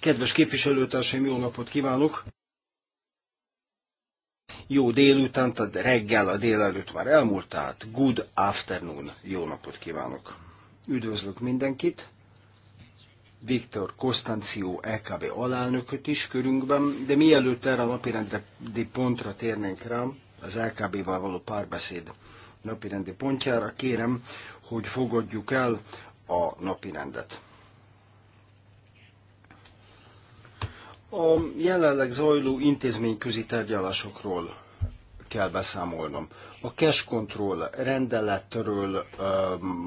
Kedves képviselőtársaim, jó napot kívánok! Jó délután, tehát reggel, a délelőtt már elmúlt, tehát good afternoon, jó napot kívánok! Üdvözlök mindenkit! Viktor Kostancio LKB e alelnököt is körünkben, de mielőtt erre a napirendi pontra térnénk rá, az LKB-val e való párbeszéd napirendi pontjára, kérem, hogy fogadjuk el a napi rendet. A jelenleg zajló intézményközi tárgyalásokról kell beszámolnom. A cash control rendeletről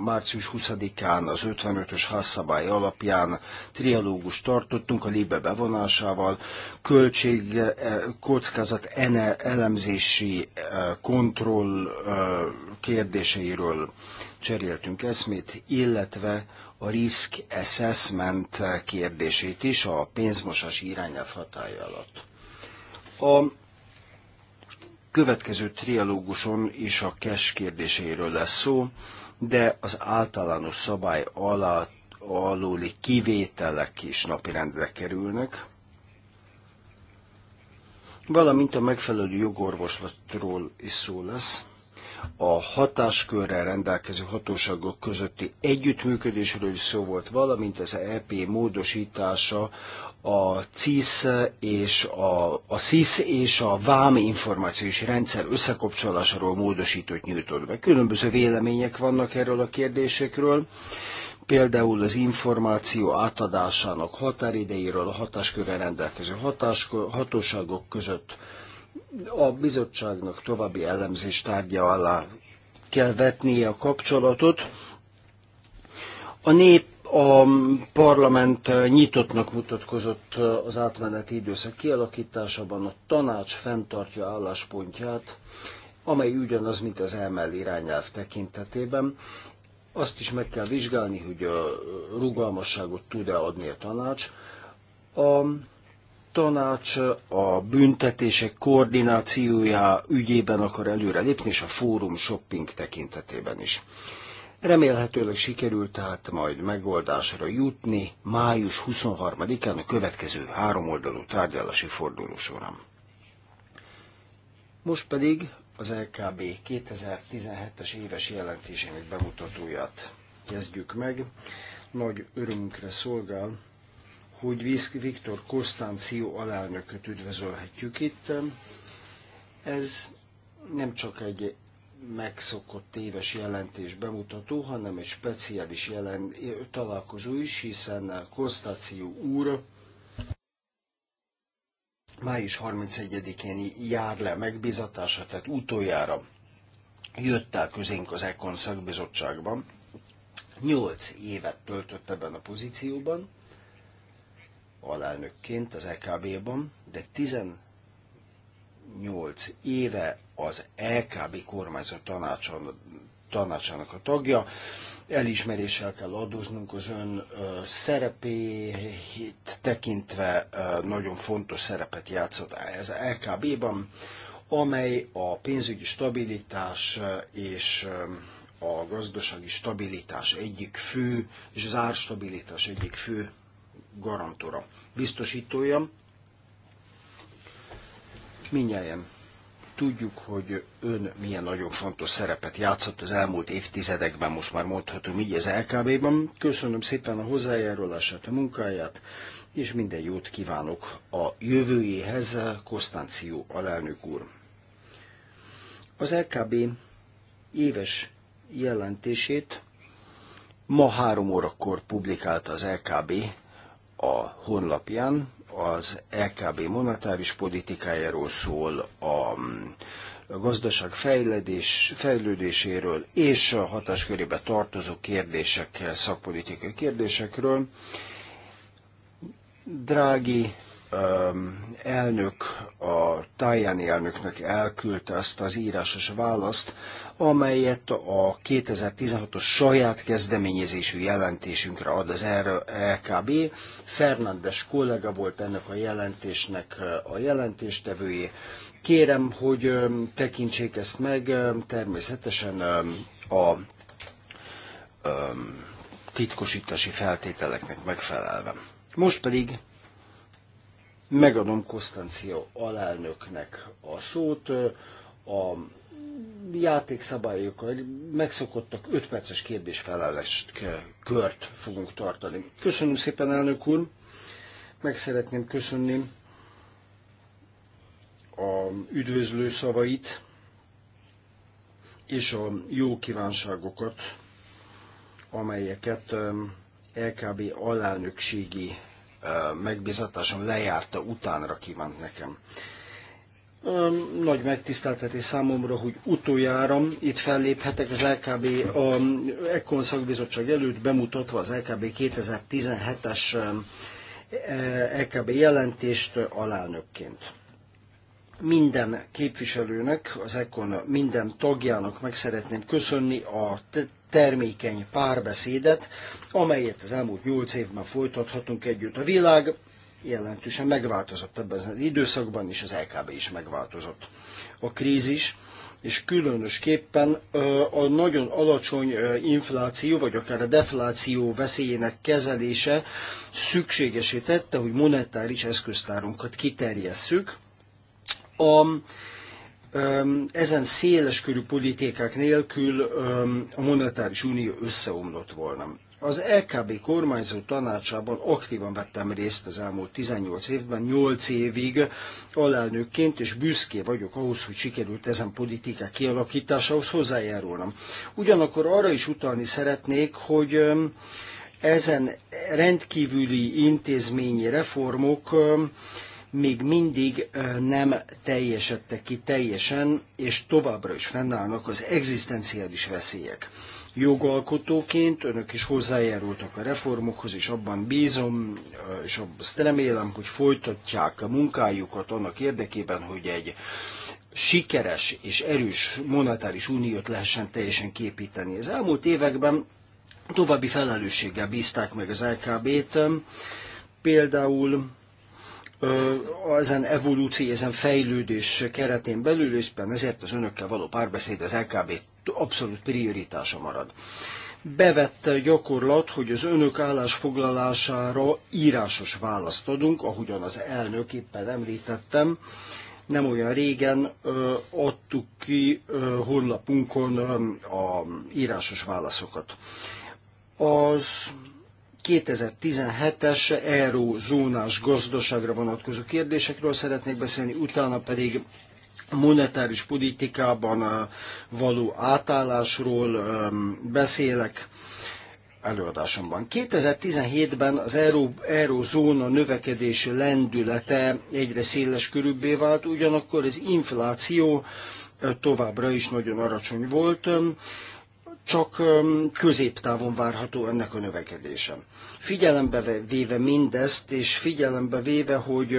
március 20-án az 55-ös házszabály alapján trialógus tartottunk a lébe bevonásával, költség, kockázat, elemzési kontroll kérdéseiről cseréltünk eszmét, illetve a risk assessment kérdését is a pénzmosás irányelv hatája alatt. A következő trialóguson is a cash kérdéséről lesz szó, de az általános szabály alá, alóli kivételek is napirendre kerülnek, valamint a megfelelő jogorvoslatról is szó lesz a hatáskörrel rendelkező hatóságok közötti együttműködésről is szó volt, valamint az EP módosítása a CISZ és a, a CISZ és a VÁM információs rendszer összekapcsolásáról módosítót nyújtott be. Különböző vélemények vannak erről a kérdésekről például az információ átadásának határidejéről a hatáskörre rendelkező hatóságok között a bizottságnak további elemzés tárgya alá kell vetnie a kapcsolatot. A nép a parlament nyitottnak mutatkozott az átmeneti időszak kialakításában, a tanács fenntartja álláspontját, amely ugyanaz, mint az elmel irányelv tekintetében. Azt is meg kell vizsgálni, hogy a rugalmasságot tud-e adni a tanács. A tanács a büntetések koordinációja ügyében akar előrelépni, és a fórum shopping tekintetében is. Remélhetőleg sikerült tehát majd megoldásra jutni május 23-án a következő háromoldalú tárgyalási forduló során. Most pedig az LKB 2017-es éves jelentésének bemutatóját kezdjük meg. Nagy örömünkre szolgál, hogy Viktor Konstanció alelnököt üdvözölhetjük itt. Ez nem csak egy megszokott éves jelentés bemutató, hanem egy speciális jelen találkozó is, hiszen Konstanció úr május 31-én jár le megbízatása, tehát utoljára jött el közénk az Ekon szakbizottságban. Nyolc évet töltött ebben a pozícióban, alelnökként az EKB-ban, de 18 éve az EKB kormányzó tanácsának a tagja. Elismeréssel kell adóznunk az ön ö, szerepét tekintve ö, nagyon fontos szerepet játszott ez az e LKB-ban, amely a pénzügyi stabilitás és a gazdasági stabilitás egyik fő, és az árstabilitás egyik fő garantora, biztosítója. Minnyáján tudjuk, hogy ön milyen nagyon fontos szerepet játszott az elmúlt évtizedekben, most már mondhatom így az LKB-ban. Köszönöm szépen a hozzájárulását, a munkáját, és minden jót kívánok a jövőjéhez, Kosztánció alelnök úr. Az LKB éves jelentését ma három órakor publikálta az LKB, a honlapján, az LKB e monetáris politikájáról szól, mm, a gazdaság fejledés, fejlődéséről és a hatáskörébe tartozó kérdések, szakpolitikai kérdésekről. Drági elnök, a tájáni elnöknek elküldte azt az írásos választ, amelyet a 2016-os saját kezdeményezésű jelentésünkre ad az LKB. Fernandes kollega volt ennek a jelentésnek a jelentéstevője. Kérem, hogy tekintsék ezt meg, természetesen a titkosítási feltételeknek megfelelve. Most pedig Megadom Konstancia alelnöknek a szót. A játékszabályok, megszokottak 5 perces feleles kört fogunk tartani. Köszönöm szépen, elnök úr! Meg szeretném köszönni a üdvözlő szavait és a jó kívánságokat, amelyeket LKB alelnökségi megbizatásom lejárta, utánra kívánt nekem. Nagy megtiszteltetés számomra, hogy utoljára itt felléphetek az LKB, a Ekkon szakbizottság előtt bemutatva az LKB 2017-es LKB jelentést alelnökként. Minden képviselőnek, az Ekkon minden tagjának meg szeretném köszönni a termékeny párbeszédet, amelyet az elmúlt nyolc évben folytathatunk együtt. A világ jelentősen megváltozott ebben az időszakban, és az LKB is megváltozott. A krízis és különösképpen a nagyon alacsony infláció, vagy akár a defláció veszélyének kezelése szükségesítette, hogy monetáris eszköztárunkat kiterjesszük. A ezen széleskörű politikák nélkül a monetáris unió összeomlott volna. Az LKB kormányzó tanácsában aktívan vettem részt az elmúlt 18 évben, 8 évig alelnökként, és büszké vagyok ahhoz, hogy sikerült ezen politikák kialakításához hozzájárulnom. Ugyanakkor arra is utalni szeretnék, hogy ezen rendkívüli intézményi reformok még mindig nem teljesedtek ki teljesen, és továbbra is fennállnak az egzisztenciális veszélyek. Jogalkotóként önök is hozzájárultak a reformokhoz, és abban bízom, és azt remélem, hogy folytatják a munkájukat annak érdekében, hogy egy sikeres és erős monetáris uniót lehessen teljesen képíteni. Az elmúlt években további felelősséggel bízták meg az LKB-t, például ezen evolúció, ezen fejlődés keretén belül, és ezért az önökkel való párbeszéd az LKB abszolút prioritása marad. Bevette gyakorlat, hogy az önök állásfoglalására írásos választ adunk, ahogyan az elnök éppen említettem. Nem olyan régen ö, adtuk ki ö, honlapunkon ö, a írásos válaszokat. Az 2017-es eurózónás gazdaságra vonatkozó kérdésekről szeretnék beszélni, utána pedig monetáris politikában eh, való átállásról ehm, beszélek előadásomban. 2017-ben az euró, eurózóna növekedési lendülete egyre széles körülbé vált, ugyanakkor az infláció eh, továbbra is nagyon alacsony volt csak középtávon várható ennek a növekedése. Figyelembe véve mindezt, és figyelembe véve, hogy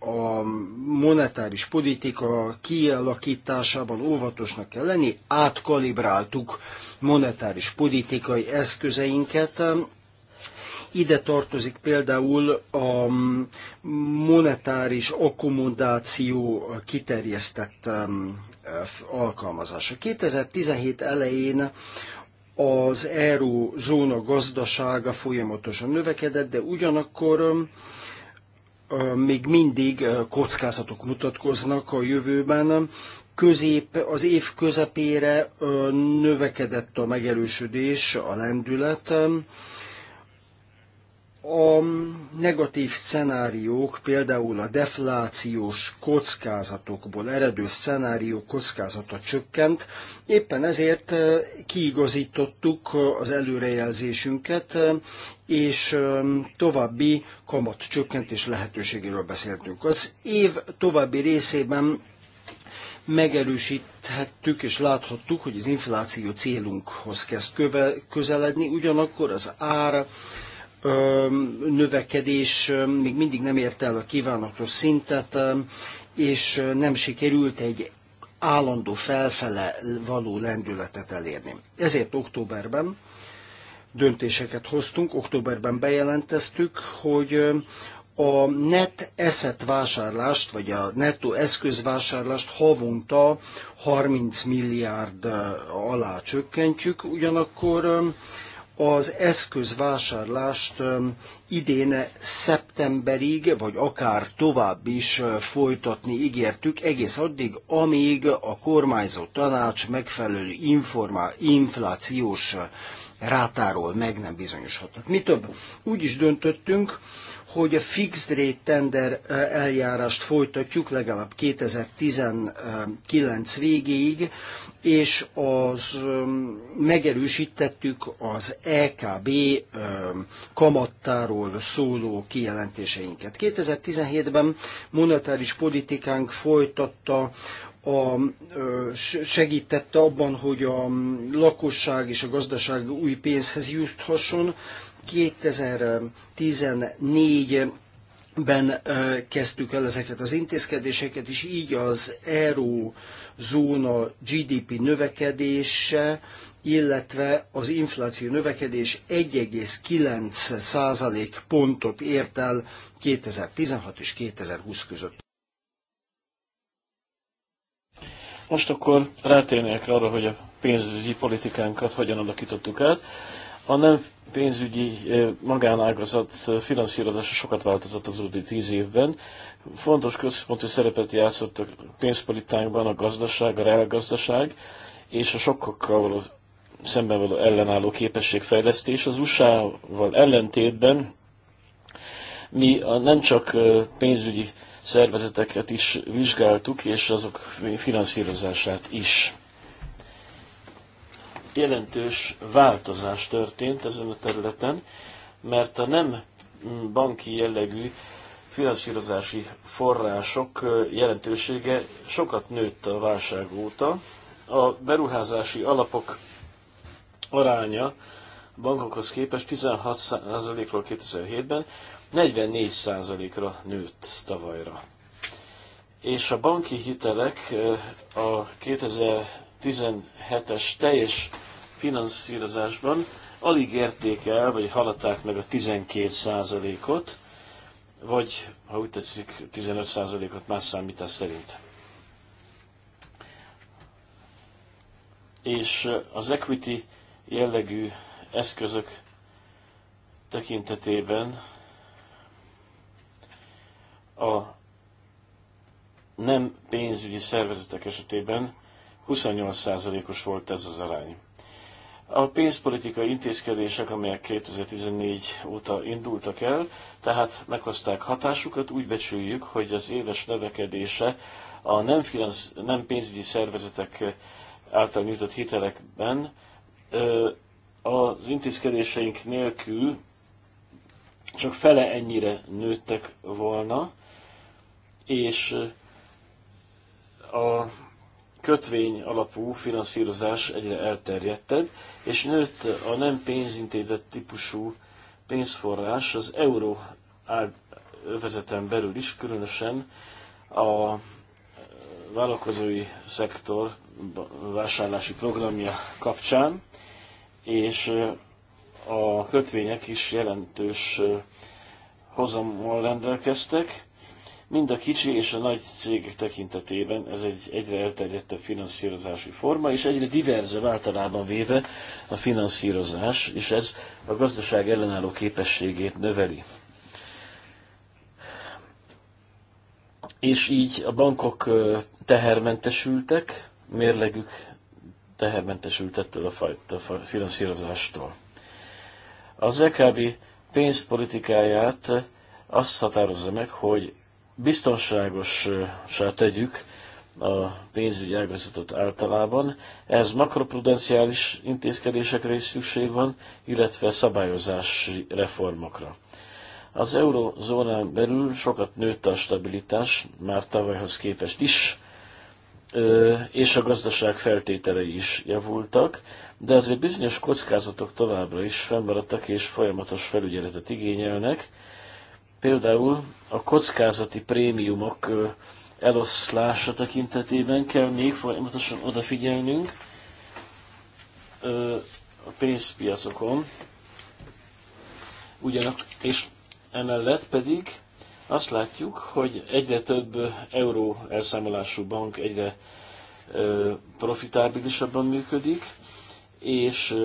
a monetáris politika kialakításában óvatosnak kell lenni, átkalibráltuk monetáris politikai eszközeinket, ide tartozik például a monetáris akkomodáció kiterjesztett alkalmazása. 2017 elején az e zóna gazdasága folyamatosan növekedett, de ugyanakkor még mindig kockázatok mutatkoznak a jövőben. Közép, az év közepére növekedett a megerősödés, a lendület, a negatív szenáriók, például a deflációs kockázatokból eredő szenárió kockázata csökkent, éppen ezért e, kiigazítottuk az előrejelzésünket, e, és e, további kamat csökkentés lehetőségéről beszéltünk. Az év további részében megerősíthettük és láthattuk, hogy az infláció célunkhoz kezd közeledni, ugyanakkor az ár növekedés még mindig nem ért el a kívánatos szintet, és nem sikerült egy állandó felfele való lendületet elérni. Ezért októberben döntéseket hoztunk, októberben bejelenteztük, hogy a net eszet vásárlást, vagy a netto eszközvásárlást havonta 30 milliárd alá csökkentjük, ugyanakkor az eszközvásárlást idén szeptemberig, vagy akár tovább is folytatni ígértük, egész addig, amíg a kormányzó tanács megfelelő informá- inflációs rátáról meg nem bizonyosodhat. Mi több, úgy is döntöttünk, hogy a fixed rate tender eljárást folytatjuk legalább 2019 végéig, és az megerősítettük az EKB kamattáról szóló kijelentéseinket. 2017-ben monetáris politikánk folytatta a, segítette abban, hogy a lakosság és a gazdaság új pénzhez juthasson, 2014 ben kezdtük el ezeket az intézkedéseket, és így az zóna GDP növekedése, illetve az infláció növekedés 1,9 pontot ért el 2016 és 2020 között. Most akkor rátérnék arra, hogy a pénzügyi politikánkat hogyan alakítottuk át. A nem pénzügyi magánágazat finanszírozása sokat változott az utóbbi tíz évben. Fontos központi szerepet játszott a pénzpolitánkban a gazdaság, a reálgazdaság és a sokkal való szemben való ellenálló képességfejlesztés. Az USA-val ellentétben mi a, nem csak pénzügyi szervezeteket is vizsgáltuk, és azok finanszírozását is jelentős változás történt ezen a területen, mert a nem banki jellegű finanszírozási források jelentősége sokat nőtt a válság óta. A beruházási alapok aránya bankokhoz képest 16%-ról 2007-ben 44%-ra nőtt tavalyra. És a banki hitelek a 2017-es teljes finanszírozásban alig érték el, vagy haladták meg a 12%-ot, vagy, ha úgy tetszik, 15%-ot más számítás szerint. És az equity jellegű eszközök tekintetében a nem pénzügyi szervezetek esetében 28%-os volt ez az arány a pénzpolitikai intézkedések, amelyek 2014 óta indultak el, tehát meghozták hatásukat, úgy becsüljük, hogy az éves növekedése a nem, finansz, nem pénzügyi szervezetek által nyújtott hitelekben az intézkedéseink nélkül csak fele ennyire nőttek volna, és a kötvény alapú finanszírozás egyre elterjedtebb, és nőtt a nem pénzintézet típusú pénzforrás az euró övezeten belül is, különösen a vállalkozói szektor vásárlási programja kapcsán, és a kötvények is jelentős hozammal rendelkeztek, Mind a kicsi és a nagy cégek tekintetében ez egy egyre elterjedtebb finanszírozási forma, és egyre diverzebb általában véve a finanszírozás, és ez a gazdaság ellenálló képességét növeli. És így a bankok tehermentesültek, mérlegük tehermentesült ettől a fajta finanszírozástól. Az EKB pénzpolitikáját azt határozza meg, hogy biztonságosá tegyük a pénzügyi ágazatot általában. Ez makroprudenciális intézkedésekre is szükség van, illetve szabályozási reformokra. Az eurozónán belül sokat nőtt a stabilitás, már tavalyhoz képest is, és a gazdaság feltételei is javultak, de azért bizonyos kockázatok továbbra is fennmaradtak és folyamatos felügyeletet igényelnek, Például a kockázati prémiumok eloszlása tekintetében kell még folyamatosan odafigyelnünk a pénzpiacokon. Ugyanak, és emellett pedig azt látjuk, hogy egyre több euró elszámolású bank egyre profitábilisabban működik, és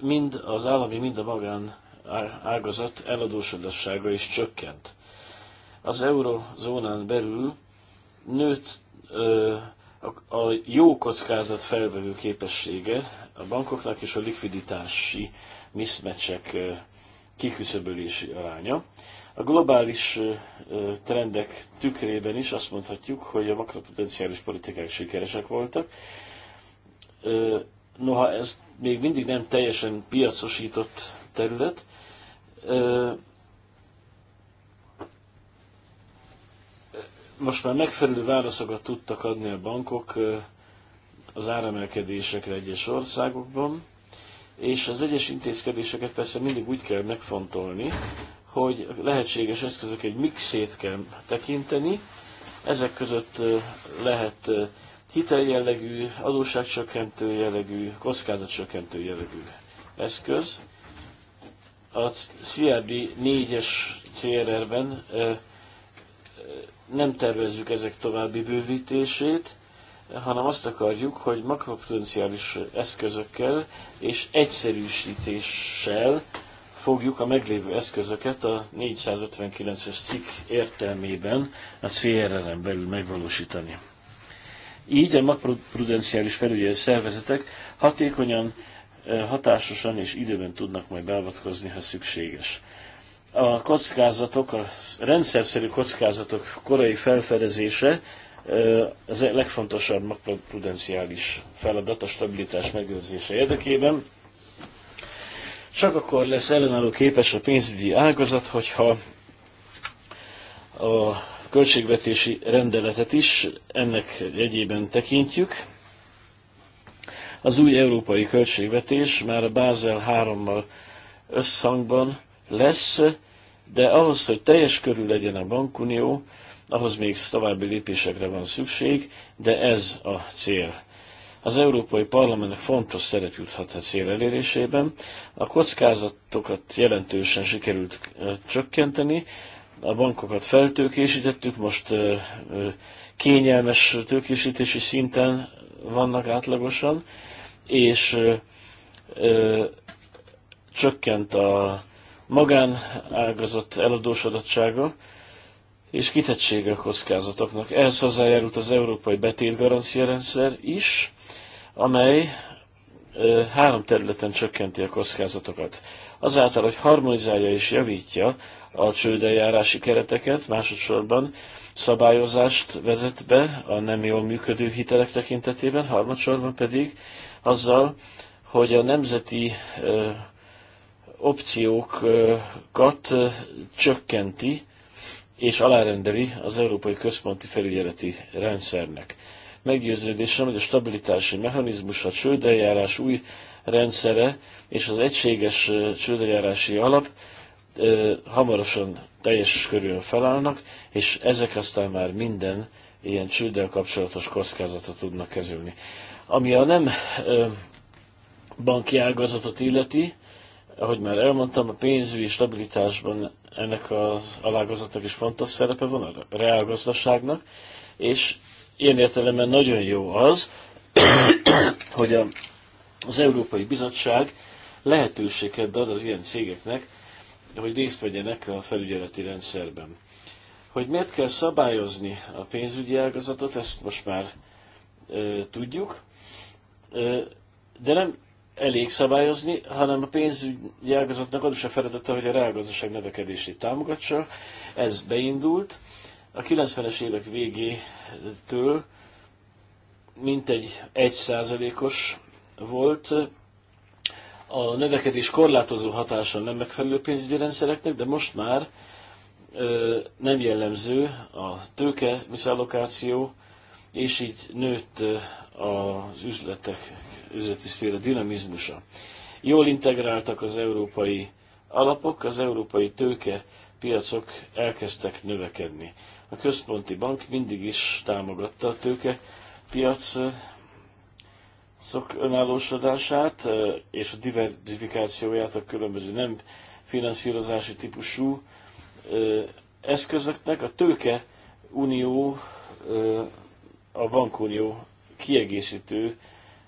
mind az állami, mind a magán ágazat eladósodassága is csökkent. Az eurozónán belül nőtt ö, a, a jó kockázat felvevő képessége a bankoknak és a likviditási miszmecsek kiküszöbölési aránya. A globális trendek tükrében is azt mondhatjuk, hogy a makropotenciális politikák sikeresek voltak. Noha ez még mindig nem teljesen piacosított terület, most már megfelelő válaszokat tudtak adni a bankok az áremelkedésekre egyes országokban, és az egyes intézkedéseket persze mindig úgy kell megfontolni, hogy lehetséges eszközök egy mixét kell tekinteni, ezek között lehet hiteljellegű, adósságcsökkentő jellegű, kockázatcsökkentő jellegű eszköz, a CRD 4-es CRR-ben nem tervezzük ezek további bővítését, hanem azt akarjuk, hogy makroprudenciális eszközökkel és egyszerűsítéssel fogjuk a meglévő eszközöket a 459-es cikk értelmében a CRR-en belül megvalósítani. Így a makroprudenciális felügyelő szervezetek hatékonyan hatásosan és időben tudnak majd beavatkozni, ha szükséges. A kockázatok, a rendszerszerű kockázatok korai felfedezése ez legfontosabb makroprudenciális feladat a stabilitás megőrzése érdekében. Csak akkor lesz ellenálló képes a pénzügyi ágazat, hogyha a költségvetési rendeletet is ennek jegyében tekintjük az új európai költségvetés már a Bázel 3-mal összhangban lesz, de ahhoz, hogy teljes körül legyen a bankunió, ahhoz még további lépésekre van szükség, de ez a cél. Az Európai Parlamentnek fontos szerep juthat a cél elérésében. A kockázatokat jelentősen sikerült csökkenteni, a bankokat feltőkésítettük, most kényelmes tőkésítési szinten vannak átlagosan, és ö, ö, csökkent a magánágazat eladósodottsága és kitettsége a kockázatoknak. Ehhez hozzájárult az Európai Betétgarancia Rendszer is, amely ö, három területen csökkenti a kockázatokat. Azáltal, hogy harmonizálja és javítja a csődeljárási kereteket, másodszorban szabályozást vezet be a nem jól működő hitelek tekintetében, harmadsorban pedig azzal, hogy a nemzeti opciókat csökkenti és alárendeli az Európai Központi Felügyeleti Rendszernek. Meggyőződésem, hogy a stabilitási mechanizmus, a csődeljárás új rendszere és az egységes csődeljárási alap ö, hamarosan teljes körülön felállnak, és ezek aztán már minden ilyen csőddel kapcsolatos kockázatot tudnak kezelni. Ami a nem banki ágazatot illeti, ahogy már elmondtam, a pénzügyi stabilitásban ennek az alágazatnak is fontos szerepe van a reálgazdaságnak, és ilyen értelemben nagyon jó az, hogy a, az Európai Bizottság lehetőséget ad az ilyen cégeknek, hogy részt vegyenek a felügyeleti rendszerben. Hogy miért kell szabályozni a pénzügyi ágazatot, ezt most már ö, tudjuk, de nem elég szabályozni, hanem a pénzügyi ágazatnak az is a feladata, hogy a reálgazdaság növekedését támogatsa. Ez beindult. A 90-es évek végétől mintegy 1%-os volt a növekedés korlátozó hatása nem megfelelő pénzügyi rendszereknek, de most már ö, nem jellemző a tőke misallokáció, és így nőtt az üzletek, üzleti szféra dinamizmusa. Jól integráltak az európai alapok, az európai tőke piacok elkezdtek növekedni. A központi bank mindig is támogatta a tőke piac szok önállósodását és a diversifikációját a különböző nem finanszírozási típusú eszközöknek. A tőke unió a bankunió kiegészítő,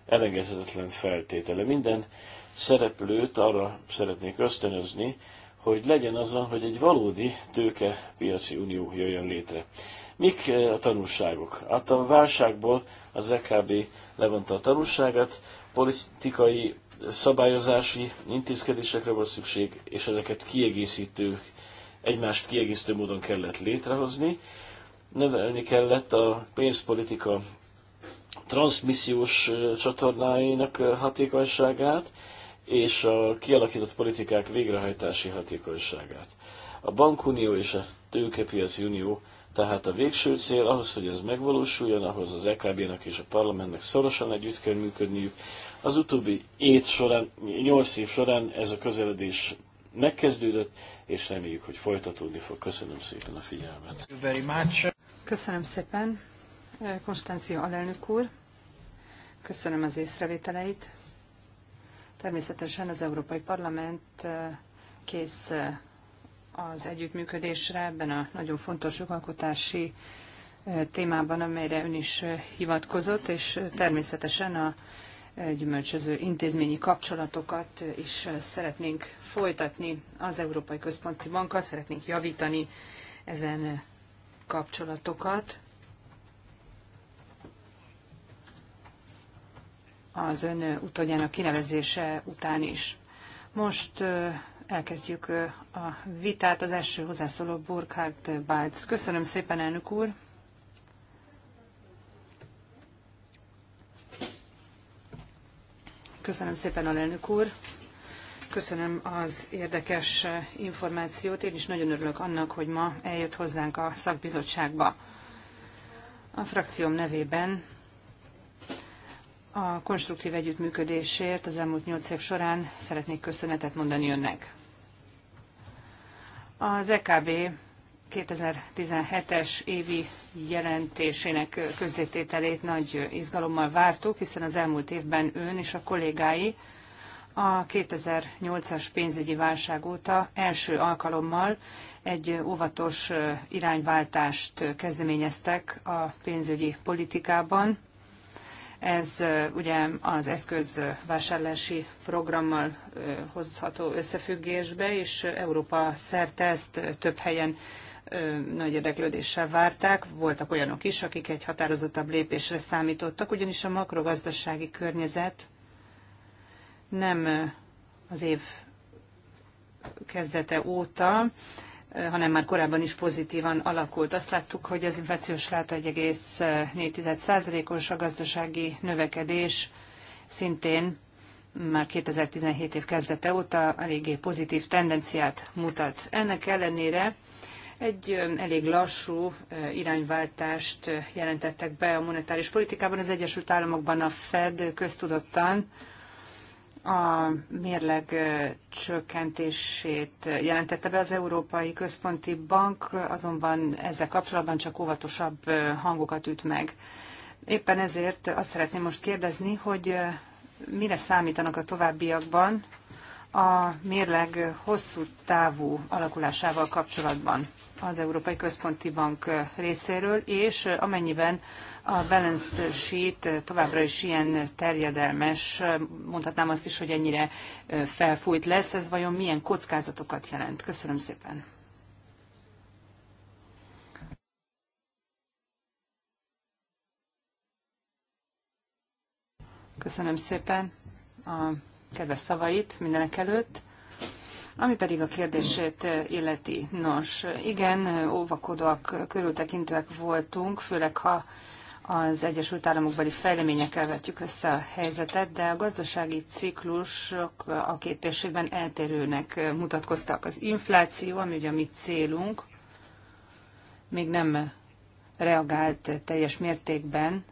elengedhetetlen feltétele. Minden szereplőt arra szeretnék ösztönözni, hogy legyen azon, hogy egy valódi tőkepiaci unió jöjjön létre. Mik eh, a tanulságok? Hát a válságból az EKB levonta a tanulságát, politikai eh, szabályozási intézkedésekre volt szükség, és ezeket kiegészítő, egymást kiegészítő módon kellett létrehozni. Növelni kellett a pénzpolitika transmissziós csatornáinak hatékonyságát és a kialakított politikák végrehajtási hatékonyságát. A bankunió és a tőkepiaci unió tehát a végső cél ahhoz, hogy ez megvalósuljon, ahhoz az EKB-nak és a parlamentnek szorosan együtt kell működniük. Az utóbbi ét során, nyolc év során ez a közeledés megkezdődött, és reméljük, hogy folytatódni fog. Köszönöm szépen a figyelmet. Köszönöm szépen, Konstancia alelnök úr. Köszönöm az észrevételeit. Természetesen az Európai Parlament kész az együttműködésre ebben a nagyon fontos jogalkotási témában, amelyre ön is hivatkozott, és természetesen a gyümölcsöző intézményi kapcsolatokat is szeretnénk folytatni az Európai Központi Bankkal, szeretnénk javítani ezen kapcsolatokat az ön utódjának kinevezése után is. Most elkezdjük a vitát. Az első hozzászóló Burkhardt Balc. Köszönöm szépen, elnök úr! Köszönöm szépen, elnök úr! Köszönöm az érdekes információt. Én is nagyon örülök annak, hogy ma eljött hozzánk a szakbizottságba. A frakcióm nevében a konstruktív együttműködésért az elmúlt nyolc év során szeretnék köszönetet mondani önnek. Az EKB 2017-es évi jelentésének közzétételét nagy izgalommal vártuk, hiszen az elmúlt évben ön és a kollégái a 2008-as pénzügyi válság óta első alkalommal egy óvatos irányváltást kezdeményeztek a pénzügyi politikában ez ugye az eszközvásárlási programmal hozható összefüggésbe, és Európa szerte ezt több helyen nagy érdeklődéssel várták. Voltak olyanok is, akik egy határozottabb lépésre számítottak, ugyanis a makrogazdasági környezet nem az év kezdete óta hanem már korábban is pozitívan alakult. Azt láttuk, hogy az inflációs ráta 1,4%-os, a gazdasági növekedés szintén már 2017 év kezdete óta eléggé pozitív tendenciát mutat. Ennek ellenére egy elég lassú irányváltást jelentettek be a monetáris politikában. Az Egyesült Államokban a Fed köztudottan a mérleg csökkentését jelentette be az Európai Központi Bank, azonban ezzel kapcsolatban csak óvatosabb hangokat üt meg. Éppen ezért azt szeretném most kérdezni, hogy mire számítanak a továbbiakban, a mérleg hosszú távú alakulásával kapcsolatban az Európai Központi Bank részéről, és amennyiben a balance sheet továbbra is ilyen terjedelmes, mondhatnám azt is, hogy ennyire felfújt lesz, ez vajon milyen kockázatokat jelent? Köszönöm szépen. Köszönöm szépen a kedves szavait mindenek előtt. Ami pedig a kérdését illeti. Nos, igen, óvakodóak, körültekintőek voltunk, főleg ha az Egyesült Államokbeli fejleményekkel vetjük össze a helyzetet, de a gazdasági ciklusok a két térségben eltérőnek mutatkoztak. Az infláció, ami ugye a mi célunk, még nem reagált teljes mértékben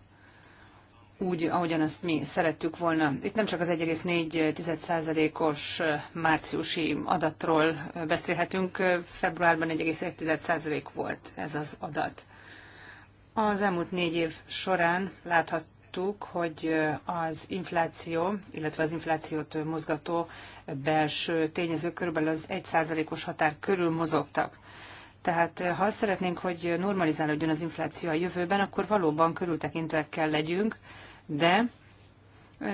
úgy, ahogyan azt mi szerettük volna. Itt nem csak az 1,4%-os márciusi adatról beszélhetünk, februárban 1,1% volt ez az adat. Az elmúlt négy év során láthattuk, hogy az infláció, illetve az inflációt mozgató belső tényezők körülbelül az 1%-os határ körül mozogtak. Tehát ha azt szeretnénk, hogy normalizálódjon az infláció a jövőben, akkor valóban körültekintőek kell legyünk, de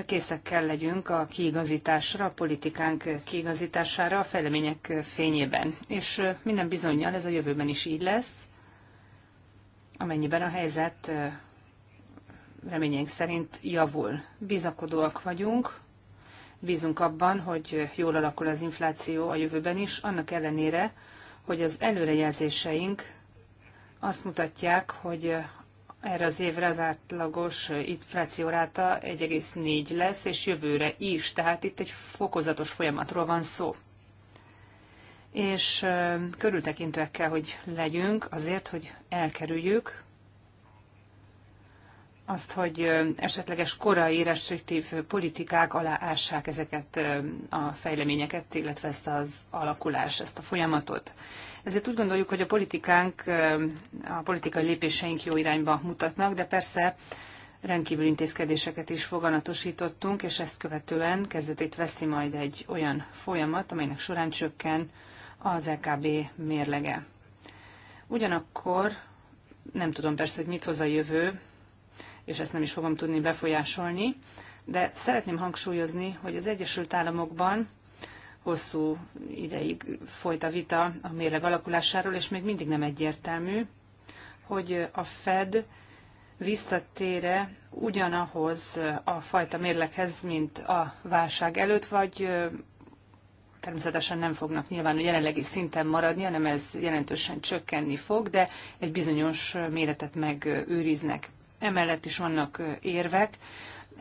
készek kell legyünk a kiigazításra, a politikánk kiigazítására a fejlemények fényében. És minden bizonyal ez a jövőben is így lesz, amennyiben a helyzet reményénk szerint javul. Bizakodóak vagyunk, bízunk abban, hogy jól alakul az infláció a jövőben is, annak ellenére, hogy az előrejelzéseink azt mutatják, hogy erre az évre az átlagos ráta 1,4 lesz, és jövőre is, tehát itt egy fokozatos folyamatról van szó. És körültekintve kell, hogy legyünk azért, hogy elkerüljük azt, hogy esetleges korai restriktív politikák aláássák ezeket a fejleményeket, illetve ezt az alakulás, ezt a folyamatot. Ezért úgy gondoljuk, hogy a politikánk, a politikai lépéseink jó irányba mutatnak, de persze rendkívül intézkedéseket is foganatosítottunk, és ezt követően kezdetét veszi majd egy olyan folyamat, amelynek során csökken az LKB e mérlege. Ugyanakkor nem tudom persze, hogy mit hoz a jövő, és ezt nem is fogom tudni befolyásolni, de szeretném hangsúlyozni, hogy az Egyesült Államokban hosszú ideig folyt a vita a mérleg alakulásáról, és még mindig nem egyértelmű, hogy a Fed visszatére ugyanahoz a fajta mérleghez, mint a válság előtt, vagy természetesen nem fognak nyilván a jelenlegi szinten maradni, hanem ez jelentősen csökkenni fog, de egy bizonyos méretet megőriznek emellett is vannak érvek,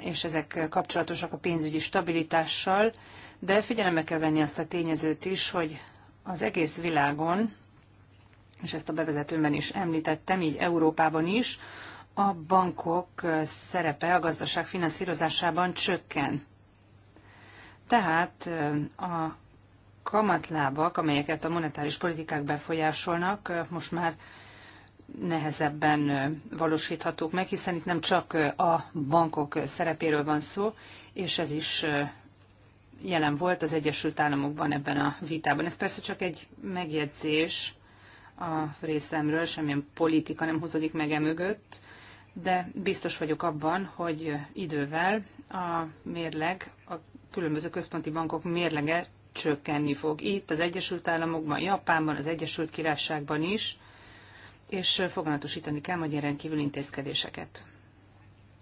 és ezek kapcsolatosak a pénzügyi stabilitással, de figyelembe kell venni azt a tényezőt is, hogy az egész világon, és ezt a bevezetőmben is említettem, így Európában is, a bankok szerepe a gazdaság finanszírozásában csökken. Tehát a kamatlábak, amelyeket a monetáris politikák befolyásolnak, most már nehezebben valósíthatók meg, hiszen itt nem csak a bankok szerepéről van szó, és ez is jelen volt az Egyesült Államokban ebben a vitában. Ez persze csak egy megjegyzés a részemről, semmilyen politika nem húzódik meg emögött, de biztos vagyok abban, hogy idővel a mérleg, a különböző központi bankok mérlege csökkenni fog. Itt az Egyesült Államokban, Japánban, az Egyesült Királyságban is, és foganatosítani kell majd ilyen rendkívül intézkedéseket.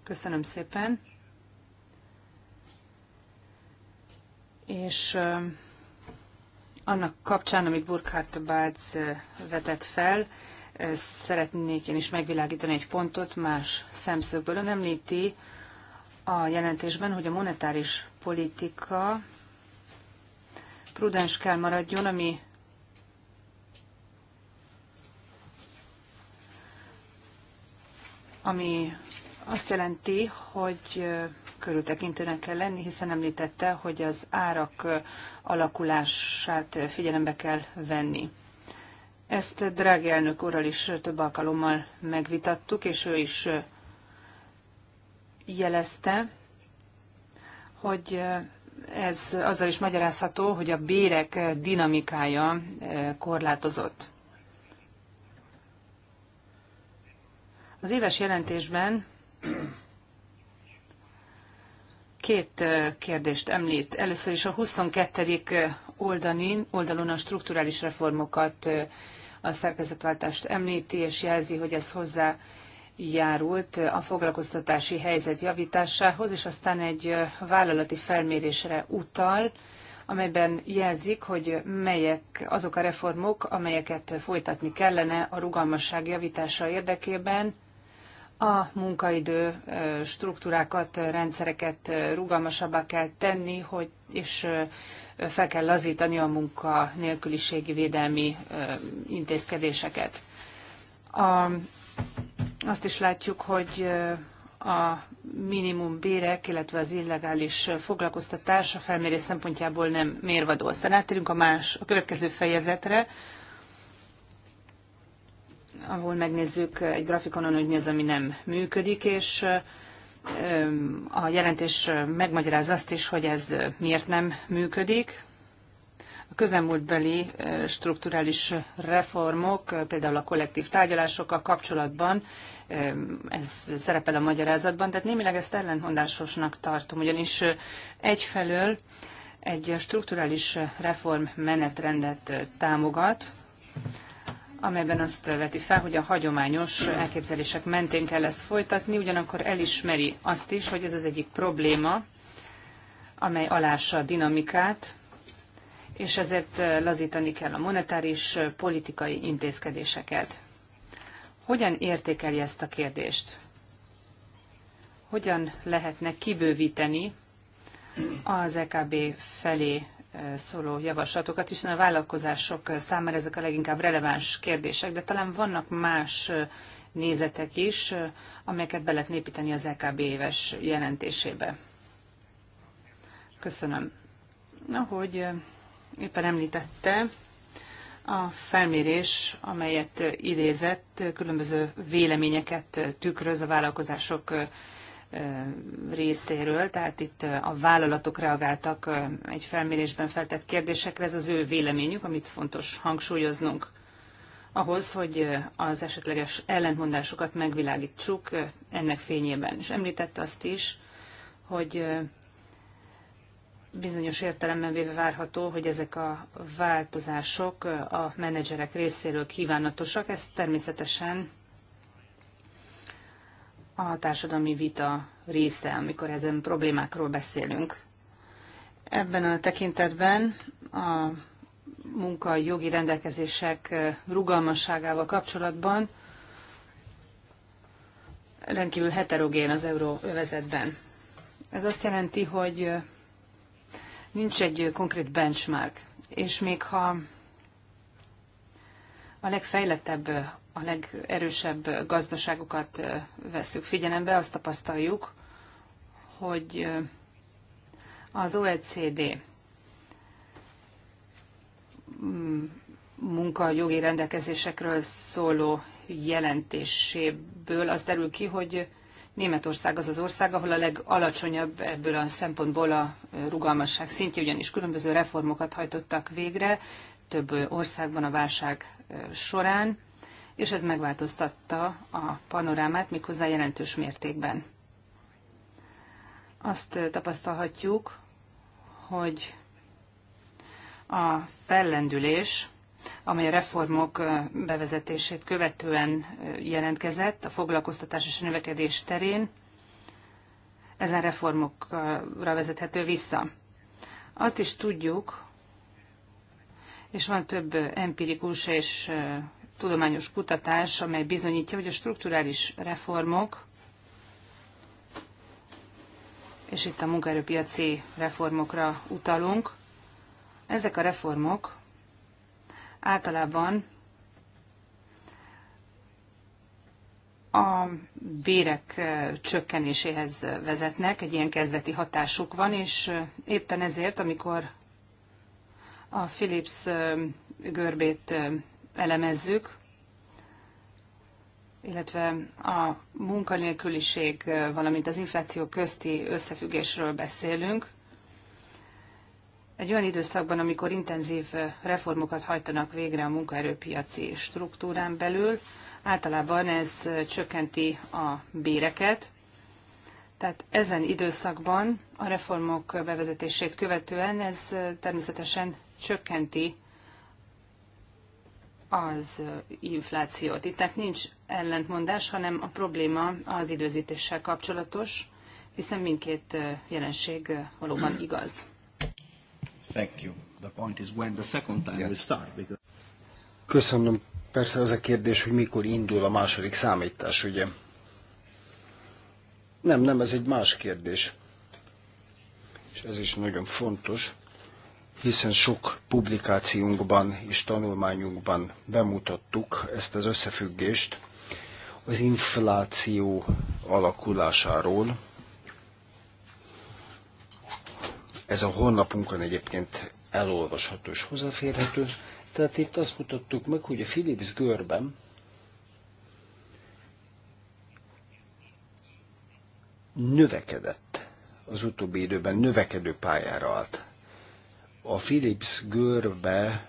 Köszönöm szépen. És annak kapcsán, amit Burkhardt Bácz vetett fel, szeretnék én is megvilágítani egy pontot más szemszögből. Ön említi a jelentésben, hogy a monetáris politika prudens kell maradjon, ami ami azt jelenti, hogy körültekintőnek kell lenni, hiszen említette, hogy az árak alakulását figyelembe kell venni. Ezt drági elnök úrral is több alkalommal megvitattuk, és ő is jelezte, hogy ez azzal is magyarázható, hogy a bérek dinamikája korlátozott. Az éves jelentésben két kérdést említ. Először is a 22. oldalin, oldalon a strukturális reformokat, a szerkezetváltást említi, és jelzi, hogy ez hozzá járult a foglalkoztatási helyzet javításához, és aztán egy vállalati felmérésre utal, amelyben jelzik, hogy melyek azok a reformok, amelyeket folytatni kellene a rugalmasság javítása érdekében, a munkaidő struktúrákat, rendszereket rugalmasabbá kell tenni, hogy, és fel kell lazítani a munka nélküliségi védelmi intézkedéseket. A, azt is látjuk, hogy a minimum bérek, illetve az illegális foglalkoztatás a felmérés szempontjából nem mérvadó. Aztán áttérünk a, más, a következő fejezetre, ahol megnézzük egy grafikonon, hogy mi az, ami nem működik, és a jelentés megmagyaráz azt is, hogy ez miért nem működik. A közelmúltbeli strukturális reformok, például a kollektív tárgyalásokkal kapcsolatban, ez szerepel a magyarázatban, tehát némileg ezt ellentmondásosnak tartom, ugyanis egyfelől egy strukturális reform menetrendet támogat, amelyben azt veti fel, hogy a hagyományos elképzelések mentén kell ezt folytatni, ugyanakkor elismeri azt is, hogy ez az egyik probléma, amely alássa a dinamikát, és ezért lazítani kell a monetáris politikai intézkedéseket. Hogyan értékeli ezt a kérdést? Hogyan lehetne kibővíteni az EKB felé szóló javaslatokat, hiszen a vállalkozások számára ezek a leginkább releváns kérdések, de talán vannak más nézetek is, amelyeket be lehet népíteni az LKB éves jelentésébe. Köszönöm. Ahogy éppen említette, a felmérés, amelyet idézett, különböző véleményeket tükröz a vállalkozások részéről, tehát itt a vállalatok reagáltak egy felmérésben feltett kérdésekre, ez az ő véleményük, amit fontos hangsúlyoznunk ahhoz, hogy az esetleges ellentmondásokat megvilágítsuk ennek fényében. És említette azt is, hogy bizonyos értelemben véve várható, hogy ezek a változások a menedzserek részéről kívánatosak. Ez természetesen a társadalmi vita része, amikor ezen problémákról beszélünk. Ebben a tekintetben a munka jogi rendelkezések rugalmasságával kapcsolatban rendkívül heterogén az euróövezetben. Ez azt jelenti, hogy nincs egy konkrét benchmark, és még ha a legfejlettebb, a legerősebb gazdaságokat veszük figyelembe, azt tapasztaljuk, hogy az OECD mm, munkajogi rendelkezésekről szóló jelentéséből az derül ki, hogy Németország az az ország, ahol a legalacsonyabb ebből a szempontból a rugalmasság szintje, ugyanis különböző reformokat hajtottak végre, több országban a válság során, és ez megváltoztatta a panorámát méghozzá jelentős mértékben. Azt tapasztalhatjuk, hogy a fellendülés, amely a reformok bevezetését követően jelentkezett a foglalkoztatás és a növekedés terén, ezen reformokra vezethető vissza. Azt is tudjuk, és van több empirikus és tudományos kutatás, amely bizonyítja, hogy a strukturális reformok, és itt a munkaerőpiaci reformokra utalunk, ezek a reformok általában a bérek csökkenéséhez vezetnek, egy ilyen kezdeti hatásuk van, és éppen ezért, amikor a Philips görbét elemezzük, illetve a munkanélküliség, valamint az infláció közti összefüggésről beszélünk. Egy olyan időszakban, amikor intenzív reformokat hajtanak végre a munkaerőpiaci struktúrán belül, általában ez csökkenti a béreket. Tehát ezen időszakban a reformok bevezetését követően ez természetesen csökkenti az inflációt. Itt tehát nincs ellentmondás, hanem a probléma az időzítéssel kapcsolatos, hiszen mindkét jelenség valóban igaz. Thank you. The point is when the second time yes. we start. Because... Köszönöm. Persze az a kérdés, hogy mikor indul a második számítás, ugye? Nem, nem, ez egy más kérdés. És ez is nagyon fontos hiszen sok publikációnkban és tanulmányunkban bemutattuk ezt az összefüggést az infláció alakulásáról. Ez a honlapunkon egyébként elolvasható és hozzáférhető. Tehát itt azt mutattuk meg, hogy a Philips görben növekedett az utóbbi időben növekedő pályára állt a Philips görbe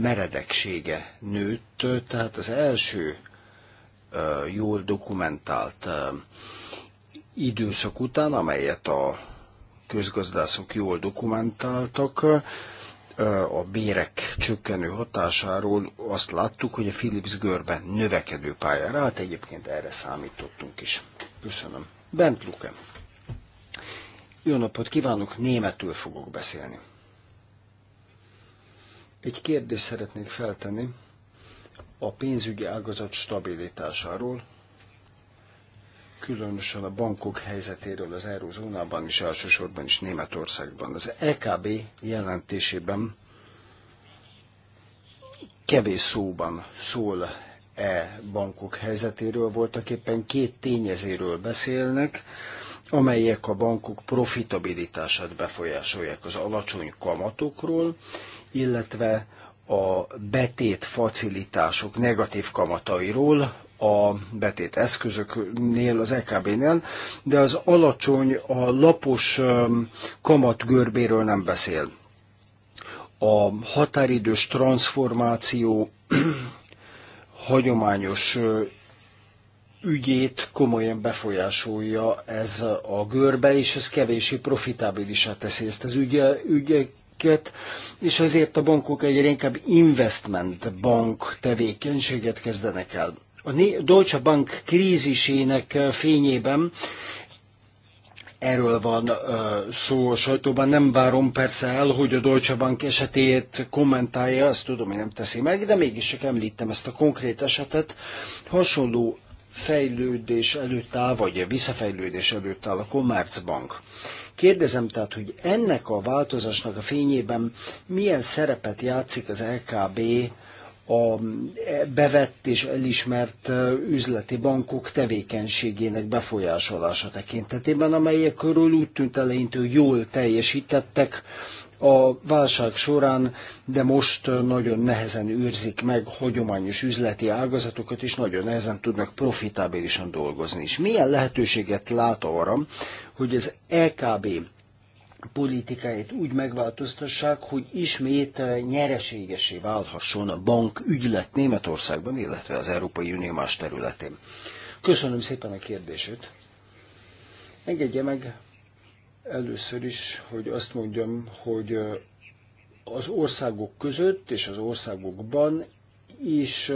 meredeksége nőtt, tehát az első jól dokumentált időszak után, amelyet a közgazdászok jól dokumentáltak, a bérek csökkenő hatásáról azt láttuk, hogy a Philips görbe növekedő pályára, állt, egyébként erre számítottunk is. Köszönöm. Bent Luke. Jó napot kívánok, németül fogok beszélni. Egy kérdést szeretnék feltenni a pénzügyi ágazat stabilitásáról, különösen a bankok helyzetéről az eurozónában és elsősorban is Németországban. Az EKB jelentésében kevés szóban szól e bankok helyzetéről, voltak éppen két tényezéről beszélnek, amelyek a bankok profitabilitását befolyásolják az alacsony kamatokról, illetve a betét facilitások negatív kamatairól, a betét eszközöknél, az EKB-nél, de az alacsony, a lapos kamatgörbéről nem beszél. A határidős transformáció hagyományos ügyét komolyan befolyásolja ez a görbe, és ez kevési profitábilisá teszi ezt az ügy, ügyeket, és ezért a bankok egyre inkább investment bank tevékenységet kezdenek el. A Deutsche Bank krízisének fényében Erről van szó a sajtóban. Nem várom persze el, hogy a Deutsche Bank esetét kommentálja, azt tudom, hogy nem teszi meg, de mégis csak említem ezt a konkrét esetet. Hasonló fejlődés előtt áll, vagy a visszafejlődés előtt áll a Commerzbank. Kérdezem tehát, hogy ennek a változásnak a fényében milyen szerepet játszik az LKB a bevett és elismert üzleti bankok tevékenységének befolyásolása tekintetében, amelyek körül úgy tűnt eleinte, hogy jól teljesítettek, a válság során, de most nagyon nehezen őrzik meg hagyományos üzleti ágazatokat, és nagyon nehezen tudnak profitábilisan dolgozni. És milyen lehetőséget lát arra, hogy az LKB e politikáját úgy megváltoztassák, hogy ismét nyereségesé válhasson a bank ügylet Németországban, illetve az Európai Unió más területén. Köszönöm szépen a kérdését. Engedje meg, Először is, hogy azt mondjam, hogy az országok között és az országokban is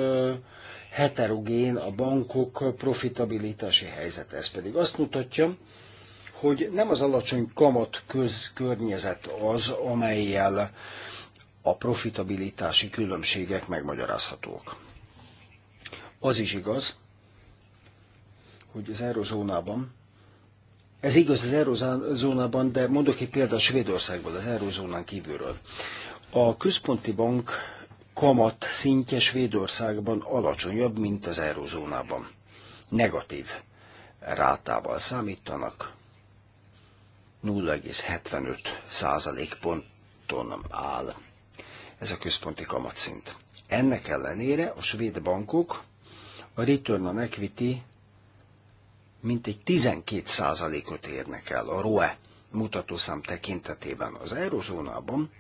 heterogén a bankok profitabilitási helyzet. Ez pedig azt mutatja, hogy nem az alacsony kamat közkörnyezet az, amelyel a profitabilitási különbségek megmagyarázhatók. Az is igaz, hogy az eurozónában ez igaz az eurozónában, de mondok egy példát Svédországból, az eurozónán kívülről. A központi bank kamat szintje Svédországban alacsonyabb, mint az eurozónában. Negatív rátával számítanak. 0,75 százalékponton áll ez a központi kamatszint. Ennek ellenére a svéd bankok a return on equity mintegy 12%-ot érnek el a ROE mutatószám tekintetében. Az eurozónában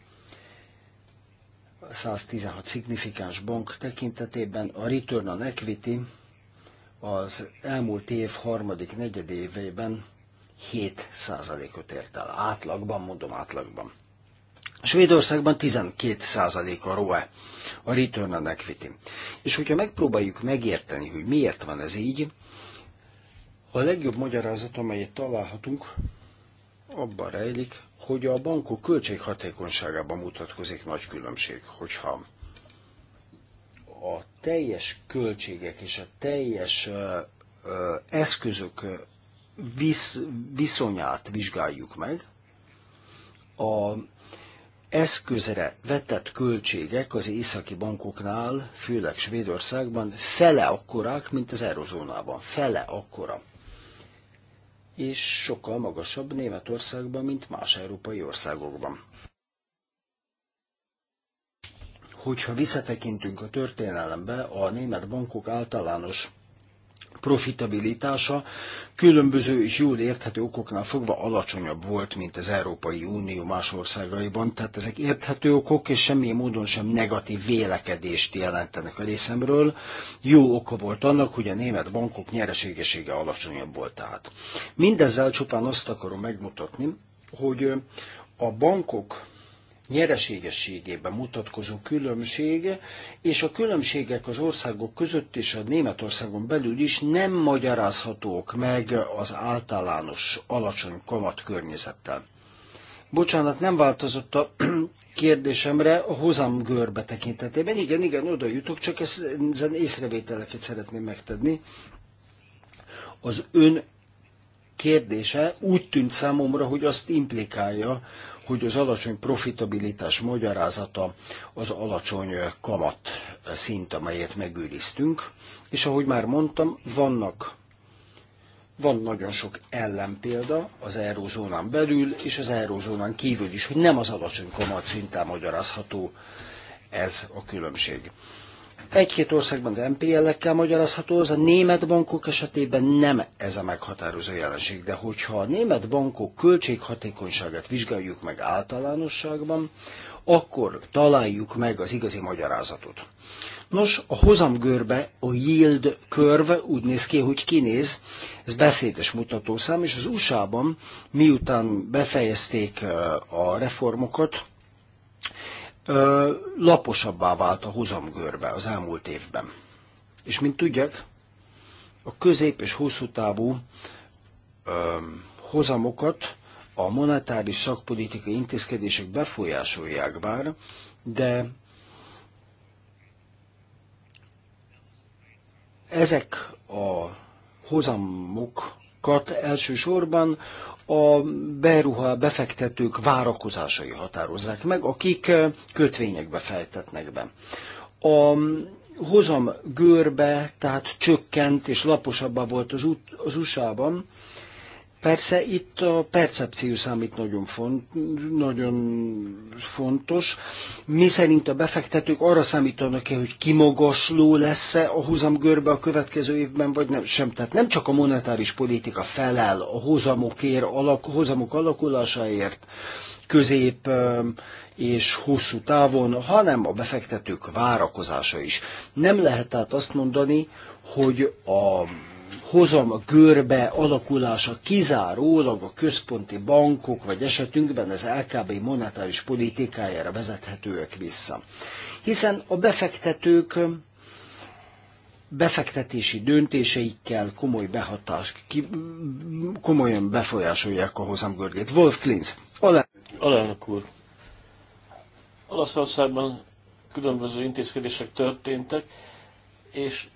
116 szignifikáns bank tekintetében a return on equity az elmúlt év harmadik negyedévében 7%-ot ért el. Átlagban, mondom átlagban. Svédországban 12% a ROE, a return on equity. És hogyha megpróbáljuk megérteni, hogy miért van ez így, a legjobb magyarázat, amelyet találhatunk, abban rejlik, hogy a bankok költséghatékonyságában mutatkozik nagy különbség, hogyha a teljes költségek és a teljes eszközök visz, viszonyát vizsgáljuk meg, a eszközre vetett költségek az északi bankoknál, főleg Svédországban, fele akkorák, mint az eurozónában. Fele akkora és sokkal magasabb Németországban, mint más európai országokban. Hogyha visszatekintünk a történelembe, a német bankok általános profitabilitása különböző és jól érthető okoknál fogva alacsonyabb volt, mint az Európai Unió más országaiban. Tehát ezek érthető okok, és semmilyen módon sem negatív vélekedést jelentenek a részemről. Jó oka volt annak, hogy a német bankok nyereségesége alacsonyabb volt tehát. Mindezzel csupán azt akarom megmutatni, hogy a bankok nyereségességében mutatkozó különbség, és a különbségek az országok között és a Németországon belül is nem magyarázhatók meg az általános alacsony kamat környezettel. Bocsánat, nem változott a kérdésemre a hozam görbe tekintetében. Igen, igen, oda jutok, csak ezen észrevételeket szeretném megtenni. Az ön kérdése úgy tűnt számomra, hogy azt implikálja, hogy az alacsony profitabilitás magyarázata az alacsony kamat szint, amelyet megőriztünk. És ahogy már mondtam, vannak van nagyon sok ellenpélda az eurózónán belül és az eurózónán kívül is, hogy nem az alacsony kamat szinten magyarázható ez a különbség. Egy-két országban az npl ekkel magyarázható, az a német bankok esetében nem ez a meghatározó jelenség, de hogyha a német bankok költséghatékonyságát vizsgáljuk meg általánosságban, akkor találjuk meg az igazi magyarázatot. Nos, a hozamgörbe, a yield körv úgy néz ki, hogy kinéz, ez beszédes mutatószám, és az USA-ban, miután befejezték a reformokat, laposabbá vált a hozamgörbe az elmúlt évben. És mint tudják, a közép és hosszú távú ö, hozamokat a monetáris szakpolitikai intézkedések befolyásolják bár, de ezek a hozamokat elsősorban a beruha befektetők várakozásai határozzák meg, akik eh, kötvényekbe fejtetnek be. A mm, hozam görbe, tehát csökkent és laposabbá volt az, az USA-ban, Persze itt a percepció számít nagyon, font, nagyon fontos. Mi szerint a befektetők arra számítanak-e, hogy kimagasló lesz-e a hozamgörbe a következő évben, vagy nem, sem. Tehát nem csak a monetáris politika felel a hozamokért, alak, hozamok alakulásáért, közép és hosszú távon, hanem a befektetők várakozása is. Nem lehet tehát azt mondani, hogy a hozam görbe alakulása kizárólag a központi bankok, vagy esetünkben az LKB monetáris politikájára vezethetőek vissza. Hiszen a befektetők befektetési döntéseikkel komoly behatás, ki, komolyan befolyásolják a hozam görgét. Wolf Klinz, alelnök úr. Alelnök úr. Olaszországban különböző intézkedések történtek, és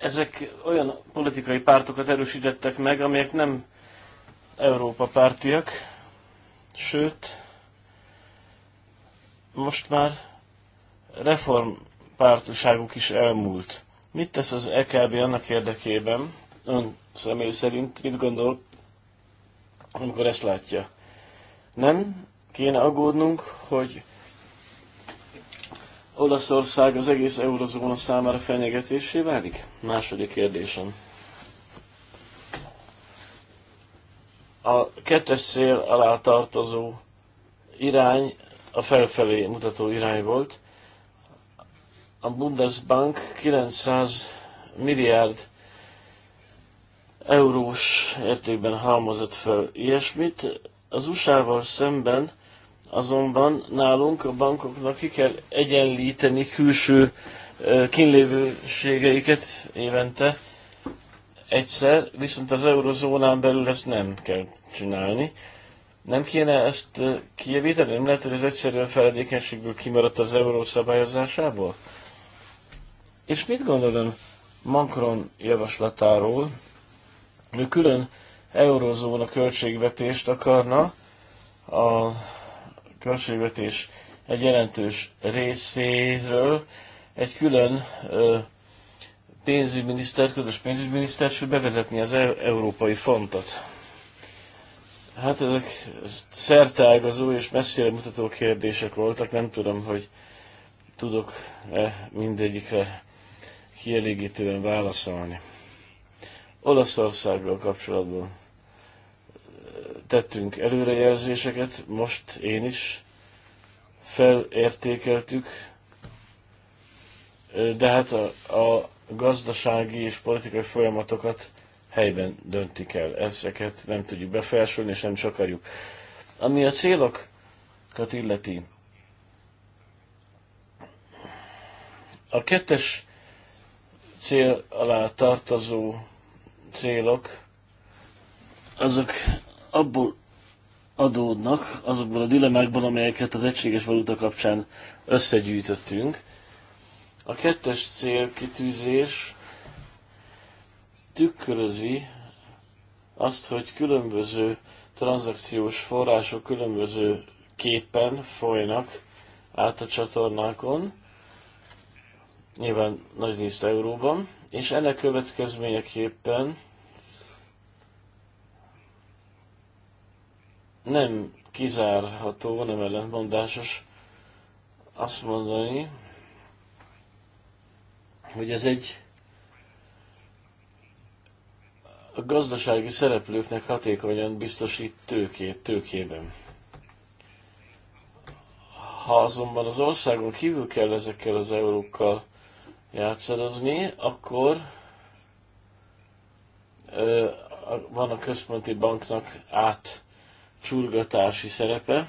ezek olyan politikai pártokat erősítettek meg, amelyek nem Európa pártiak, sőt, most már reformpártiságuk is elmúlt. Mit tesz az EKB annak érdekében, ön személy szerint mit gondol, amikor ezt látja? Nem kéne aggódnunk, hogy Olaszország az egész eurozóna számára fenyegetésé válik? Második kérdésem. A kettes szél alá tartozó irány a felfelé mutató irány volt. A Bundesbank 900 milliárd eurós értékben halmozott fel ilyesmit. Az USA-val szemben Azonban nálunk a bankoknak ki kell egyenlíteni külső kínlévőségeiket évente egyszer, viszont az eurozónán belül ezt nem kell csinálni. Nem kéne ezt kijavítani? Nem lehet, hogy ez egyszerűen feledékenységből kimaradt az euró szabályozásából? És mit gondolom Macron javaslatáról? Ő külön eurozóna költségvetést akarna a költségvetés egy jelentős részéről egy külön pénzügyminiszter, közös pénzügyminiszter, és bevezetni az e- európai fontot. Hát ezek szerteágazó és messzire mutató kérdések voltak, nem tudom, hogy tudok-e mindegyikre kielégítően válaszolni. Olaszországgal kapcsolatban tettünk előrejelzéseket, most én is felértékeltük, de hát a, a gazdasági és politikai folyamatokat helyben döntik el. Ezeket nem tudjuk befelsülni, és nem is akarjuk. Ami a célokat illeti, a kettes cél alá tartozó célok, azok abból adódnak, azokból a dilemmákból, amelyeket az egységes valuta kapcsán összegyűjtöttünk. A kettes célkitűzés tükrözi azt, hogy különböző tranzakciós források különböző képen folynak át a csatornákon, nyilván nagy részt euróban, és ennek következményeképpen nem kizárható, nem ellentmondásos azt mondani, hogy ez egy a gazdasági szereplőknek hatékonyan biztosít tőkét tőkében. Ha azonban az országon kívül kell ezekkel az eurókkal játszadozni, akkor ö, van a központi banknak át csurgatási szerepe.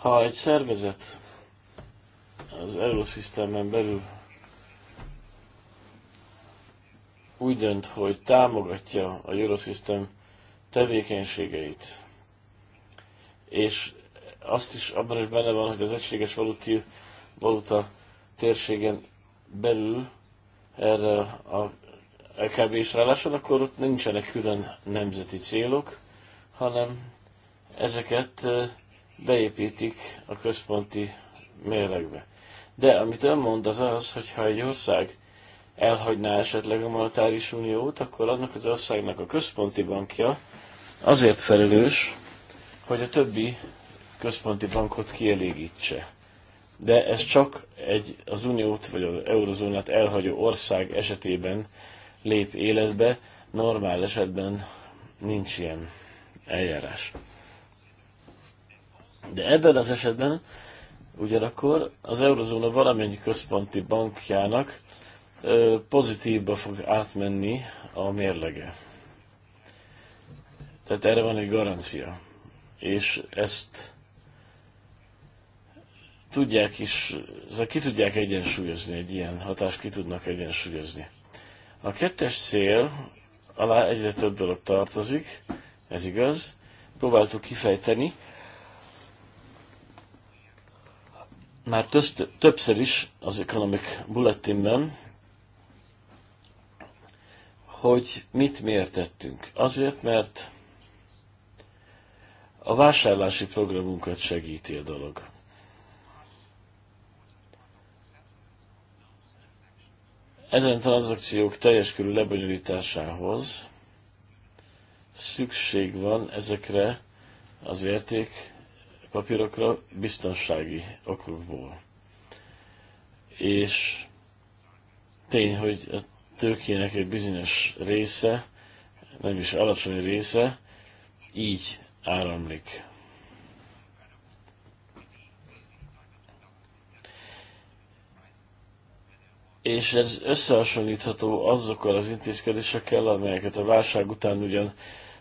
Ha egy szervezet az Eurosystemben belül úgy dönt, hogy támogatja a Eurosystem tevékenységeit, és azt is abban is benne van, hogy az egységes valuti, valuta térségen belül erre a LKB is ráláson, akkor ott nincsenek külön nemzeti célok, hanem ezeket beépítik a központi mérlegbe. De amit ön mond az az, hogy ha egy ország elhagyná esetleg a monetáris uniót, akkor annak az országnak a központi bankja azért felelős, hogy a többi központi bankot kielégítse. De ez csak egy az uniót vagy az eurozónát elhagyó ország esetében lép életbe, normál esetben nincs ilyen eljárás. De ebben az esetben ugyanakkor az eurozóna valamennyi központi bankjának pozitívba fog átmenni a mérlege. Tehát erre van egy garancia. És ezt tudják is, szóval ki tudják egyensúlyozni, egy ilyen hatást ki tudnak egyensúlyozni. A kettes szél alá egyre több dolog tartozik, ez igaz. Próbáltuk kifejteni, már tözt, többször is az Economic Bulletinben, hogy mit miért tettünk. Azért, mert a vásárlási programunkat segíti a dolog. Ezen tranzakciók teljes körű lebonyolításához szükség van ezekre az érték papírokra biztonsági okokból. És tény, hogy a tőkének egy bizonyos része, nem is alacsony része, így áramlik. És ez összehasonlítható azokkal az intézkedésekkel, amelyeket a válság után ugyan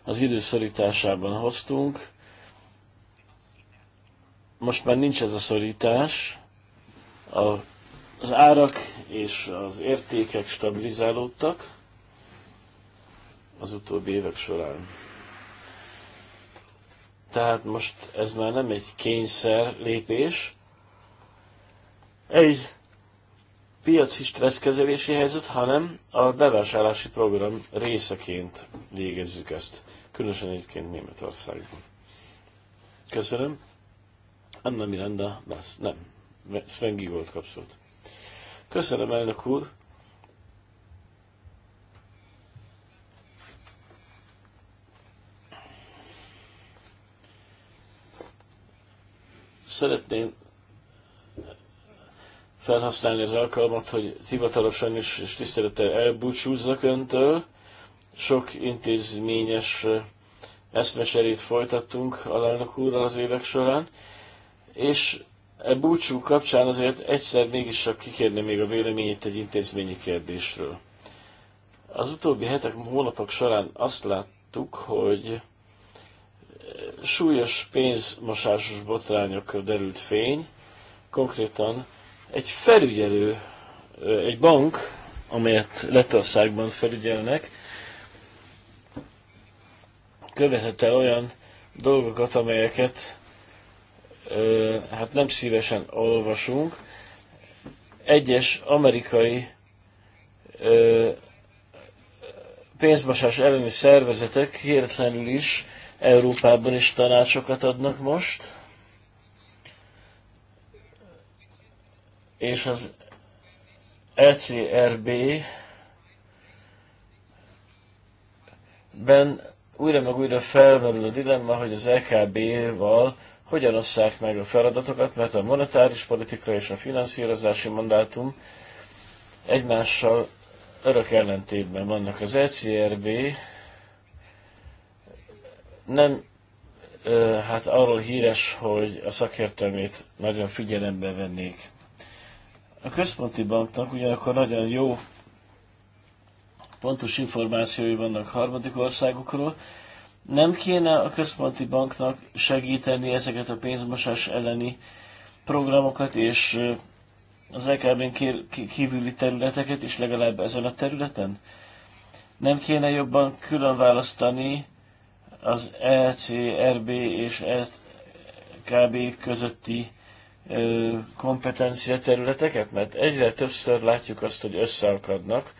az időszorításában hoztunk. Most már nincs ez a szorítás. A, az árak és az értékek stabilizálódtak az utóbbi évek során. Tehát most ez már nem egy kényszer lépés, egy piaci stresszkezelési helyzet, hanem a bevásárlási program részeként végezzük ezt. Különösen egyébként Németországban. Köszönöm. Anna Miranda lesz. Nem. Sven Gigolt kapcsolt. Köszönöm, elnök úr. Szeretném felhasználni az alkalmat, hogy hivatalosan is és tisztelettel elbúcsúzzak öntől. Sok intézményes eszmeserét folytattunk alelnök úrral az évek során, és e búcsú kapcsán azért egyszer mégis csak kikérni még a véleményét egy intézményi kérdésről. Az utóbbi hetek, hónapok során azt láttuk, hogy súlyos pénzmosásos botrányok derült fény, konkrétan egy felügyelő, egy bank, amelyet Lettországban felügyelnek, követett el olyan dolgokat, amelyeket ö, hát nem szívesen olvasunk. Egyes amerikai ö, pénzmosás elleni szervezetek hihetetlenül is Európában is tanácsokat adnak most. és az ECRB ben újra meg újra felmerül a dilemma, hogy az EKB-val hogyan osszák meg a feladatokat, mert a monetáris politika és a finanszírozási mandátum egymással örök ellentétben vannak. Az ECRB nem hát arról híres, hogy a szakértelmét nagyon figyelembe vennék. A központi banknak ugyanakkor nagyon jó pontos információi vannak harmadik országokról. Nem kéne a központi banknak segíteni ezeket a pénzmosás elleni programokat és az lkb kívüli területeket is legalább ezen a területen? Nem kéne jobban külön választani az ECRB és LKB e közötti kompetencia területeket, mert egyre többször látjuk azt, hogy összeakadnak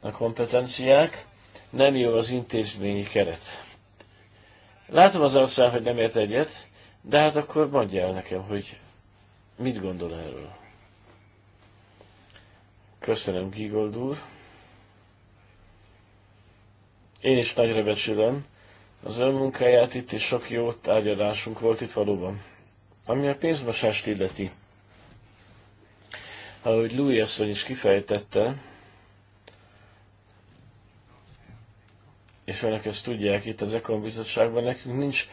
a kompetenciák, nem jó az intézményi keret. Látom az arcán, hogy nem ért egyet, de hát akkor mondja el nekem, hogy mit gondol erről. Köszönöm, Gigold úr. Én is nagyra becsülöm az ön munkáját itt, és sok jó tárgyalásunk volt itt valóban. Ami a pénzmosást illeti, ahogy Louis asszony is kifejtette, és önök ezt tudják itt az Ekon Bizottságban, nekünk nincs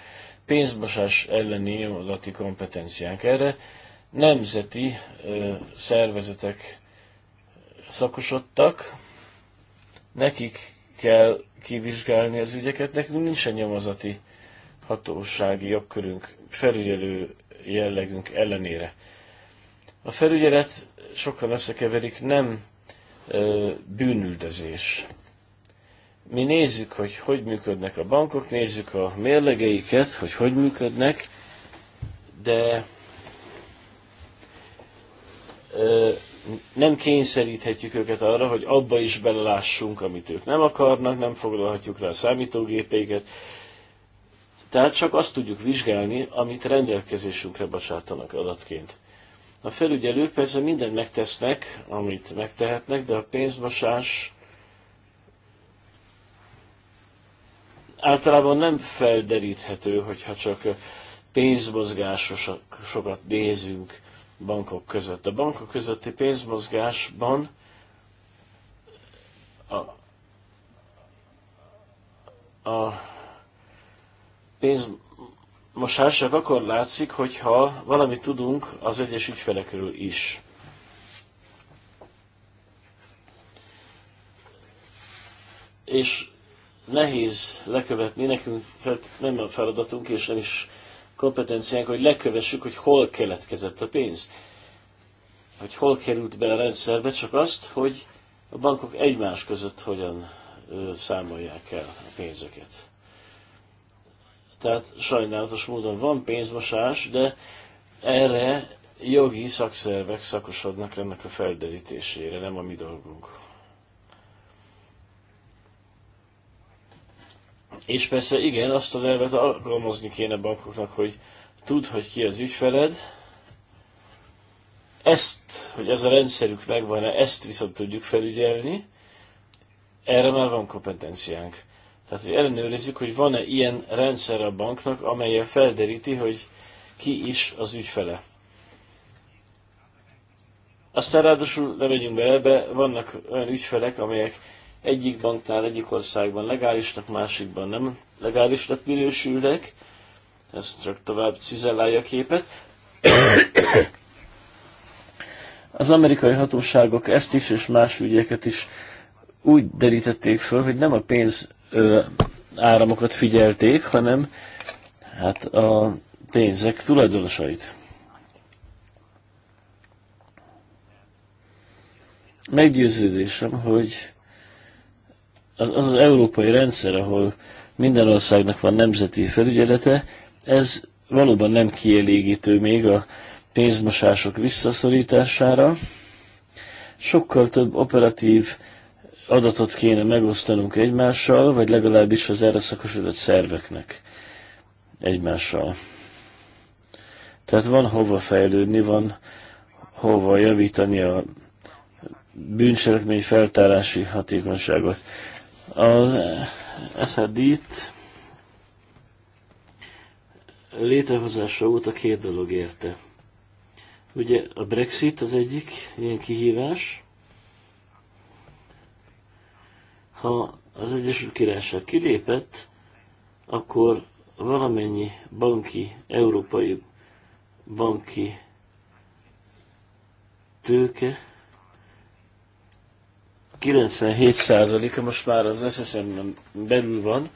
pénzmosás elleni nyomozati kompetenciánk. Erre nemzeti ö, szervezetek szakosodtak, nekik kell kivizsgálni az ügyeket, nekünk nincsen nyomozati hatósági jogkörünk, felügyelő jellegünk ellenére. A felügyelet sokan összekeverik, nem ö, bűnüldözés. Mi nézzük, hogy hogy működnek a bankok, nézzük a mérlegeiket, hogy hogy működnek, de ö, nem kényszeríthetjük őket arra, hogy abba is belelássunk, amit ők nem akarnak, nem foglalhatjuk rá a számítógépeiket, tehát csak azt tudjuk vizsgálni, amit rendelkezésünkre bocsátanak adatként. A felügyelők persze mindent megtesznek, amit megtehetnek, de a pénzmosás általában nem felderíthető, hogyha csak pénzmozgásokat nézünk bankok között. A bankok közötti pénzmozgásban a, a pénzmosás csak akkor látszik, hogyha valamit tudunk az egyes ügyfelekről is. És nehéz lekövetni, nekünk nem a feladatunk és nem is kompetenciánk, hogy lekövessük, hogy hol keletkezett a pénz. Hogy hol került be a rendszerbe, csak azt, hogy a bankok egymás között hogyan számolják el a pénzeket. Tehát sajnálatos módon van pénzmosás, de erre jogi szakszervek szakosodnak ennek a felderítésére, nem a mi dolgunk. És persze igen, azt az elvet alkalmazni kéne bankoknak, hogy tud, hogy ki az ügyfeled. Ezt, hogy ez a rendszerük megvan-e, ezt viszont tudjuk felügyelni. Erre már van kompetenciánk. Tehát, hogy ellenőrizzük, hogy van-e ilyen rendszer a banknak, amelyen felderíti, hogy ki is az ügyfele. Aztán ráadásul ne megyünk bele be, vannak olyan ügyfelek, amelyek egyik banknál, egyik országban legálisnak, másikban nem legálisnak minősülnek. Ez csak tovább cizellálja a képet. Az amerikai hatóságok ezt is és más ügyeket is úgy derítették föl, hogy nem a pénz áramokat figyelték, hanem hát a pénzek tulajdonosait. Meggyőződésem, hogy az, az az európai rendszer, ahol minden országnak van nemzeti felügyelete, ez valóban nem kielégítő még a pénzmosások visszaszorítására. Sokkal több operatív adatot kéne megosztanunk egymással, vagy legalábbis az erre szakosodott szerveknek egymással. Tehát van hova fejlődni, van hova javítani a bűncselekmény feltárási hatékonyságot. Az Eszadít létrehozása óta két dolog érte. Ugye a Brexit az egyik ilyen kihívás, Ha az Egyesült Királyság kilépett, akkor valamennyi banki, európai banki tőke 97%-a most már az ssm belül van,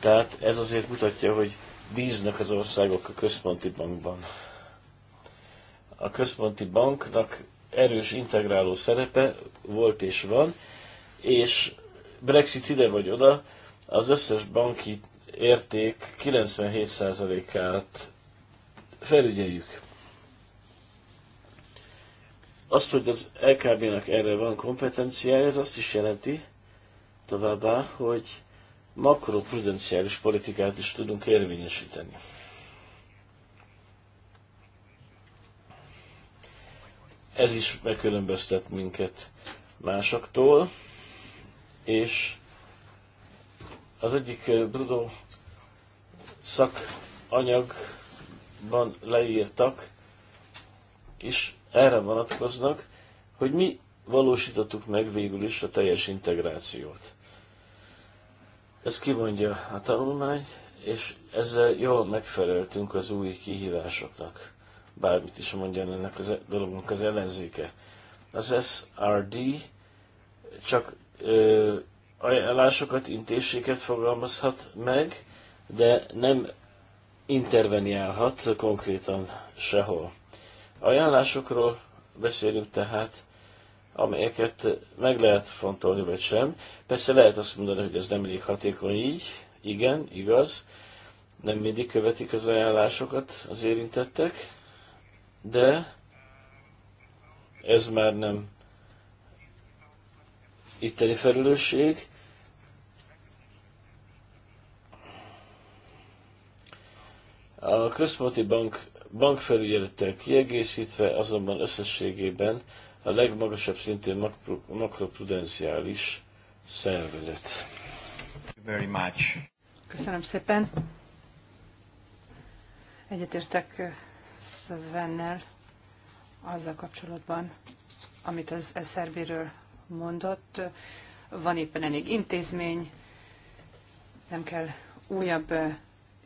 tehát ez azért mutatja, hogy bíznak az országok a központi bankban. A központi banknak erős integráló szerepe volt és van, és Brexit ide vagy oda, az összes banki érték 97%-át felügyeljük. Azt, hogy az lkb nak erre van kompetenciája, az azt is jelenti továbbá, hogy makroprudenciális politikát is tudunk érvényesíteni. Ez is megkülönböztet minket másoktól és az egyik eh, Brudo szakanyagban leírtak, és erre vonatkoznak, hogy mi valósítottuk meg végül is a teljes integrációt. Ezt kimondja a tanulmány, és ezzel jól megfeleltünk az új kihívásoknak, bármit is mondjan ennek a e- dolognak az ellenzéke. Az SRD csak ö, ajánlásokat, intéseket fogalmazhat meg, de nem interveniálhat konkrétan sehol. Ajánlásokról beszélünk tehát, amelyeket meg lehet fontolni, vagy sem. Persze lehet azt mondani, hogy ez nem elég hatékony így, igen, igaz, nem mindig követik az ajánlásokat az érintettek, de ez már nem itteni felelősség. A központi bank bankfelügyelettel kiegészítve azonban összességében a legmagasabb szintén makroprudenciális szervezet. Very much. Köszönöm szépen. Egyetértek eh, Svennel azzal kapcsolatban, amit az SRB-ről mondott. Van éppen elég intézmény, nem kell újabb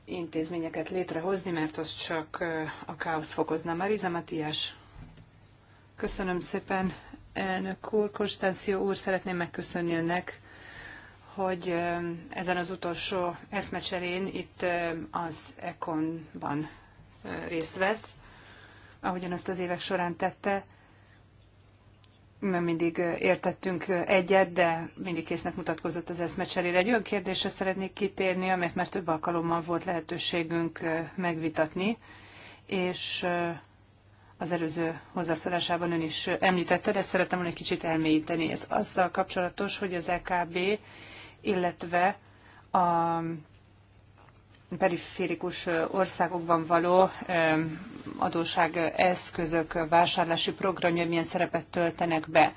intézményeket létrehozni, mert az csak a káoszt fokozna. Mariza Matias. Köszönöm szépen, elnök úr. Konstanció úr, szeretném megköszönni önnek, hogy ezen az utolsó eszmecserén itt az Econban részt vesz, ahogyan azt az évek során tette nem mindig értettünk egyet, de mindig késznek mutatkozott az eszmecserére. Egy olyan kérdésre szeretnék kitérni, amelyet már több alkalommal volt lehetőségünk megvitatni, és az előző hozzászólásában ön is említette, de szerettem volna egy kicsit elmélyíteni. Ez azzal kapcsolatos, hogy az EKB, illetve a periférikus országokban való adóság vásárlási programja milyen szerepet töltenek be.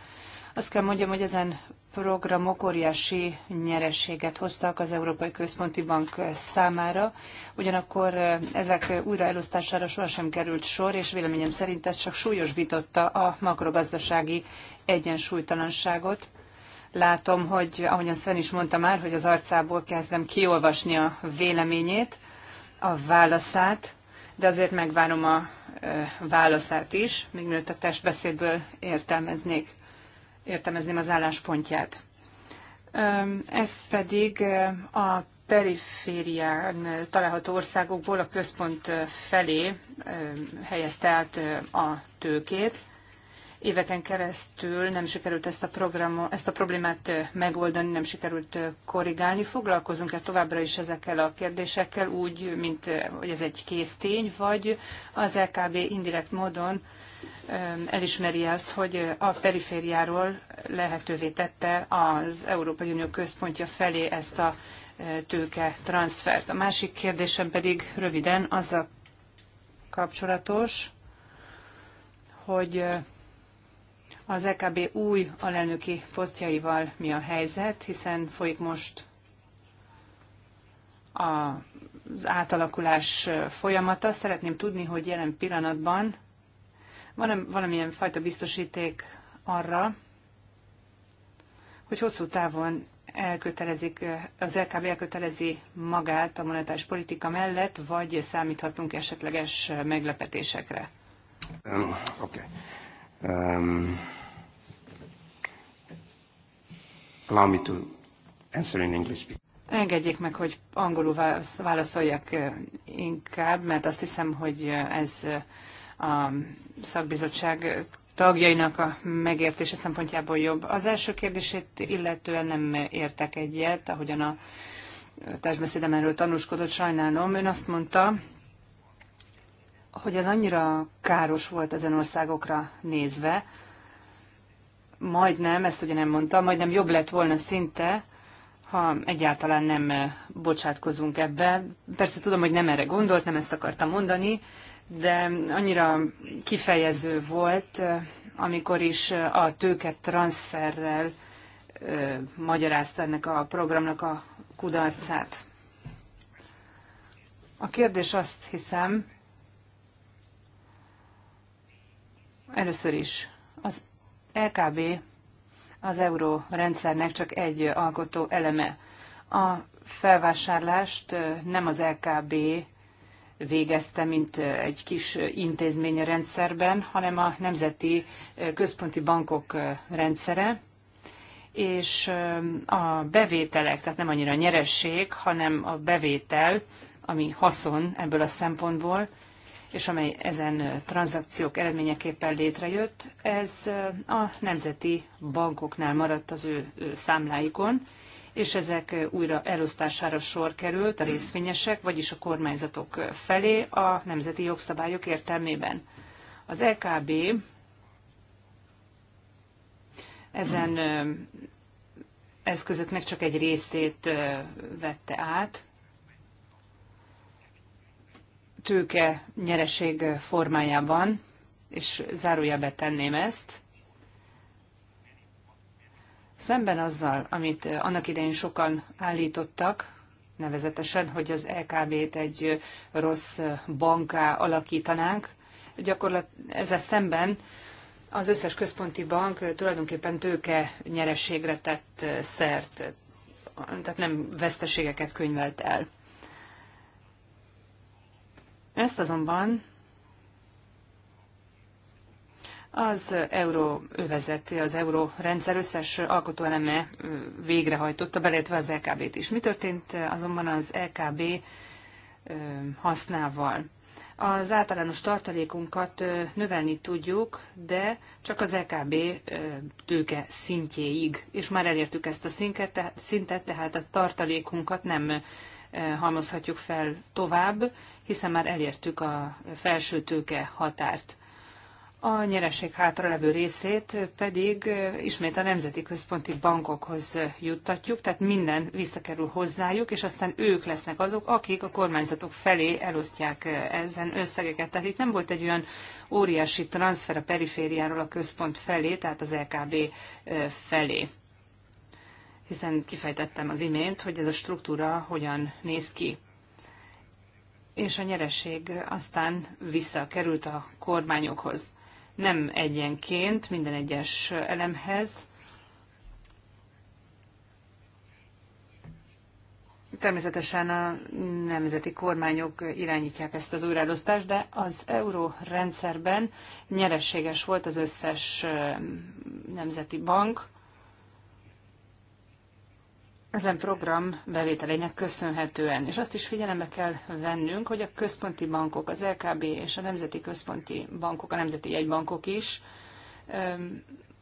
Azt kell mondjam, hogy ezen programok óriási nyereséget hoztak az Európai Központi Bank számára, ugyanakkor ezek újraelosztására sohasem került sor, és véleményem szerint ez csak súlyosbította a makrogazdasági egyensúlytalanságot, Látom, hogy ahogyan Sven is mondta már, hogy az arcából kezdem kiolvasni a véleményét, a válaszát, de azért megvárom a válaszát is, még mielőtt a testbeszédből értelmeznék, értelmezném az álláspontját. Ez pedig a periférián található országokból a központ felé helyezte át a tőkét éveken keresztül nem sikerült ezt a, programot, ezt a problémát megoldani, nem sikerült korrigálni. Foglalkozunk-e továbbra is ezekkel a kérdésekkel úgy, mint hogy ez egy kész tény, vagy az LKB indirekt módon elismeri azt, hogy a perifériáról lehetővé tette az Európai Unió központja felé ezt a tőke transfert. A másik kérdésem pedig röviden az a kapcsolatos, hogy az EKB új alelnöki posztjaival mi a helyzet, hiszen folyik most az átalakulás folyamata. Szeretném tudni, hogy jelen pillanatban van valamilyen fajta biztosíték arra, hogy hosszú távon elkötelezik, az LKB e elkötelezi magát a monetáris politika mellett, vagy számíthatunk esetleges meglepetésekre? Um, okay. um... Allow me to answer in English. Engedjék meg, hogy angolul válaszoljak inkább, mert azt hiszem, hogy ez a szakbizottság tagjainak a megértése szempontjából jobb. Az első kérdését illetően nem értek egyet, ahogyan a társbeszédem erről tanúskodott, sajnálom. Ön azt mondta, hogy ez annyira káros volt ezen országokra nézve, majdnem, ezt ugye nem mondtam, majdnem jobb lett volna szinte, ha egyáltalán nem bocsátkozunk ebbe. Persze tudom, hogy nem erre gondolt, nem ezt akartam mondani, de annyira kifejező volt, amikor is a tőket transferrel ö, magyarázta ennek a programnak a kudarcát. A kérdés azt hiszem, először is LKB az euró rendszernek csak egy alkotó eleme. A felvásárlást nem az LKB végezte, mint egy kis intézmény a rendszerben, hanem a Nemzeti Központi Bankok rendszere, és a bevételek, tehát nem annyira a nyeresség, hanem a bevétel, ami haszon ebből a szempontból, és amely ezen tranzakciók eredményeképpen létrejött, ez a nemzeti bankoknál maradt az ő számláikon, és ezek újra elosztására sor került a részvényesek, vagyis a kormányzatok felé a nemzeti jogszabályok értelmében. Az LKB e ezen eszközöknek csak egy részét vette át, tőke nyereség formájában, és zárója tenném ezt, szemben azzal, amit annak idején sokan állítottak, nevezetesen, hogy az LKB-t egy rossz banká alakítanánk, gyakorlat, ezzel szemben az összes központi bank tulajdonképpen tőke nyereségre tett szert, tehát nem veszteségeket könyvelt el. Ezt azonban az euró övezeti, az euró rendszer összes alkotóeleme végrehajtotta, beleértve az LKB-t e is. Mi történt azonban az LKB e hasznával? Az általános tartalékunkat növelni tudjuk, de csak az LKB e tőke szintjéig, és már elértük ezt a szintet, tehát a tartalékunkat nem Eh, halmozhatjuk fel tovább, hiszen már elértük a felső tőke határt. A nyereség levő részét pedig eh, ismét a nemzeti központi bankokhoz eh, juttatjuk, tehát minden visszakerül hozzájuk, és aztán ők lesznek azok, akik a kormányzatok felé elosztják ezen összegeket. Tehát itt nem volt egy olyan óriási transfer a perifériáról a központ felé, tehát az LKB felé hiszen kifejtettem az imént, hogy ez a struktúra hogyan néz ki. És a nyereség aztán visszakerült a kormányokhoz. Nem egyenként, minden egyes elemhez. Természetesen a nemzeti kormányok irányítják ezt az újraelosztást, de az euró rendszerben nyereséges volt az összes nemzeti bank, ezen program bevételének köszönhetően. És azt is figyelembe kell vennünk, hogy a központi bankok, az LKB és a nemzeti központi bankok, a nemzeti jegybankok is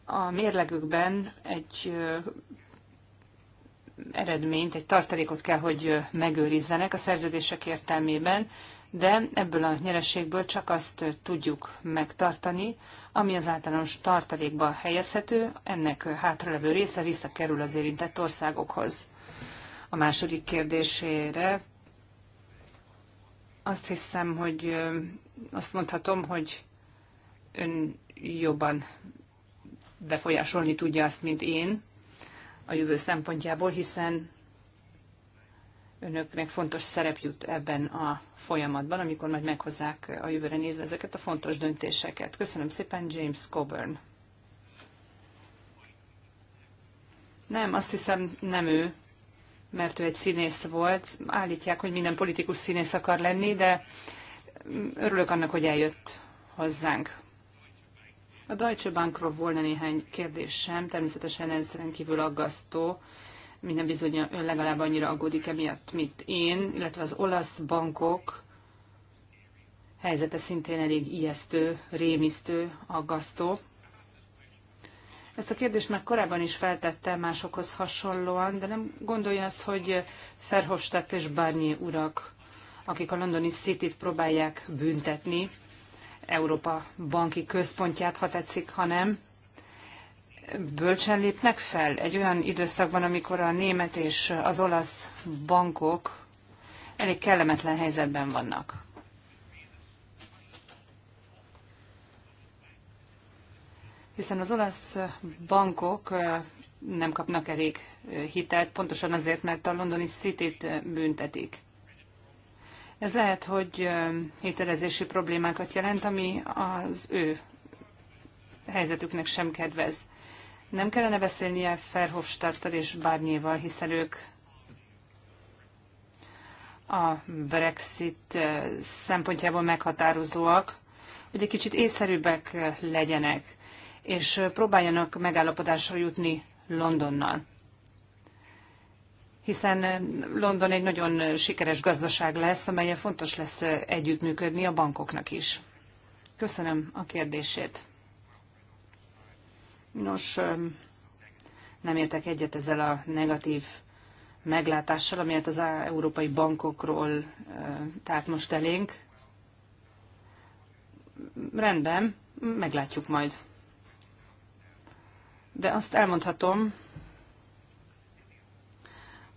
a mérlegükben egy eredményt, egy tartalékot kell, hogy megőrizzenek a szerződések értelmében, de ebből a nyereségből csak azt tudjuk megtartani, ami az általános tartalékba helyezhető, ennek hátralevő része visszakerül az érintett országokhoz. A második kérdésére azt hiszem, hogy azt mondhatom, hogy ön jobban befolyásolni tudja azt, mint én a jövő szempontjából, hiszen önöknek fontos szerep jut ebben a folyamatban, amikor majd meghozzák a jövőre nézve ezeket a fontos döntéseket. Köszönöm szépen, James Coburn. Nem, azt hiszem nem ő, mert ő egy színész volt. Állítják, hogy minden politikus színész akar lenni, de örülök annak, hogy eljött hozzánk. A Deutsche Bankról volna néhány kérdésem, természetesen ez rendkívül aggasztó, minden bizony ön legalább annyira aggódik emiatt, mint én, illetve az olasz bankok helyzete szintén elég ijesztő, rémisztő, aggasztó. Ezt a kérdést már korábban is feltettem másokhoz hasonlóan, de nem gondolja azt, hogy Ferhofstadt és Barnier urak, akik a londoni City-t próbálják büntetni, Európa banki központját, ha tetszik, ha nem, bölcsen lépnek fel egy olyan időszakban, amikor a német és az olasz bankok elég kellemetlen helyzetben vannak. Hiszen az olasz bankok nem kapnak elég hitelt, pontosan azért, mert a londoni city büntetik. Ez lehet, hogy hitelezési problémákat jelent, ami az ő helyzetüknek sem kedvez. Nem kellene beszélnie Ferhofstadtal és Barnyéval, hiszen ők a Brexit eh, szempontjából meghatározóak, hogy egy kicsit észszerűbbek legyenek, és eh, próbáljanak megállapodásra jutni Londonnal. Hiszen eh, London egy nagyon sikeres gazdaság lesz, amelyen fontos lesz együttműködni a bankoknak is. Köszönöm a kérdését. Nos, nem értek egyet ezzel a negatív meglátással, amelyet az európai bankokról tárt most elénk. Rendben, meglátjuk majd. De azt elmondhatom,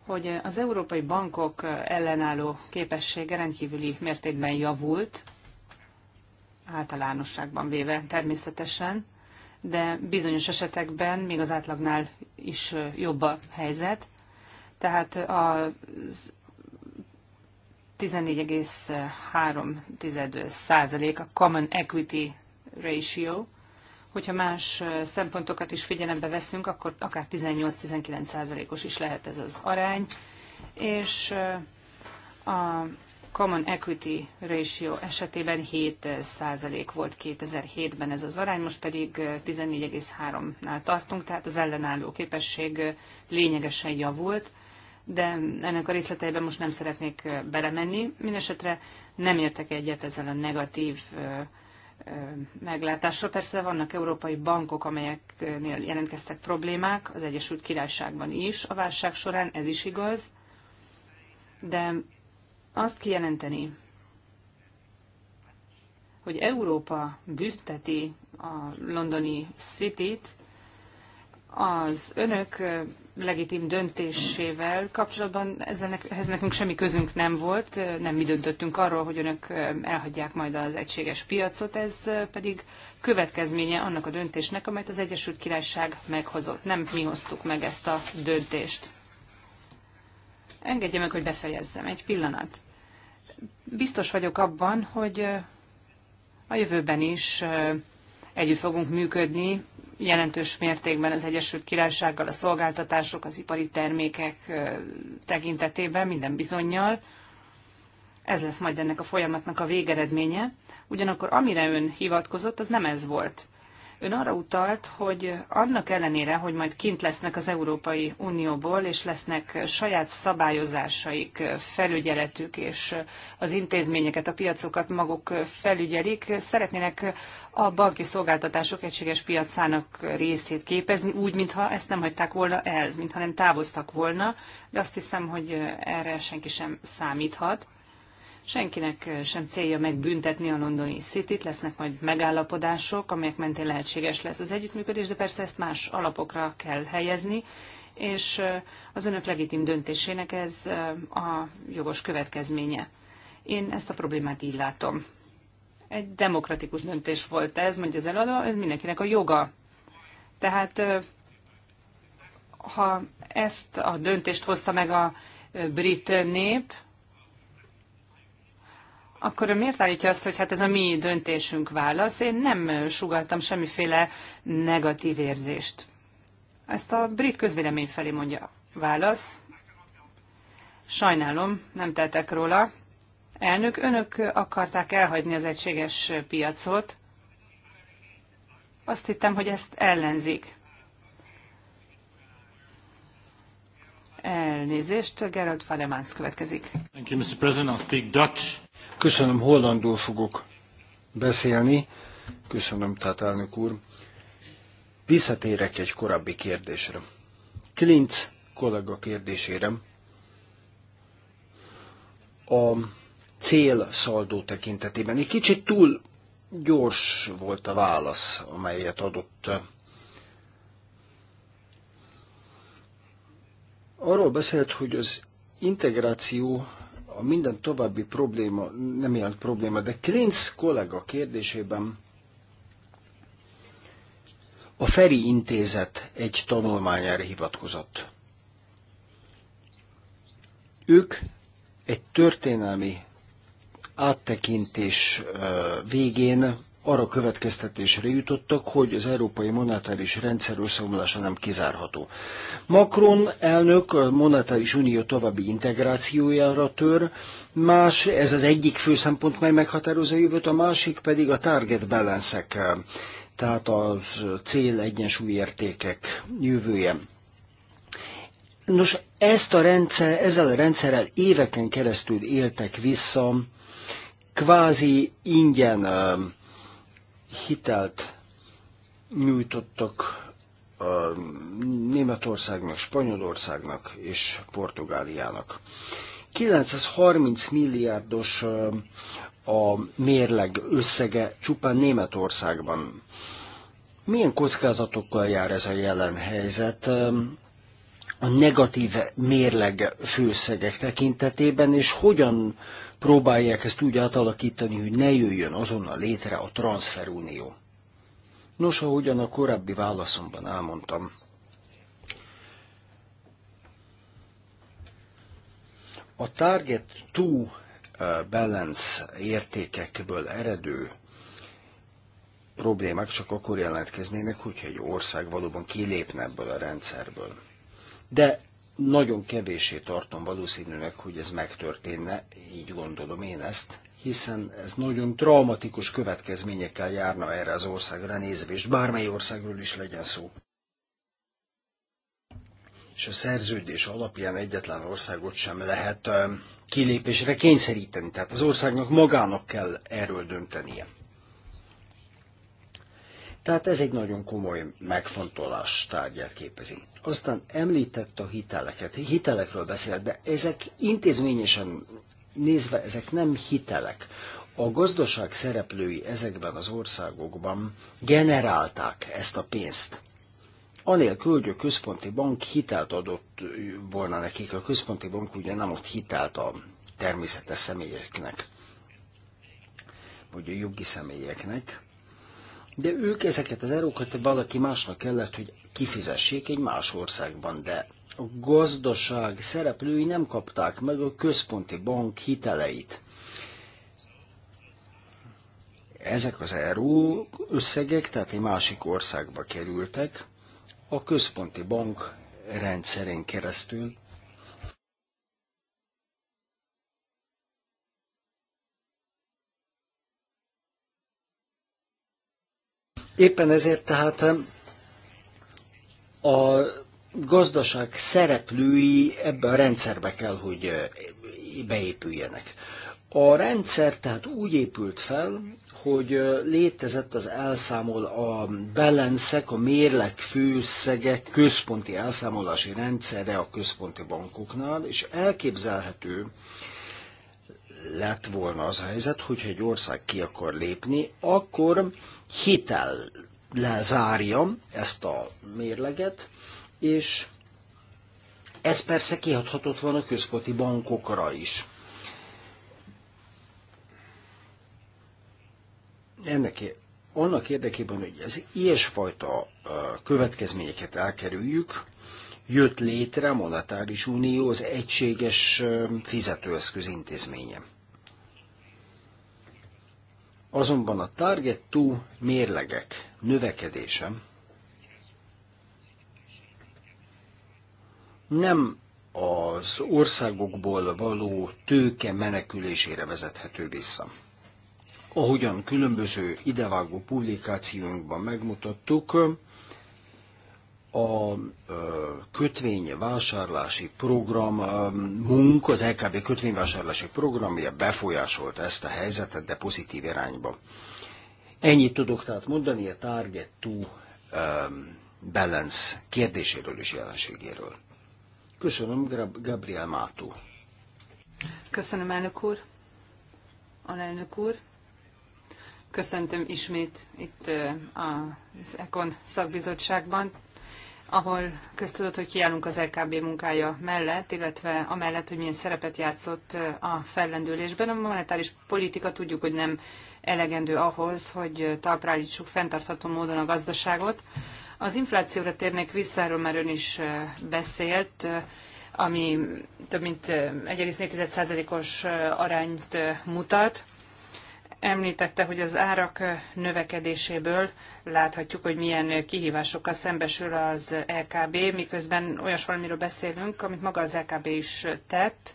hogy az európai bankok ellenálló képessége rendkívüli mértékben javult, általánosságban véve természetesen, de bizonyos esetekben még az átlagnál is jobb a helyzet. Tehát a 14,3 százalék a Common Equity Ratio, hogyha más szempontokat is figyelembe veszünk, akkor akár 18-19 százalékos is lehet ez az arány, és a Common Equity Ratio esetében 7% eh, volt 2007-ben ez az arány, most pedig 14,3-nál eh, tartunk, tehát az ellenálló képesség eh, lényegesen javult, de ennek a részleteiben most nem szeretnék belemenni. Mindenesetre nem értek egyet ezzel a negatív meglátásra. Persze vannak európai bankok, amelyeknél jelentkeztek problémák, az Egyesült Királyságban is a válság során, ez is igaz, de azt kijelenteni, hogy Európa bünteti a londoni City-t, az önök legitim döntésével kapcsolatban ezzel ehhez nekünk semmi közünk nem volt, nem mi döntöttünk arról, hogy önök elhagyják majd az egységes piacot, ez pedig következménye annak a döntésnek, amelyet az Egyesült Királyság meghozott. Nem mi hoztuk meg ezt a döntést. Engedje meg, hogy befejezzem. Egy pillanat. Biztos vagyok abban, hogy a jövőben is együtt fogunk működni, jelentős mértékben az Egyesült Királysággal a szolgáltatások, az ipari termékek tekintetében minden bizonyjal. Ez lesz majd ennek a folyamatnak a végeredménye. Ugyanakkor amire ön hivatkozott, az nem ez volt. Ön arra utalt, hogy annak ellenére, hogy majd kint lesznek az Európai Unióból, és lesznek saját szabályozásaik, felügyeletük, és az intézményeket, a piacokat maguk felügyelik, szeretnének a banki szolgáltatások egységes piacának részét képezni, úgy, mintha ezt nem hagyták volna el, mintha nem távoztak volna, de azt hiszem, hogy erre senki sem számíthat Senkinek sem célja megbüntetni a londoni city lesznek majd megállapodások, amelyek mentén lehetséges lesz az együttműködés, de persze ezt más alapokra kell helyezni, és az önök legitim döntésének ez a jogos következménye. Én ezt a problémát így látom. Egy demokratikus döntés volt ez, mondja az eladó, ez mindenkinek a joga. Tehát ha ezt a döntést hozta meg a brit nép, akkor miért állítja azt, hogy hát ez a mi döntésünk válasz? Én nem sugaltam semmiféle negatív érzést. Ezt a brit közvélemény felé mondja válasz. Sajnálom, nem teltek róla. Elnök, önök akarták elhagyni az egységes piacot. Azt hittem, hogy ezt ellenzik. Elnézést, Gerald Falemans következik. Thank you, Mr. President. I'll speak Dutch. Köszönöm, hollandul fogok beszélni. Köszönöm, tehát elnök úr. Visszatérek egy korábbi kérdésre. Klinc kollega kérdésére. A cél szaldó tekintetében egy kicsit túl gyors volt a válasz, amelyet adott. Arról beszélt, hogy az integráció a minden további probléma nem ilyen probléma, de Klinz kollega kérdésében a Feri Intézet egy tanulmányára hivatkozott. Ők egy történelmi áttekintés végén arra következtetésre jutottak, hogy az európai monetáris rendszer összeomlása nem kizárható. Macron elnök a monetáris unió további integrációjára tör, más, ez az egyik fő szempont, mely meghatározza a jövőt, a másik pedig a target balance tehát az cél egyensúlyértékek jövője. Nos, ezt a rendszer, ezzel a rendszerrel éveken keresztül éltek vissza, kvázi ingyen hitelt nyújtottak a Németországnak, Spanyolországnak és Portugáliának. 930 milliárdos a mérleg összege csupán Németországban. Milyen kockázatokkal jár ez a jelen helyzet a negatív mérleg főszegek tekintetében, és hogyan próbálják ezt úgy átalakítani, hogy ne jöjjön azonnal létre a transferunió. Nos, ahogyan a korábbi válaszomban elmondtam, a Target 2 eh, balance értékekből eredő problémák csak akkor jelentkeznének, hogyha egy ország valóban kilépne ebből a rendszerből. De nagyon kevésé tartom valószínűleg, hogy ez megtörténne, így gondolom én ezt, hiszen ez nagyon traumatikus következményekkel járna erre az országra nézve, és bármely országról is legyen szó. És a szerződés alapján egyetlen országot sem lehet kilépésre kényszeríteni, tehát az országnak magának kell erről döntenie. Tehát ez egy nagyon komoly megfontolás tárgyát képezi. Aztán említett a hiteleket, hitelekről beszélt, de ezek intézményesen nézve, ezek nem hitelek. A gazdaság szereplői ezekben az országokban generálták ezt a pénzt. Anélkül, hogy a központi bank hitelt adott volna nekik, a központi bank ugye nem ott hitelt a természetes személyeknek, vagy a jogi személyeknek, de ők ezeket az erőket valaki másnak kellett, hogy kifizessék egy más országban, de a gazdaság szereplői nem kapták meg a központi bank hiteleit. Ezek az erő összegek, tehát egy másik országba kerültek, a központi bank rendszerén keresztül, Éppen ezért tehát a gazdaság szereplői ebbe a rendszerbe kell, hogy beépüljenek. A rendszer tehát úgy épült fel, hogy létezett az elszámol a belenszek, a mérlek főszegek központi elszámolási rendszere a központi bankoknál, és elképzelhető lett volna az helyzet, hogyha egy ország ki akar lépni, akkor hitel lezárja ezt a mérleget, és ez persze kihathatott van a központi bankokra is. Ennek annak érdekében, hogy ez ilyesfajta következményeket elkerüljük, jött létre a Monetáris Unió az Egységes Fizetőeszköz Intézménye. Azonban a Target 2 mérlegek növekedése nem az országokból való tőke menekülésére vezethető vissza. Ahogyan különböző idevágó publikációinkban megmutattuk, a kötvény vásárlási munk, az LKB kötvényvásárlási programja befolyásolt ezt a helyzetet, de pozitív irányba. Ennyit tudok tehát mondani a Target to Balance kérdéséről és jelenségéről. Köszönöm, Gabriel Mátó. Köszönöm, elnök úr. Alelnök úr. Köszöntöm ismét itt az EKON szakbizottságban ahol köztudott, hogy kiállunk az LKB munkája mellett, illetve amellett, hogy milyen szerepet játszott a fellendülésben. A monetáris politika tudjuk, hogy nem elegendő ahhoz, hogy talprálítsuk fenntartható módon a gazdaságot. Az inflációra térnék vissza, erről már ön is beszélt, ami több mint 1,4%-os arányt mutat. Említette, hogy az árak növekedéséből láthatjuk, hogy milyen kihívásokkal szembesül az LKB, miközben olyas valamiről beszélünk, amit maga az LKB is tett.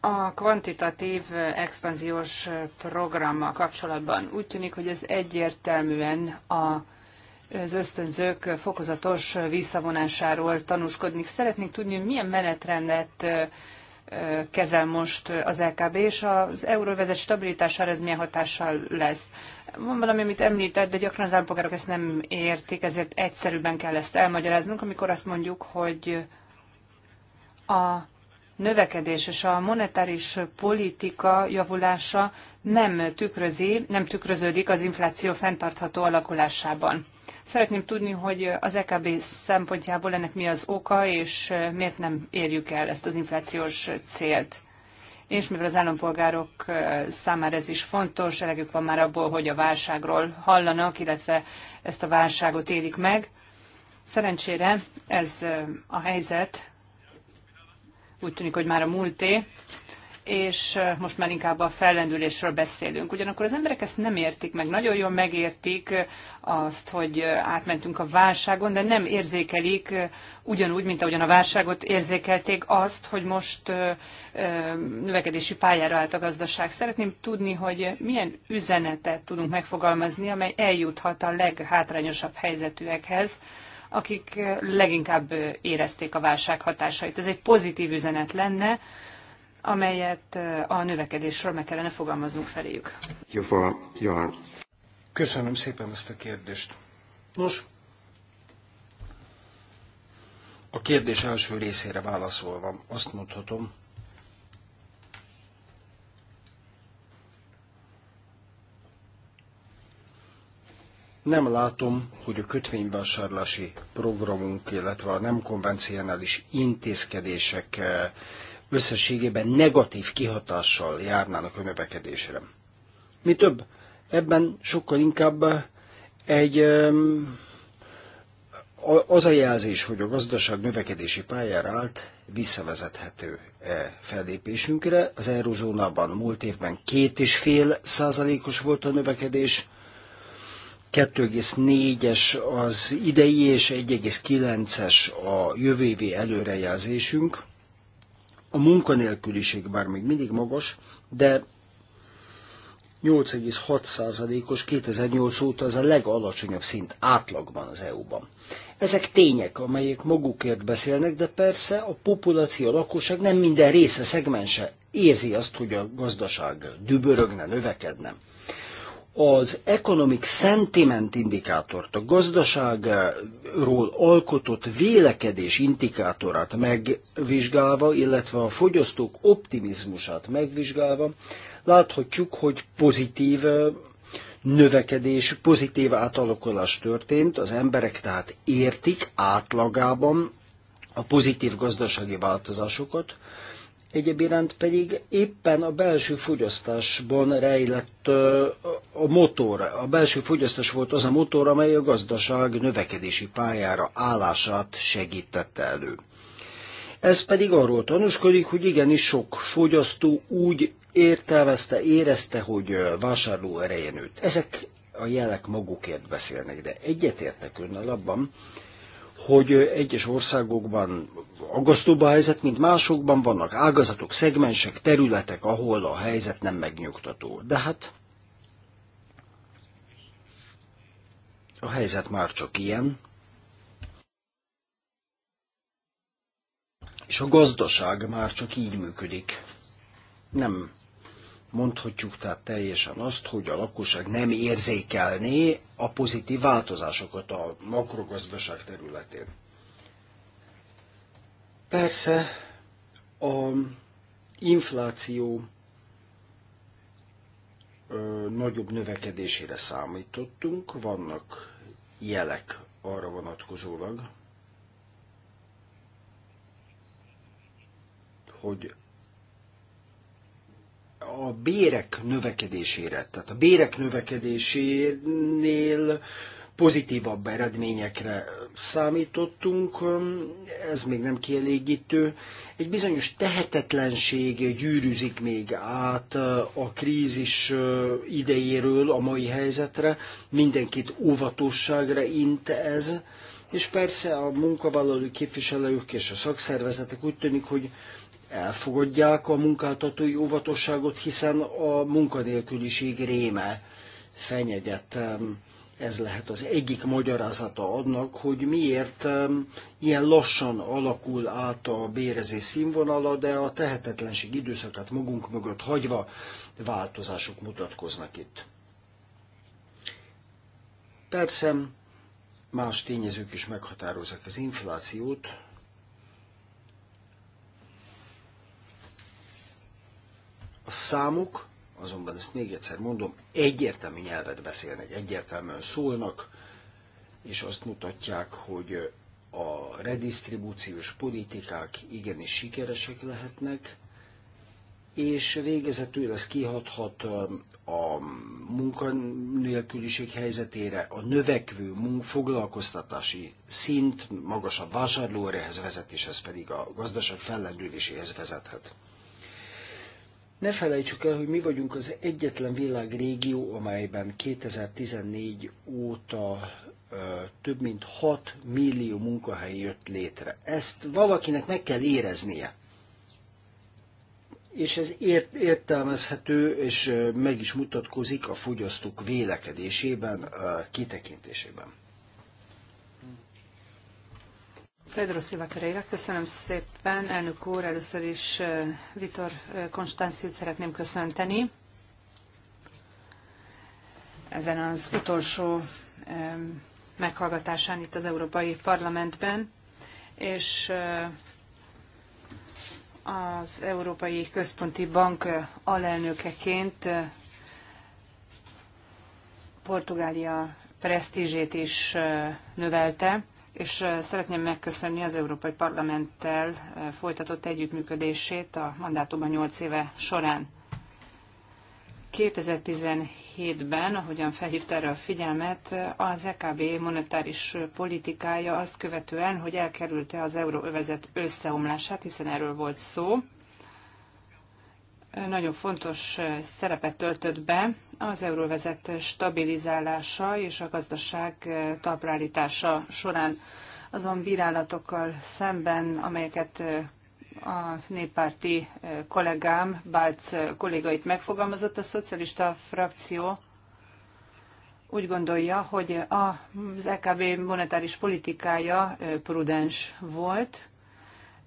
A kvantitatív expanziós programmal kapcsolatban úgy tűnik, hogy ez egyértelműen a az ösztönzők fokozatos visszavonásáról tanúskodni. Szeretnénk tudni, hogy milyen menetrendet kezel most az LKB, és az euróvezet stabilitására ez milyen hatással lesz. Van valami, amit említett, de gyakran az állampolgárok ezt nem értik, ezért egyszerűbben kell ezt elmagyaráznunk, amikor azt mondjuk, hogy a növekedés és a monetáris politika javulása nem tükrözi, nem tükröződik az infláció fenntartható alakulásában. Szeretném tudni, hogy az EKB szempontjából ennek mi az oka, és miért nem érjük el ezt az inflációs célt. És mivel az állampolgárok számára ez is fontos, elegük van már abból, hogy a válságról hallanak, illetve ezt a válságot élik meg. Szerencsére ez a helyzet úgy tűnik, hogy már a múlté, és most már inkább a fellendülésről beszélünk. Ugyanakkor az emberek ezt nem értik meg, nagyon jól megértik azt, hogy átmentünk a válságon, de nem érzékelik ugyanúgy, mint ahogyan a válságot érzékelték azt, hogy most növekedési pályára állt a gazdaság. Szeretném tudni, hogy milyen üzenetet tudunk megfogalmazni, amely eljuthat a leghátrányosabb helyzetűekhez, akik leginkább érezték a válság hatásait. Ez egy pozitív üzenet lenne, amelyet eh, a növekedésről meg kellene fogalmaznunk feléjük. Köszönöm szépen ezt a kérdést. Nos, a kérdés első részére válaszolva azt mondhatom, Nem látom, hogy a kötvényvásárlási programunk, illetve a nem konvencionális intézkedések eh, összességében negatív kihatással járnának a növekedésre. Mi több, ebben sokkal inkább eh, egy az a jelzés, hogy a gazdaság növekedési pályára állt, visszavezethető -e fellépésünkre. Az eurozónában múlt évben két és fél százalékos volt a növekedés, 2,4-es az idei és 1,9-es a jövő évi előrejelzésünk a munkanélküliség bár még mindig magas, de 8,6%-os 2008 óta ez a legalacsonyabb szint átlagban az EU-ban. Ezek tények, amelyek magukért beszélnek, de persze a populáció, a lakosság nem minden része, szegmense érzi azt, hogy a gazdaság dübörögne, növekedne az economic sentiment indikátort, a gazdaságról alkotott vélekedés indikátorát megvizsgálva, illetve a fogyasztók optimizmusát megvizsgálva, láthatjuk, hogy pozitív növekedés, pozitív átalakulás történt, az emberek tehát értik átlagában a pozitív gazdasági változásokat, Egyéb iránt pedig éppen a belső fogyasztásban rejlett a motor. A belső fogyasztás volt az a motor, amely a gazdaság növekedési pályára állását segítette elő. Ez pedig arról tanúskodik, hogy igenis sok fogyasztó úgy értelmezte, érezte, hogy vásárló ereje nőtt. Ezek a jelek magukért beszélnek, de egyetértek önnel abban, hogy egyes országokban aggasztóbb a helyzet, mint másokban. Vannak ágazatok, szegmensek, területek, ahol a helyzet nem megnyugtató. De hát a helyzet már csak ilyen. És a gazdaság már csak így működik. Nem mondhatjuk tehát teljesen azt, hogy a lakosság nem érzékelné a pozitív változásokat a makrogazdaság területén. Persze a infláció ö, nagyobb növekedésére számítottunk, vannak jelek arra vonatkozólag, hogy a bérek növekedésére, tehát a bérek növekedésénél pozitívabb eredményekre számítottunk, ez még nem kielégítő. Egy bizonyos tehetetlenség gyűrűzik még át a krízis idejéről a mai helyzetre, mindenkit óvatosságra int ez, és persze a munkavállalói képviselők és a szakszervezetek úgy tűnik, hogy elfogadják a munkáltatói óvatosságot, hiszen a munkanélküliség réme fenyeget. Ez lehet az egyik magyarázata annak, hogy miért ilyen lassan alakul át a bérezés színvonala, de a tehetetlenség időszakát magunk mögött hagyva változások mutatkoznak itt. Persze más tényezők is meghatározzák az inflációt, a számok azonban ezt még egyszer mondom, egyértelmű nyelvet beszélnek, egyértelműen szólnak, és azt mutatják, hogy a redistribúciós politikák igenis sikeresek lehetnek, és végezetül ez kihathat um, a munkanélküliség helyzetére, a növekvő foglalkoztatási szint magasabb vásárlóerejhez vezet, és ez pedig a gazdaság fellendüléséhez vezethet. Ne felejtsük el, hogy mi vagyunk az egyetlen világrégió, amelyben 2014 óta több mint 6 millió munkahely jött létre. Ezt valakinek meg kell éreznie. És ez ért, értelmezhető, és meg is mutatkozik a fogyasztók vélekedésében, kitekintésében. Pedro Silva Pereira, köszönöm szépen. Elnök úr, először is Vitor Konstanciút szeretném köszönteni. Ezen az utolsó meghallgatásán itt az Európai Parlamentben, és az Európai Központi Bank alelnökeként Portugália presztízsét is növelte és szeretném megköszönni az Európai Parlamenttel folytatott együttműködését a mandátumban 8 éve során. 2017-ben, ahogyan felhívta erre a figyelmet, az EKB monetáris politikája azt követően, hogy elkerülte az euróövezet összeomlását, hiszen erről volt szó, nagyon fontos eh, szerepet töltött be az euróvezet stabilizálása és a gazdaság eh, talpraállítása során. Azon bírálatokkal szemben, amelyeket eh, a néppárti kollégám, Bálc kollégait megfogalmazott, a szocialista frakció úgy gondolja, hogy az LKB monetáris politikája prudens volt,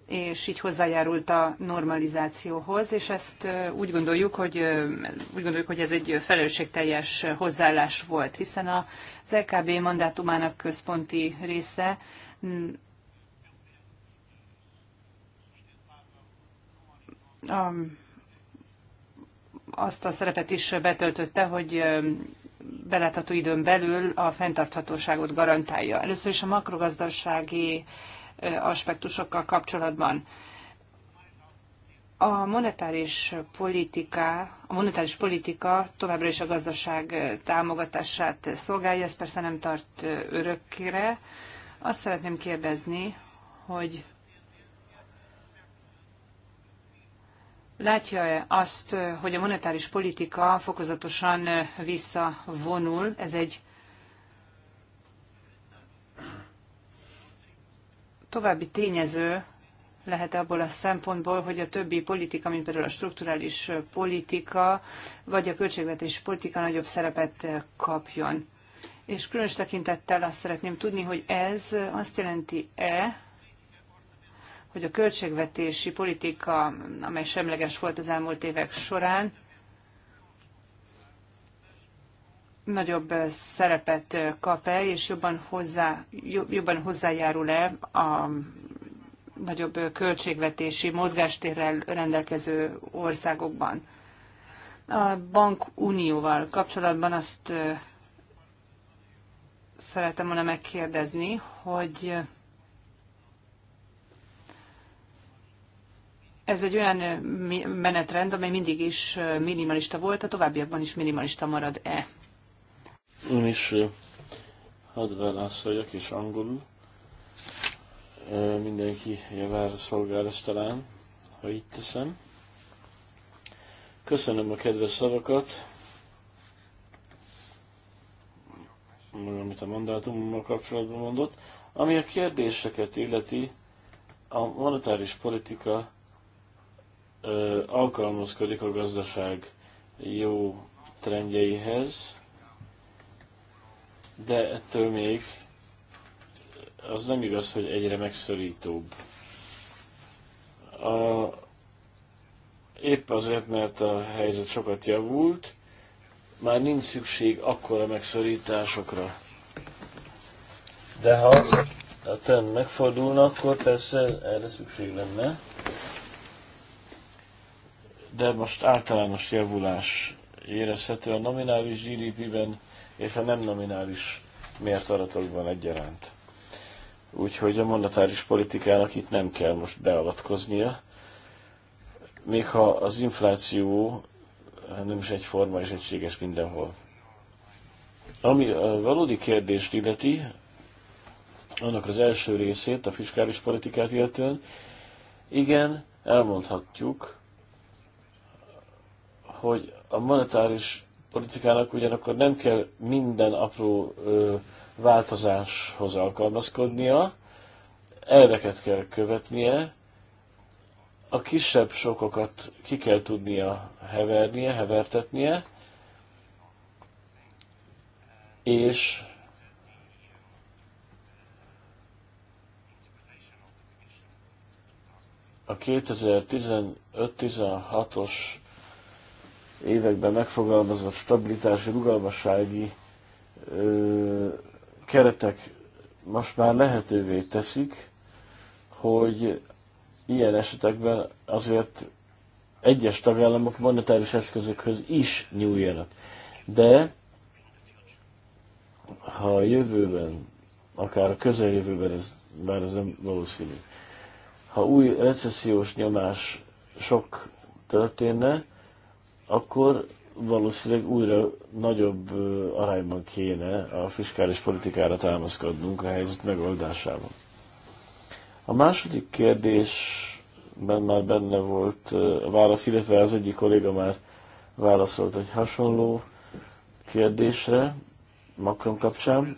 és így hozzájárult a normalizációhoz, és ezt úgy gondoljuk, hogy, úgy gondoljuk, hogy ez egy felelősségteljes hozzáállás volt, hiszen az LKB mandátumának központi része mm, azt a szerepet is betöltötte, hogy belátható időn belül a fenntarthatóságot garantálja. Először is a makrogazdasági aspektusokkal kapcsolatban. A monetáris politika, a monetáris politika továbbra is a gazdaság támogatását szolgálja, ez persze nem tart örökkére. Azt szeretném kérdezni, hogy Látja-e azt, hogy a monetáris politika fokozatosan visszavonul? Ez egy további tényező lehet abból a szempontból, hogy a többi politika, mint például a strukturális politika, vagy a költségvetési politika nagyobb szerepet kapjon. És különös tekintettel azt szeretném tudni, hogy ez azt jelenti-e, hogy a költségvetési politika, amely semleges volt az elmúlt évek során, nagyobb eh, szerepet eh, kap-e, és jobban, hozzá, jobban hozzájárul-e a nagyobb eh, költségvetési mozgástérrel rendelkező országokban. A bankunióval kapcsolatban azt szeretem volna megkérdezni, hogy ez egy olyan menetrend, amely mindig is minimalista volt, a továbbiakban is minimalista marad-e? Ön is hadd válaszoljak, és angolul. Mindenki javára szolgál ezt talán, ha itt teszem. Köszönöm a kedves szavakat, amit a mandátummal kapcsolatban mondott. Ami a kérdéseket illeti, a monetáris politika alkalmazkodik a gazdaság jó trendjeihez, de ettől még az nem igaz, hogy egyre megszorítóbb. A, épp azért, mert a helyzet sokat javult, már nincs szükség akkora megszorításokra. De ha a trend megfordulna, akkor persze erre szükség lenne. De most általános javulás érezhető a nominális GDP-ben és a nem nominális mért adatokban egyaránt. Úgyhogy a monetáris politikának itt nem kell most beavatkoznia, még ha az infláció hát nem is egyforma és egységes mindenhol. Ami a valódi kérdést illeti, annak az első részét, a fiskális politikát illetően, igen, elmondhatjuk, hogy a monetáris politikának ugyanakkor nem kell minden apró ö, változáshoz alkalmazkodnia, elveket kell követnie, a kisebb sokokat ki kell tudnia hevernie, hevertetnie, és a 2015-16-os években megfogalmazott stabilitási, rugalmassági ö, keretek most már lehetővé teszik, hogy ilyen esetekben azért egyes tagállamok monetáris eszközökhöz is nyúljanak. De ha a jövőben, akár a közeljövőben, ez, bár ez nem valószínű, ha új recessziós nyomás sok történne, akkor valószínűleg újra nagyobb arányban kéne a fiskális politikára támaszkodnunk a helyzet megoldásában. A második kérdésben már benne volt a válasz, illetve az egyik kolléga már válaszolt egy hasonló kérdésre Macron kapcsán.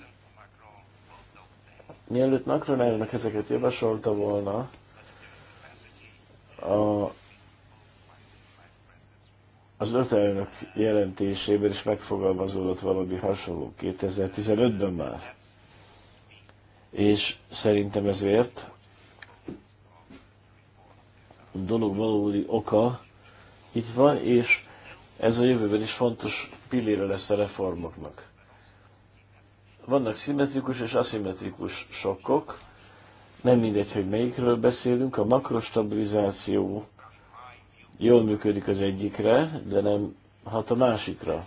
Mielőtt Macron elnök ezeket javasolta volna, a az öt elnök jelentésében is megfogalmazódott valami hasonló 2015-ben már. És szerintem ezért a dolog valódi oka itt van, és ez a jövőben is fontos pillére lesz a reformoknak. Vannak szimmetrikus és aszimmetrikus sokkok, nem mindegy, hogy melyikről beszélünk, a makrostabilizáció jól működik az egyikre, de nem hat a másikra.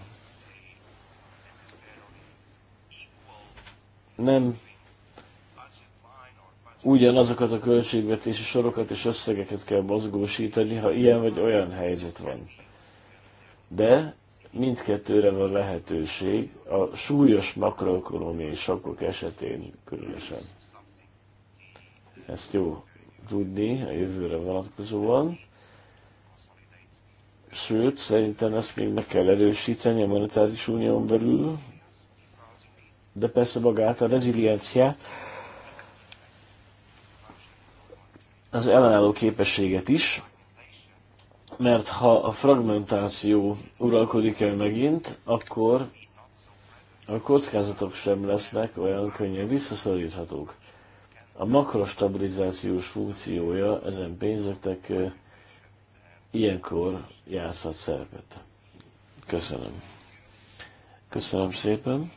Nem ugyanazokat a költségvetési sorokat és összegeket kell mozgósítani, ha ilyen vagy olyan helyzet van. De mindkettőre van lehetőség, a súlyos makroökonomiai sokok esetén különösen. Ezt jó tudni a jövőre vonatkozóan sőt, szerintem ezt még meg kell erősíteni a monetáris unión belül, de persze magát a rezilienciát, az ellenálló képességet is, mert ha a fragmentáció uralkodik el megint, akkor a kockázatok sem lesznek olyan könnyen visszaszoríthatók. A makrostabilizációs funkciója ezen pénzeknek ilyenkor játszhat szerepet. Köszönöm. Köszönöm szépen.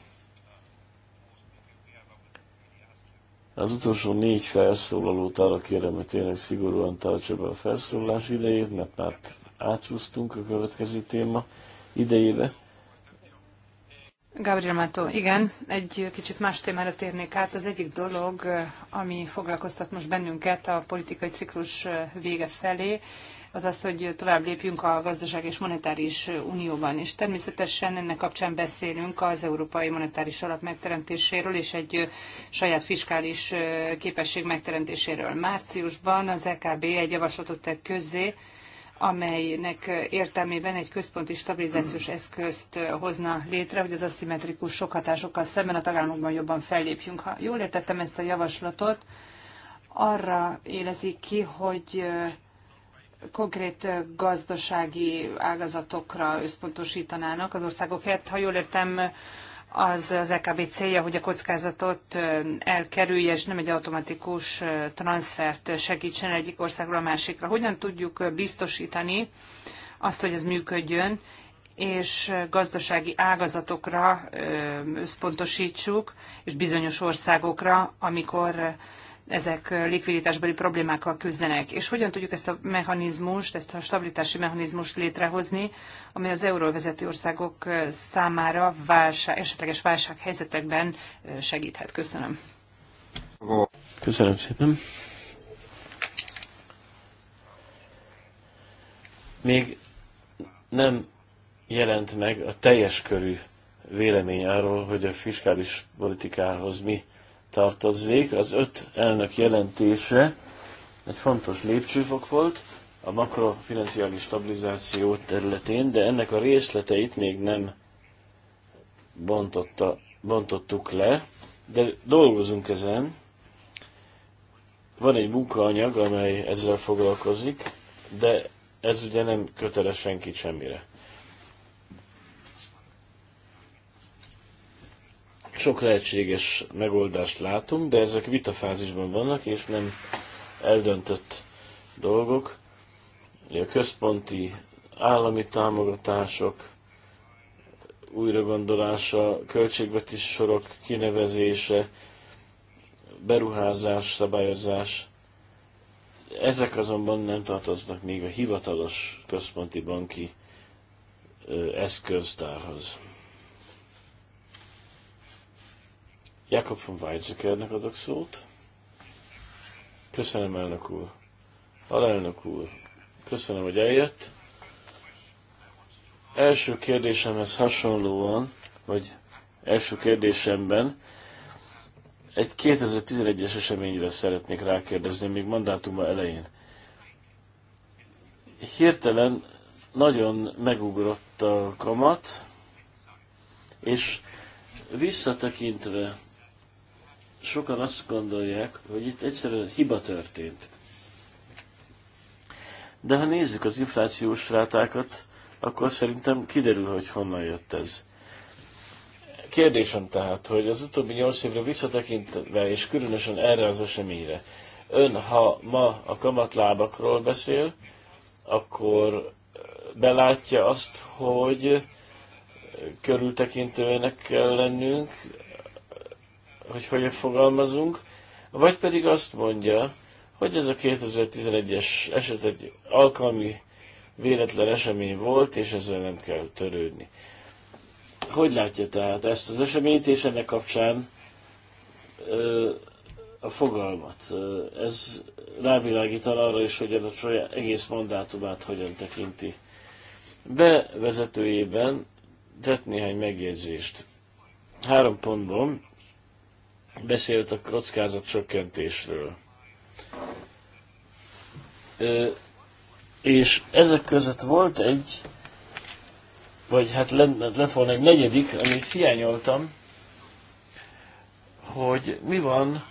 Az utolsó négy felszólalót arra kérem, hogy tényleg szigorúan tartsa be a felszólalás idejét, mert már átsúsztunk a következő téma idejébe. Gabriel Mato, igen, egy kicsit más témára térnék át. Az egyik dolog, ami foglalkoztat most bennünket a politikai ciklus vége felé, az az, hogy tovább lépjünk a gazdaság és monetáris unióban. És természetesen ennek kapcsán beszélünk az Európai Monetáris Alap megteremtéséről és egy saját fiskális képesség megteremtéséről. Márciusban az EKB egy javaslatot tett közzé, amelynek értelmében egy központi stabilizációs eszközt hozna létre, hogy az aszimmetrikus sok hatásokkal szemben a tagállamokban jobban fellépjünk. Ha jól értettem ezt a javaslatot, arra élezik ki, hogy konkrét gazdasági ágazatokra összpontosítanának az országok helyett. Ha jól értem, az az EKB célja, hogy a kockázatot elkerülje, és nem egy automatikus transfert segítsen egyik országról a másikra. Hogyan tudjuk biztosítani azt, hogy ez működjön, és gazdasági ágazatokra összpontosítsuk, és bizonyos országokra, amikor ezek likviditásbeli problémákkal küzdenek. És hogyan tudjuk ezt a mechanizmust, ezt a stabilitási mechanizmust létrehozni, ami az euróvezető országok számára válság, esetleges válsághelyzetekben segíthet. Köszönöm. Köszönöm szépen. Még nem jelent meg a teljes körű vélemény arról, hogy a fiskális politikához mi tartozzék. Az öt elnök jelentése egy fontos lépcsőfok volt a makrofinanciális stabilizáció területén, de ennek a részleteit még nem bontotta, bontottuk le, de dolgozunk ezen. Van egy munkaanyag, amely ezzel foglalkozik, de ez ugye nem köteles senkit semmire. Sok lehetséges megoldást látunk, de ezek vitafázisban vannak, és nem eldöntött dolgok. A központi állami támogatások, újragondolása, költségvetés sorok kinevezése, beruházás, szabályozás. Ezek azonban nem tartoznak még a hivatalos központi banki eszköztárhoz. Jakob von Weizsäckernek adok szót. Köszönöm, elnök úr. Alelnök úr, köszönöm, hogy eljött. Első kérdésemhez hasonlóan, vagy első kérdésemben egy 2011-es eseményre szeretnék rákérdezni, még mandátuma elején. Hirtelen nagyon megugrott a kamat, és visszatekintve sokan azt gondolják, hogy itt egyszerűen hiba történt. De ha nézzük az inflációs rátákat, akkor szerintem kiderül, hogy honnan jött ez. Kérdésem tehát, hogy az utóbbi nyolc évre visszatekintve, és különösen erre az eseményre, ön, ha ma a kamatlábakról beszél, akkor belátja azt, hogy körültekintőnek kell lennünk, hogy hogyan fogalmazunk, vagy pedig azt mondja, hogy ez a 2011-es eset egy alkalmi véletlen esemény volt, és ezzel nem kell törődni. Hogy látja tehát ezt az eseményt, és ennek kapcsán ö, a fogalmat? Ez rávilágít arra is, hogy a saját egész mandátumát hogyan tekinti. Bevezetőjében tett néhány megjegyzést. Három pontban beszélt a kockázat csökkentésről. És ezek között volt egy, vagy hát lett, lett volna egy negyedik, amit hiányoltam, hogy mi van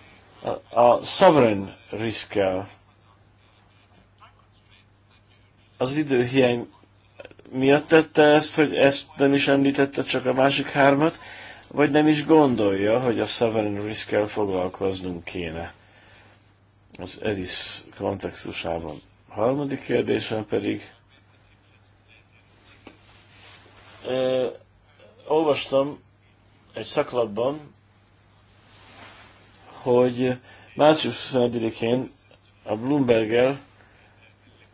a, a sovereign el Az időhiány miatt tette ezt, vagy ezt nem is említette, csak a másik hármat vagy nem is gondolja, hogy a sovereign risk-kel foglalkoznunk kéne az EDIS kontextusában. A harmadik kérdésem pedig, ö, olvastam egy szaklapban, hogy március 21-én a Bloomberg-el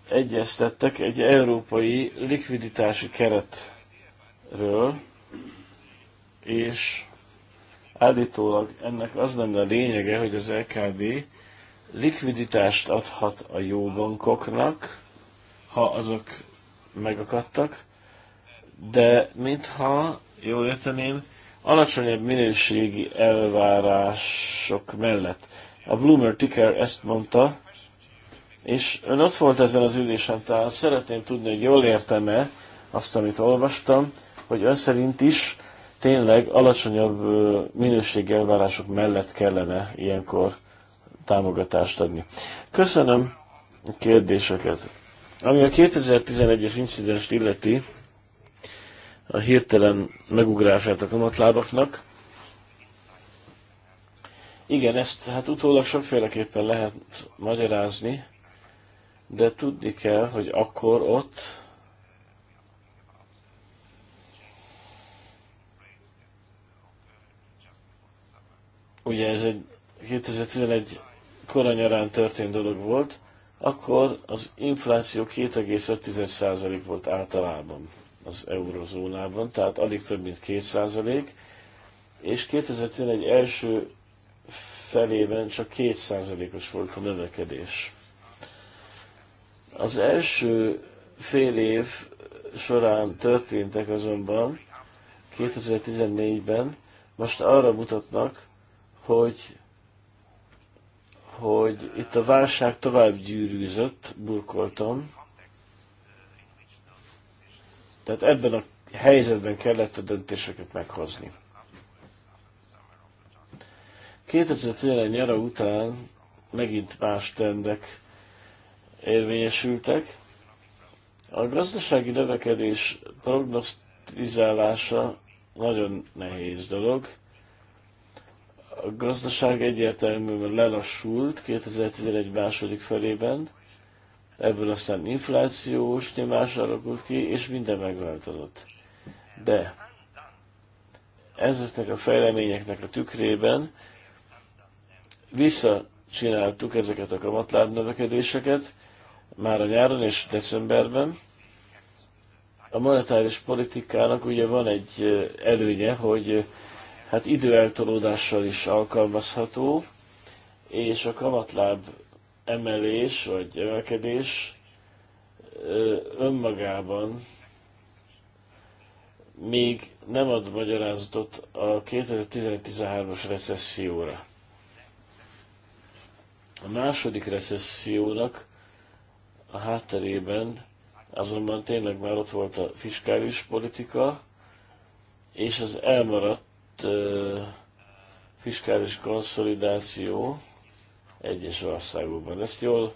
egyeztettek egy európai likviditási keretről, és állítólag ennek az lenne a lényege, hogy az LKB likviditást adhat a jó bankoknak, ha azok megakadtak, de mintha, jól érteném, alacsonyabb minőségi elvárások mellett. A Bloomer Ticker ezt mondta, és ön ott volt ezen az ülésen, tehát szeretném tudni, hogy jól értem-e azt, amit olvastam, hogy ön szerint is tényleg alacsonyabb minőségi elvárások mellett kellene ilyenkor támogatást adni. Köszönöm a kérdéseket. Ami a 2011-es incidenst illeti, a hirtelen megugrását a kamatlábaknak, igen, ezt hát utólag sokféleképpen lehet magyarázni, de tudni kell, hogy akkor ott ugye ez egy 2011 koranyarán történt dolog volt, akkor az infláció 2,5% volt általában az eurozónában, tehát alig több mint 2%, és 2011 első felében csak 2%-os volt a növekedés. Az első fél év során történtek azonban 2014-ben most arra mutatnak, hogy, hogy itt a válság tovább gyűrűzött, burkoltam. Tehát ebben a helyzetben kellett a döntéseket meghozni. 2011 nyara után megint más trendek érvényesültek. A gazdasági növekedés prognosztizálása nagyon nehéz dolog a gazdaság egyértelműen lelassult 2011 második felében, ebből aztán inflációs nyomás alakult ki, és minden megváltozott. De ezeknek a fejleményeknek a tükrében visszacsináltuk ezeket a kamatláb növekedéseket, már a nyáron és decemberben. A monetáris politikának ugye van egy előnye, hogy hát időeltolódással is alkalmazható, és a kamatláb emelés vagy emelkedés önmagában még nem ad magyarázatot a 2013 as recesszióra. A második recessziónak a hátterében azonban tényleg már ott volt a fiskális politika, és az elmaradt fiskális konszolidáció egyes országokban. Ezt jól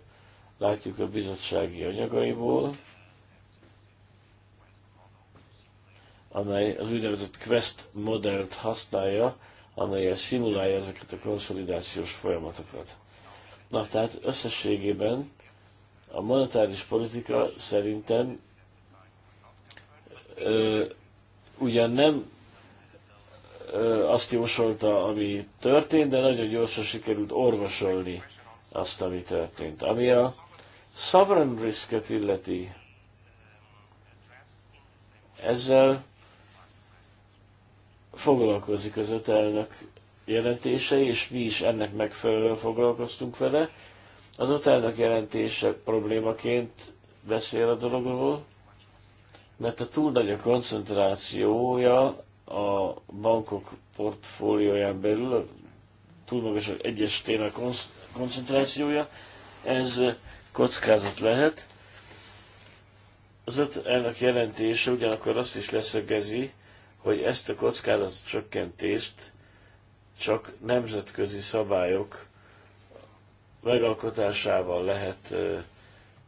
látjuk a bizottsági anyagaiból, amely az úgynevezett Quest modellt használja, amelyel szimulálja ezeket a konszolidációs folyamatokat. Na, tehát összességében a monetáris politika szerintem ö, ugyan nem azt jósolta, ami történt, de nagyon gyorsan sikerült orvosolni azt, ami történt. Ami a sovereign risket illeti, ezzel foglalkozik az öt elnök jelentése, és mi is ennek megfelelően foglalkoztunk vele. Az öt elnök jelentése problémaként beszél a dologról, mert a túl nagy a koncentrációja a bankok portfólióján belül, túl magas az egyes téma koncentrációja, ez kockázat lehet. Az öt elnök jelentése ugyanakkor azt is leszögezi, hogy ezt a kockázat csökkentést csak nemzetközi szabályok megalkotásával lehet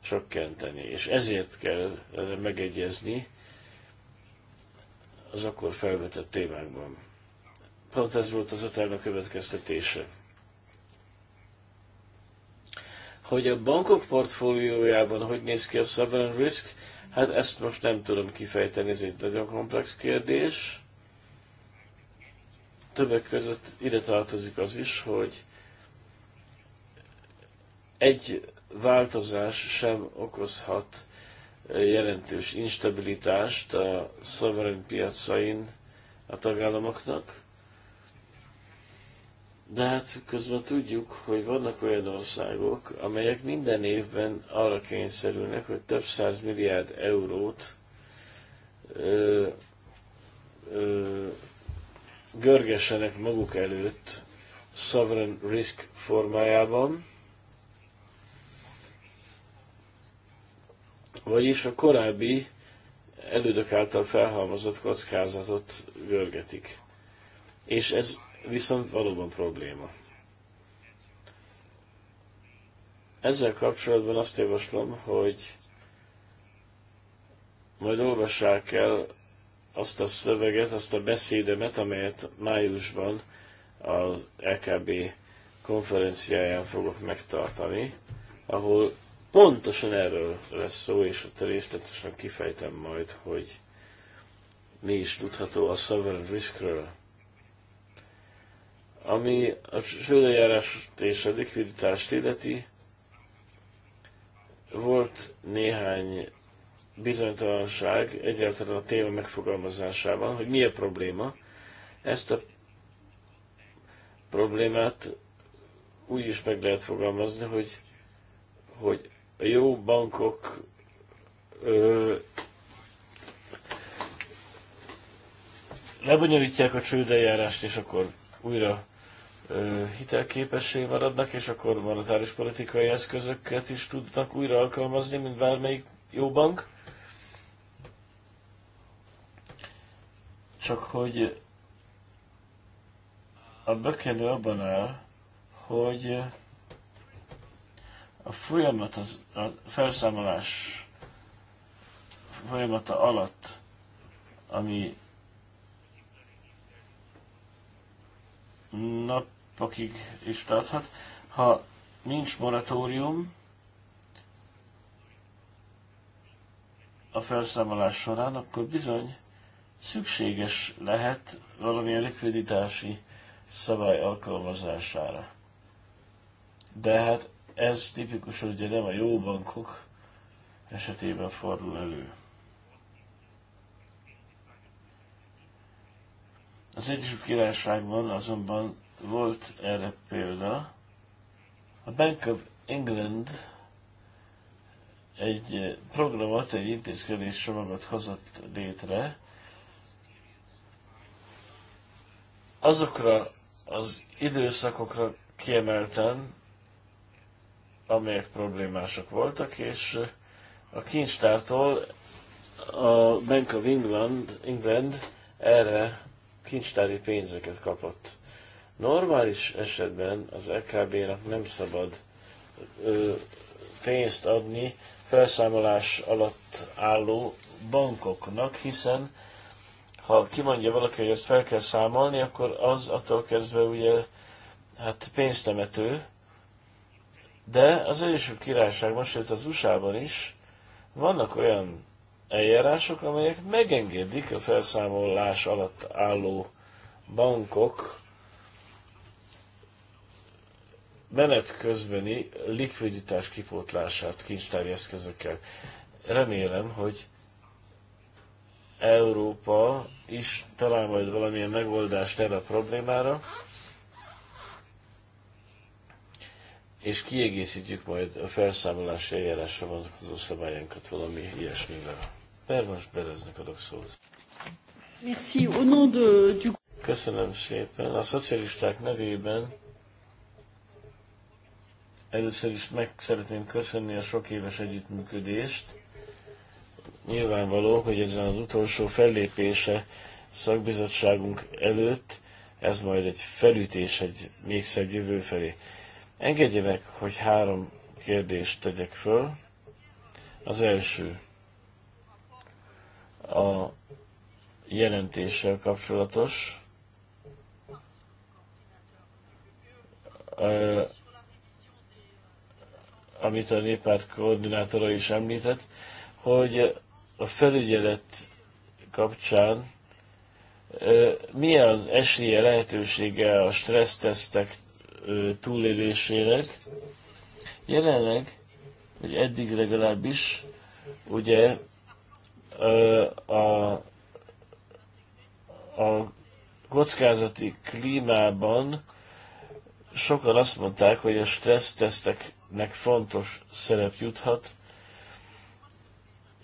csökkenteni, és ezért kell megegyezni az akkor felvetett témákban. Pont ez volt az utána következtetése. Hogy a bankok portfóliójában hogy néz ki a sovereign risk, hát ezt most nem tudom kifejteni, ez egy nagyon komplex kérdés. Többek között ide tartozik az is, hogy egy változás sem okozhat jelentős instabilitást a szoverén piacain a tagállamoknak, de hát közben tudjuk, hogy vannak olyan országok, amelyek minden évben arra kényszerülnek, hogy több száz milliárd eurót ö, ö, görgessenek maguk előtt sovereign risk formájában, vagyis a korábbi elődök által felhalmozott kockázatot görgetik. És ez viszont valóban probléma. Ezzel kapcsolatban azt javaslom, hogy majd olvassák el azt a szöveget, azt a beszédemet, amelyet májusban az LKB konferenciáján fogok megtartani, ahol Pontosan erről lesz szó, és ott részletesen kifejtem majd, hogy mi is tudható a sovereign riskről. Ami a csődeljárás és a likviditást illeti, volt néhány bizonytalanság egyáltalán a téma megfogalmazásában, hogy mi a probléma. Ezt a problémát úgy is meg lehet fogalmazni, hogy, hogy jó bankok ö, lebonyolítják a csődeljárást, és akkor újra ö, hitelképessé maradnak, és akkor monetáris politikai eszközöket is tudnak újra alkalmazni, mint bármelyik jó bank. Csak hogy a bökenő abban áll, hogy a folyamat, az, a felszámolás folyamata alatt, ami napokig is tarthat, ha nincs moratórium a felszámolás során, akkor bizony szükséges lehet valamilyen likviditási szabály alkalmazására. De hát ez tipikus ugye nem a jó bankok esetében fordul elő. Az Egyesült Királyságban azonban volt erre példa. A Bank of England egy eh, programot, egy intézkedés csomagot hozott létre, azokra az időszakokra kiemelten, amelyek problémások voltak, és eh, a kincstártól a Bank of England, England erre kincstári pénzeket kapott. Normális esetben az EKB-nak nem szabad ö, pénzt adni felszámolás alatt álló bankoknak, hiszen ha kimondja valaki, hogy ezt fel kell számolni, akkor az attól kezdve ugye hát pénztemető, de az Egyesült Királyságban, sőt az USA-ban is vannak olyan eljárások, amelyek megengedik a felszámolás alatt álló bankok menet közbeni likviditás kipótlását kincstári eszközökkel. Remélem, hogy Európa is talál majd valamilyen megoldást erre a problémára, és kiegészítjük majd a felszámolási eljárásra vonatkozó szabályánkat valami ilyesmivel. Permas Bereznek adok szót. Merci. Au nom de, du... Köszönöm szépen. A szocialisták nevében először is meg szeretném köszönni a sok éves együttműködést. Nyilvánvaló, hogy ezen az utolsó fellépése szakbizottságunk előtt, ez majd egy felütés egy még szebb jövő felé. Engedje meg, hogy három kérdést tegyek föl. Az első a jelentéssel kapcsolatos. amit a néppárt koordinátora is említett, hogy a felügyelet kapcsán mi az esélye, lehetősége a stressztesztek túlélésének. Jelenleg, vagy eddig legalábbis, ugye a, a kockázati klímában sokan azt mondták, hogy a stresszteszteknek fontos szerep juthat,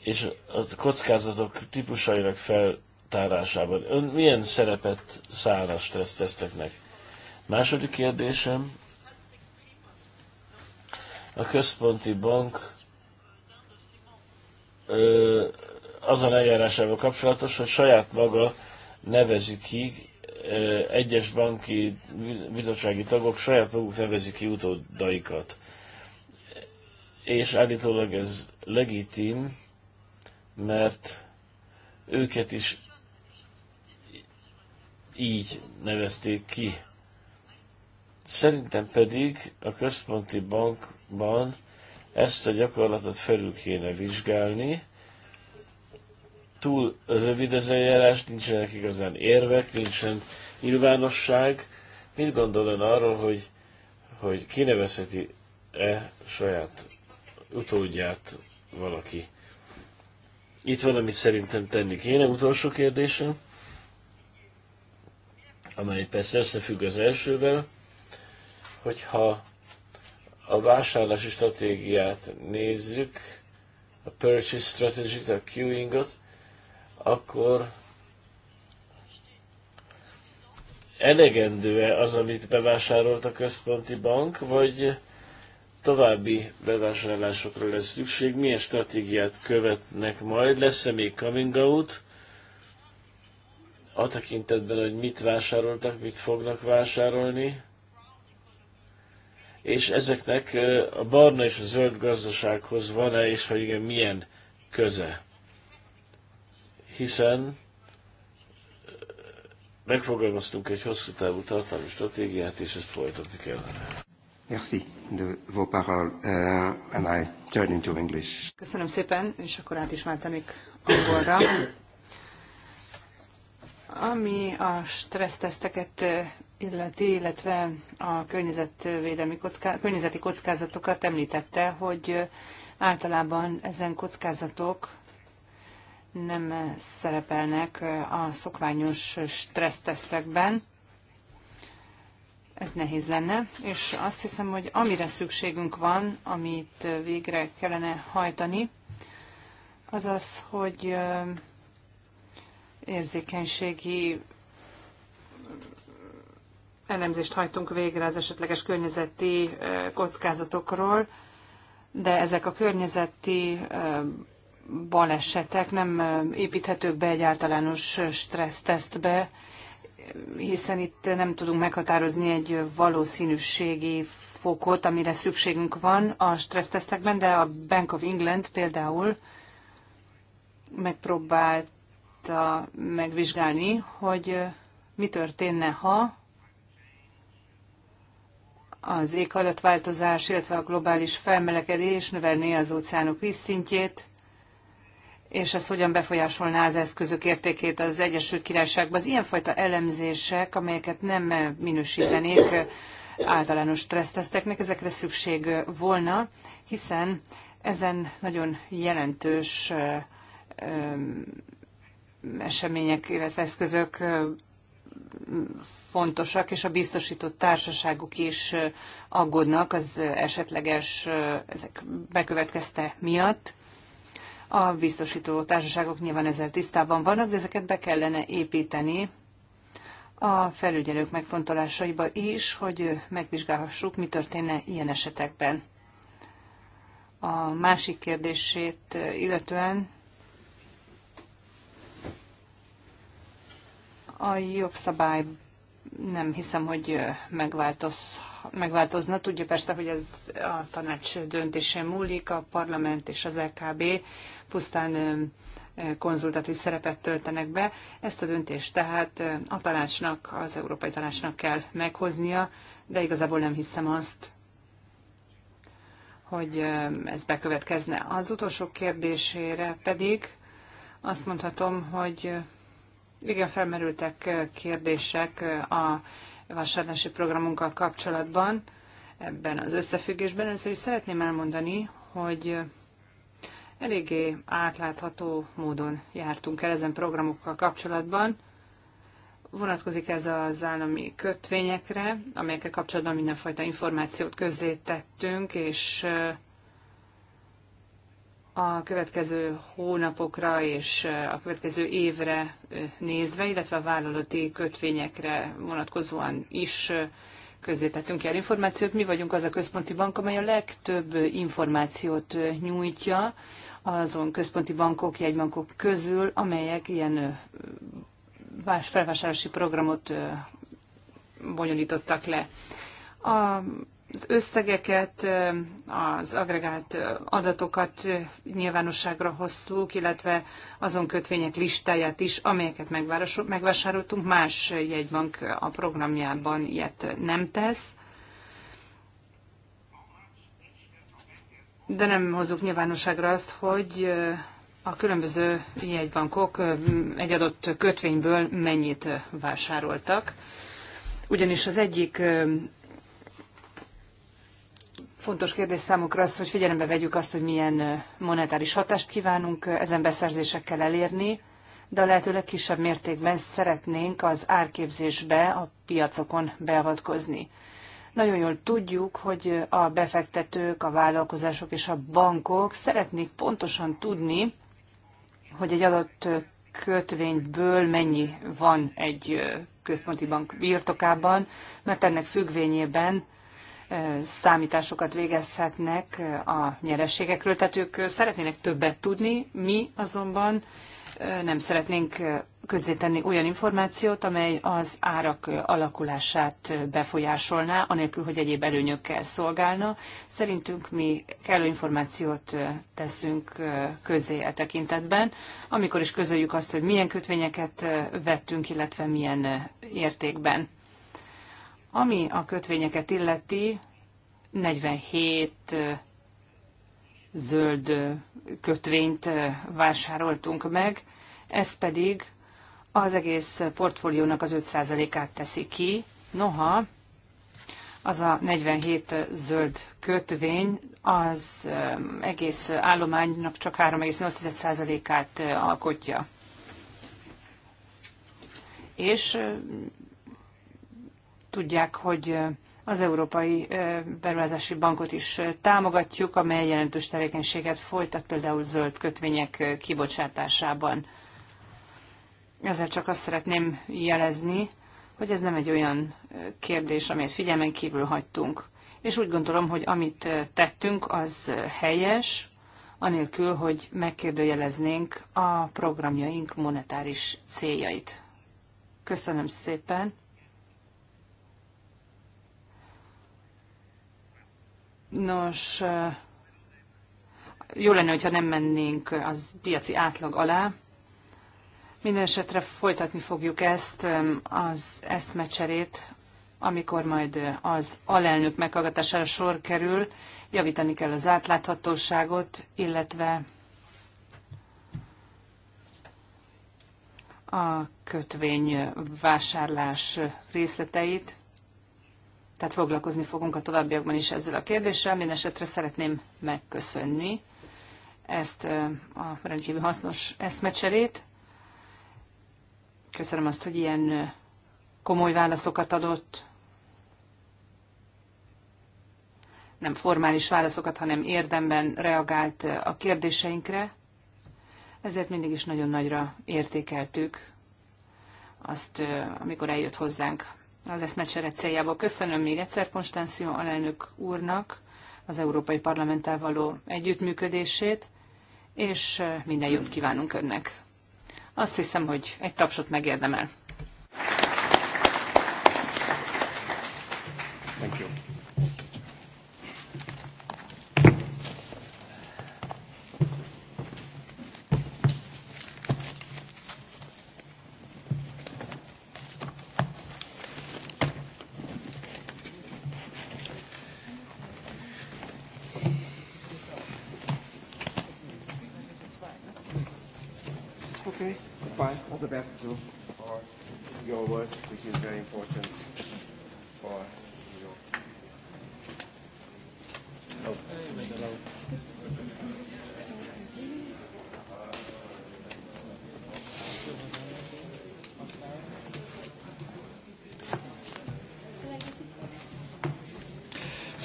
és a kockázatok típusainak feltárásában. Ön milyen szerepet száll a stressztesteknek? Második kérdésem. A központi bank ö, azon eljárásával kapcsolatos, hogy saját maga nevezi ki, ö, egyes banki bizottsági tagok saját maguk nevezik ki utódaikat. És állítólag ez legitim, mert őket is így nevezték ki Szerintem pedig a központi bankban ezt a gyakorlatot felül kéne vizsgálni. Túl rövid az eljárás, nincsenek igazán érvek, nincsen nyilvánosság. Mit gondol ön arról, hogy, hogy kinevezheti-e saját utódját valaki? Itt valamit szerintem tenni kéne. Utolsó kérdésem, amely persze összefügg az elsővel Hogyha a vásárlási stratégiát nézzük, a purchase strategy-t, a queuingot, akkor elegendő-e az, amit bevásárolt a központi bank, vagy további bevásárlásokra lesz szükség, milyen stratégiát követnek majd, lesz-e még coming out, a tekintetben, hogy mit vásároltak, mit fognak vásárolni, és ezeknek a barna és a zöld gazdasághoz van-e, és hogy igen, milyen köze. Hiszen megfogalmaztunk egy hosszú távú tartalmi stratégiát, és ezt folytatni kellene. Merci de vos paroles, uh, and I turn into English. Köszönöm szépen, és akkor át is váltanék angolra. Ami a stressztesteket illeti, illetve a környezetvédelmi kocká, környezeti kockázatokat említette, hogy általában ezen kockázatok nem szerepelnek a szokványos stressztesztekben. Ez nehéz lenne, és azt hiszem, hogy amire szükségünk van, amit végre kellene hajtani, az az, hogy érzékenységi elemzést hajtunk végre az esetleges környezeti kockázatokról, de ezek a környezeti balesetek nem építhetők be egy általános stressztesztbe, hiszen itt nem tudunk meghatározni egy valószínűségi fokot, amire szükségünk van a stressztesztekben, de a Bank of England például megpróbált megvizsgálni, hogy mi történne, ha az éghajlatváltozás, illetve a globális felmelegedés növelné az óceánok vízszintjét, és ez hogyan befolyásolná az eszközök értékét az Egyesült Királyságban. Az ilyenfajta elemzések, amelyeket nem minősítenék általános stressztesteknek ezekre szükség volna, hiszen ezen nagyon jelentős események, illetve eszközök fontosak, és a biztosított társaságok is aggódnak az esetleges ezek bekövetkezte miatt. A biztosító társaságok nyilván ezzel tisztában vannak, de ezeket be kellene építeni a felügyelők megfontolásaiba is, hogy megvizsgálhassuk, mi történne ilyen esetekben. A másik kérdését illetően A jogszabály nem hiszem, hogy megváltoz, megváltozna. Tudja persze, hogy ez a tanács döntésén múlik, a parlament és az LKB pusztán konzultatív szerepet töltenek be. Ezt a döntést tehát a tanácsnak, az Európai Tanácsnak kell meghoznia, de igazából nem hiszem azt, hogy ez bekövetkezne. Az utolsó kérdésére pedig azt mondhatom, hogy igen, felmerültek kérdések a vásárlási programunkkal kapcsolatban ebben az összefüggésben. Először is szeretném elmondani, hogy eléggé átlátható módon jártunk el ezen programokkal kapcsolatban. Vonatkozik ez az állami kötvényekre, amelyekkel kapcsolatban mindenfajta információt közzétettünk, és a következő hónapokra és a következő évre nézve, illetve a vállalati kötvényekre vonatkozóan is közzétettünk el információt. Mi vagyunk az a központi bank, amely a legtöbb információt nyújtja azon központi bankok, jegybankok közül, amelyek ilyen felvásárlási programot bonyolítottak le. A az összegeket, az agregált adatokat nyilvánosságra hoztuk, illetve azon kötvények listáját is, amelyeket megvásároltunk. Más jegybank a programjában ilyet nem tesz. De nem hozzuk nyilvánosságra azt, hogy a különböző jegybankok egy adott kötvényből mennyit vásároltak. Ugyanis az egyik Fontos kérdés számukra az, hogy figyelembe vegyük azt, hogy milyen monetáris hatást kívánunk ezen beszerzésekkel elérni, de a lehető legkisebb mértékben szeretnénk az árképzésbe a piacokon beavatkozni. Nagyon jól tudjuk, hogy a befektetők, a vállalkozások és a bankok szeretnék pontosan tudni, hogy egy adott kötvényből mennyi van egy központi bank birtokában, mert ennek függvényében számításokat végezhetnek a nyerességekről, tehát ők szeretnének többet tudni, mi azonban nem szeretnénk közzétenni olyan információt, amely az árak alakulását befolyásolná, anélkül, hogy egyéb előnyökkel szolgálna. Szerintünk mi kellő információt teszünk közzé e tekintetben, amikor is közöljük azt, hogy milyen kötvényeket vettünk, illetve milyen értékben. Ami a kötvényeket illeti, 47 zöld kötvényt vásároltunk meg, ez pedig az egész portfóliónak az 5%-át teszi ki. Noha az a 47 zöld kötvény az egész állománynak csak 3,8%-át alkotja. És Tudják, hogy az Európai Beruházási Bankot is támogatjuk, amely jelentős tevékenységet folytat, például zöld kötvények kibocsátásában. Ezzel csak azt szeretném jelezni, hogy ez nem egy olyan kérdés, amelyet figyelmen kívül hagytunk. És úgy gondolom, hogy amit tettünk, az helyes, anélkül, hogy megkérdőjeleznénk a programjaink monetáris céljait. Köszönöm szépen. Nos, eh, jó lenne, hogyha nem mennénk az piaci átlag alá. Minden esetre folytatni fogjuk ezt, eh, az eszmecserét, amikor majd eh, az alelnök meghallgatására sor kerül, javítani kell az átláthatóságot, illetve a kötvény vásárlás részleteit tehát foglalkozni fogunk a továbbiakban is ezzel a kérdéssel. Mindenesetre szeretném megköszönni ezt a rendkívül hasznos eszmecserét. Köszönöm azt, hogy ilyen komoly válaszokat adott, nem formális válaszokat, hanem érdemben reagált a kérdéseinkre. Ezért mindig is nagyon nagyra értékeltük azt, amikor eljött hozzánk az eszmecsere céljából. Köszönöm még egyszer Konstanció alelnök úrnak az Európai Parlamenttel való együttműködését, és eh, minden jót kívánunk önnek. Azt hiszem, hogy egy tapsot megérdemel.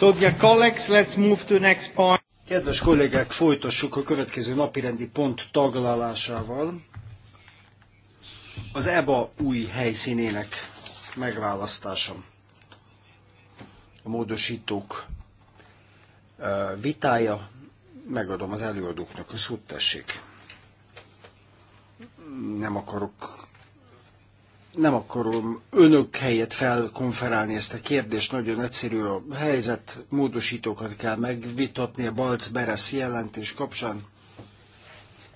So, dear colleagues, let's move to next point. Kedves kollégák, folytassuk a következő napirendi pont taglalásával. Az EBA új helyszínének megválasztása. A módosítók vitája, megadom az előadóknak a szót, tessék. Nem akarok nem akarom önök helyett felkonferálni ezt a kérdést, nagyon egyszerű a helyzet, módosítókat kell megvitatni a Balc Beresz jelentés kapcsán,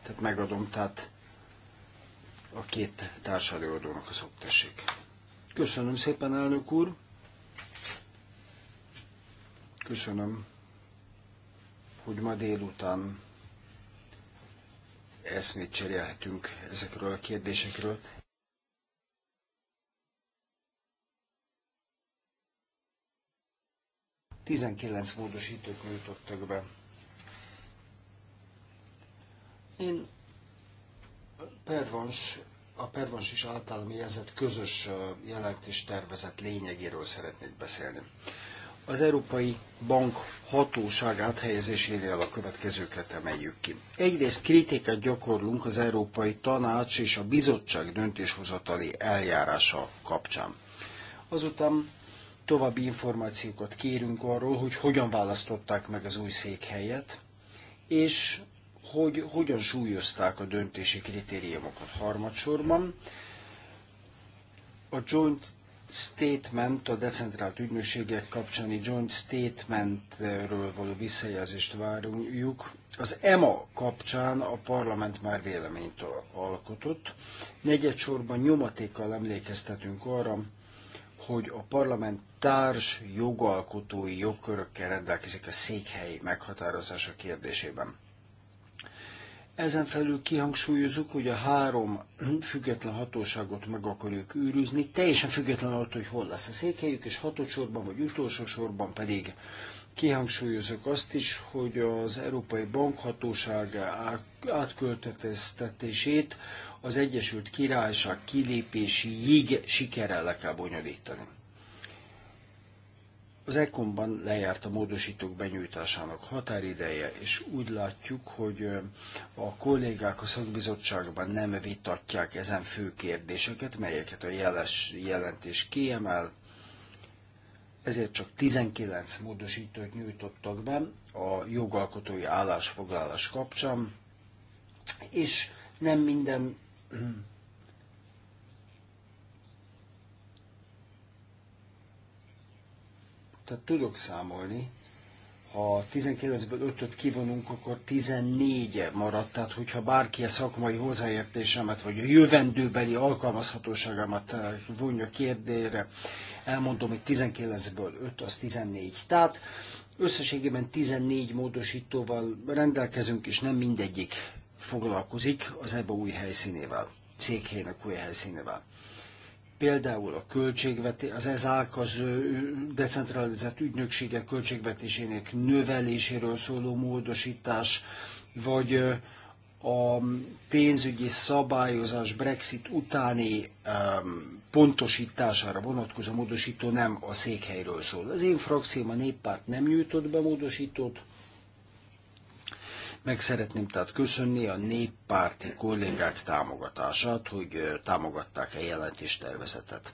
tehát megadom, tehát a két társadalmi a szoktessék. Köszönöm szépen, elnök úr! Köszönöm, hogy ma délután eszmét cserélhetünk ezekről a kérdésekről. 19 módosítót nyújtottak be. Én pervans, a pervans is általam jelzett közös jelentés tervezet lényegéről szeretnék beszélni. Az Európai Bank hatóság áthelyezésénél a következőket emeljük ki. Egyrészt kritikát gyakorlunk az Európai Tanács és a Bizottság döntéshozatali eljárása kapcsán. Azután További információkat kérünk arról, hogy hogyan választották meg az új székhelyet, és hogy hogyan súlyozták a döntési kritériumokat harmadsorban. A joint statement, a decentrált ügynökségek kapcsani joint statementről való visszajelzést várjuk. Az EMA kapcsán a parlament már véleményt alkotott. Negyedsorban nyomatékkal emlékeztetünk arra, hogy a parlament társ jogalkotói jogkörökkel rendelkezik a székhely meghatározása kérdésében. Ezen felül kihangsúlyozunk, hogy a három független hatóságot meg akarjuk űrűzni, teljesen független attól, hogy hol lesz a székhelyük, és hatósorban vagy utolsó sorban pedig kihangsúlyozok azt is, hogy az Európai Bankhatóság átköltetését az Egyesült Királyság kilépésiig sikerrel le kell bonyolítani. Az ekonban lejárt a módosítók benyújtásának határideje, és úgy látjuk, hogy a kollégák a szakbizottságban nem vitatják ezen fő kérdéseket, melyeket a jeles jelentés kiemel, ezért csak 19 módosítót nyújtottak be a jogalkotói állásfoglalás kapcsán, és nem minden Tehát tudok számolni, ha 19-ből 5-öt kivonunk, akkor 14 -e maradt. Tehát, hogyha bárki a szakmai hozzáértésemet, vagy a jövendőbeli alkalmazhatóságomat eh, vonja kérdére, elmondom, hogy 19-ből 5 az 14. Tehát összességében 14 módosítóval rendelkezünk, és nem mindegyik foglalkozik az EBA új helyszínével, céghelynek új helyszínével. Például a költségveti, az ezák az decentralizált ügynökségek költségvetésének növeléséről szóló módosítás, vagy a pénzügyi szabályozás Brexit utáni um, pontosítására vonatkozó módosító nem a székhelyről szól. Az én frakcióm a néppárt nem nyújtott be módosítót, meg szeretném tehát köszönni a néppárti kollégák támogatását, hogy támogatták e e a jelentéstervezetet.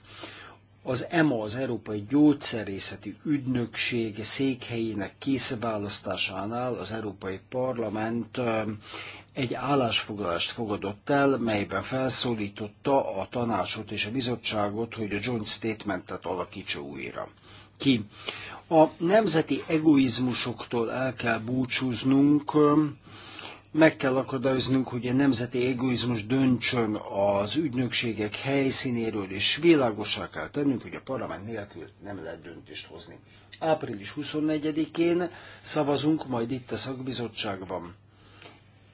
Az EMA, az Európai Gyógyszerészeti Ügynökség székhelyének készválasztásánál az Európai Parlament egy állásfoglalást fogadott el, melyben felszólította a tanácsot és a bizottságot, hogy a Joint Statementet alakítsa újra ki. A nemzeti egoizmusoktól el kell búcsúznunk, meg kell akadályoznunk, hogy a nemzeti egoizmus döntsön az ügynökségek helyszínéről, és világosá kell tennünk, hogy a parlament nélkül nem lehet döntést hozni. Április 24-én szavazunk, majd itt a szakbizottságban,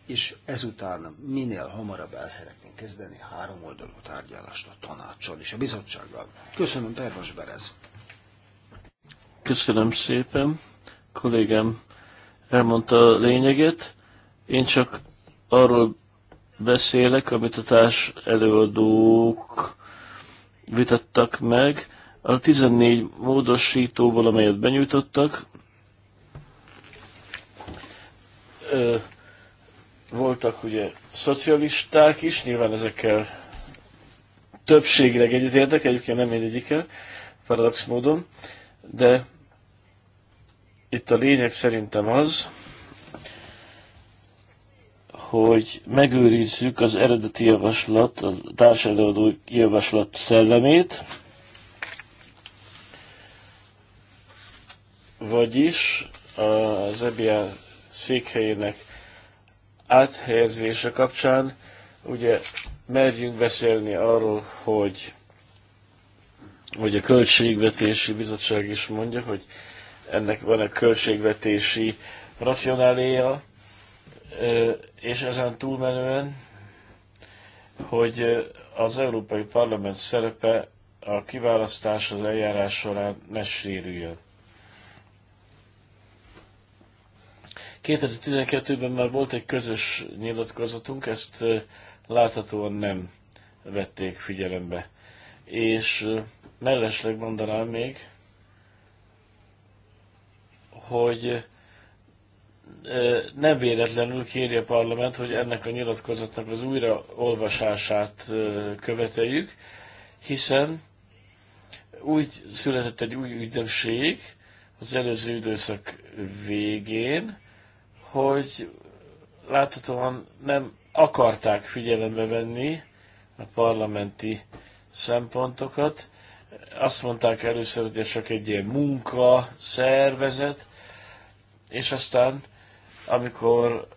és ezután minél hamarabb el szeretnénk kezdeni három oldalú tárgyalást a tanácssal és a bizottsággal. Köszönöm, Pervas Berez! Köszönöm szépen. Kollégám elmondta a lényeget. Én csak arról beszélek, amit a társ előadók vitattak meg. A 14 módosítóból, amelyet benyújtottak, voltak ugye szocialisták is, nyilván ezekkel többségileg egyetértek, egyébként nem mindegyikkel, paradox módon de itt a lényeg szerintem az, hogy megőrizzük az eredeti javaslat, a társadalmi javaslat szellemét, vagyis az EBA székhelyének áthelyezése kapcsán ugye merjünk beszélni arról, hogy hogy a Költségvetési Bizottság is mondja, hogy ennek van a költségvetési racionáléja, és ezen túlmenően, hogy az Európai Parlament szerepe a kiválasztás az eljárás során ne sérüljön. 2012-ben már volt egy közös nyilatkozatunk, ezt láthatóan nem vették figyelembe és mellesleg mondanám még, hogy nem véletlenül kéri a parlament, hogy ennek a nyilatkozatnak az újraolvasását követeljük, hiszen úgy született egy új ügynökség az előző időszak végén, hogy láthatóan nem akarták figyelembe venni a parlamenti szempontokat. Azt mondták először, hogy ez csak egy ilyen munka, szervezet, és aztán, amikor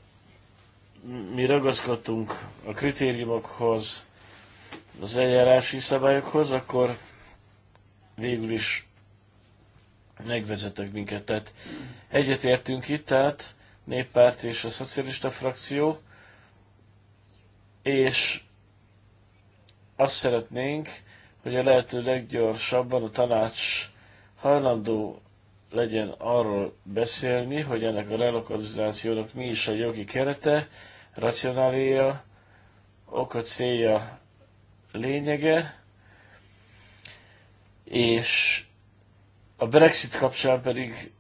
mi ragaszkodtunk a kritériumokhoz, az eljárási szabályokhoz, akkor végül is megvezetek minket. Tehát egyetértünk itt, tehát néppárt és a szocialista frakció, és azt szeretnénk, hogy a lehető leggyorsabban a tanács hajlandó legyen arról beszélni, hogy ennek a relokalizációnak mi is a jogi kerete, racionália, oka, célja, lényege, és a Brexit kapcsán pedig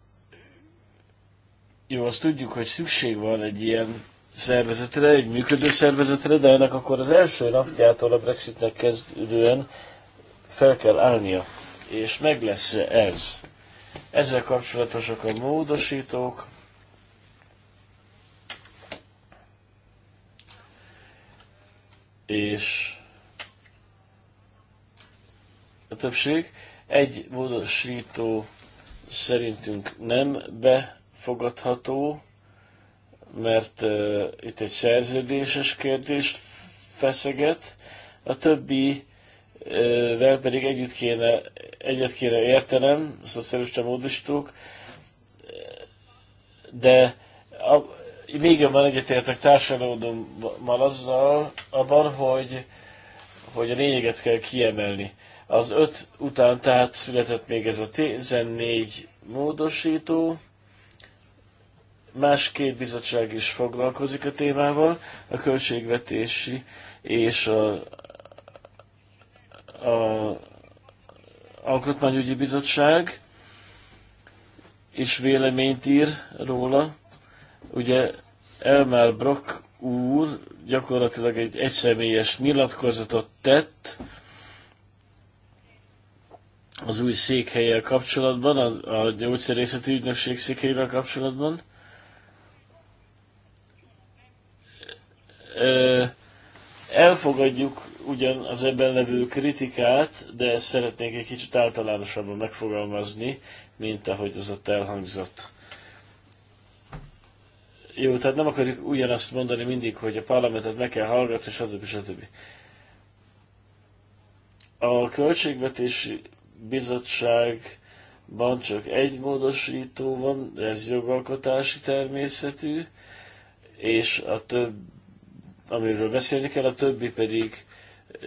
jó, azt tudjuk, hogy szükség van egy ilyen szervezetre, egy működő szervezetre, de ennek akkor az első napjától a Brexitnek kezdődően fel kell állnia. És meg lesz -e ez? Ezzel kapcsolatosak a módosítók. És a többség egy módosító szerintünk nem befogadható, mert uh, itt egy szerződéses kérdést feszeget, a többi uh, vel pedig együtt kéne, egyet kéne értenem, szocialista módosítók, de a, még jobban egyetértek társadalommal azzal, abban, hogy, hogy a lényeget kell kiemelni. Az öt után tehát született még ez a 14 módosító, Más két bizottság is foglalkozik a témával, a költségvetési és a, a Alkotmányügyi Bizottság is véleményt ír róla. Ugye Elmer Brock úr gyakorlatilag egy egyszemélyes nyilatkozatot tett az új székhelyel kapcsolatban, az, a gyógyszerészeti ügynökség székhelyével kapcsolatban, elfogadjuk ugyan az ebben levő kritikát, de ezt szeretnénk egy kicsit általánosabban megfogalmazni, mint ahogy az ott elhangzott. Jó, tehát nem akarjuk ugyanazt mondani mindig, hogy a parlamentet meg kell hallgatni, stb. stb. A Költségvetési Bizottságban csak egy módosító van, ez jogalkotási természetű, és a több amiről beszélni kell, a többi pedig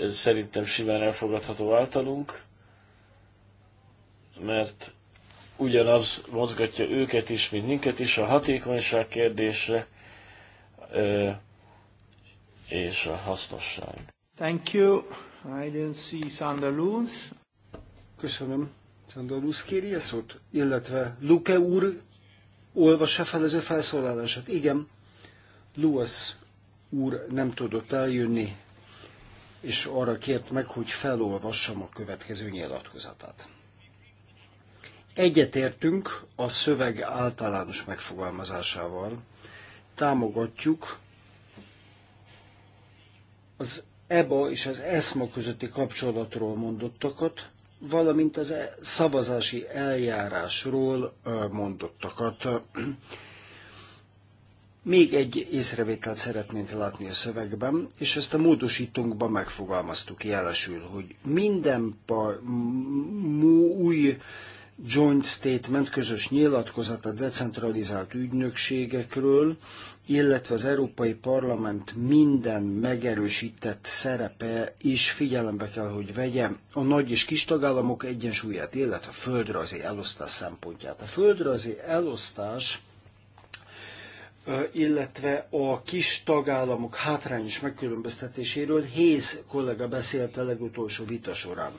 szerintem simán elfogadható általunk, mert ugyanaz mozgatja őket is, mint minket is, a hatékonyság kérdése és a hasznosság. Thank you. I don't see Sander Köszönöm. Sander Loons kéri a szót? Illetve Luke úr olvassa fel az ő felszólalását. Igen. Luas úr nem tudott eljönni, és arra kért meg, hogy felolvassam a következő nyilatkozatát. Egyetértünk a szöveg általános megfogalmazásával, támogatjuk az EBA és az ESMA közötti kapcsolatról mondottakat, valamint az e- szavazási eljárásról mondottakat. Még egy észrevételt szeretnénk látni a szövegben, és ezt a módosítunkban megfogalmaztuk jelesül, hogy minden par, új joint statement, közös nyilatkozat a decentralizált ügynökségekről, illetve az Európai Parlament minden megerősített szerepe is figyelembe kell, hogy vegye a nagy és kis tagállamok egyensúlyát, illetve a földrajzi elosztás szempontját. A földrajzi elosztás illetve a kis tagállamok hátrányos megkülönböztetéséről Héz kollega beszélt a legutolsó vita során.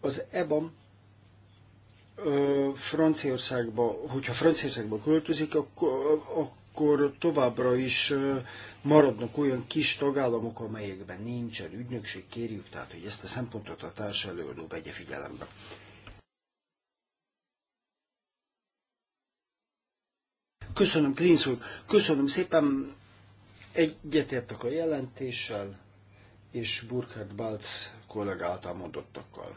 Az EBAM Franciaországba, hogyha Franciaországba költözik, akkor, továbbra is maradnak olyan kis tagállamok, amelyekben nincsen ügynökség, kérjük tehát, hogy ezt a szempontot a társ előadó vegye figyelembe. Köszönöm, Klinsz úr. Köszönöm szépen. Egyetértek a jelentéssel, és Burkhard Balc kollega által mondottakkal.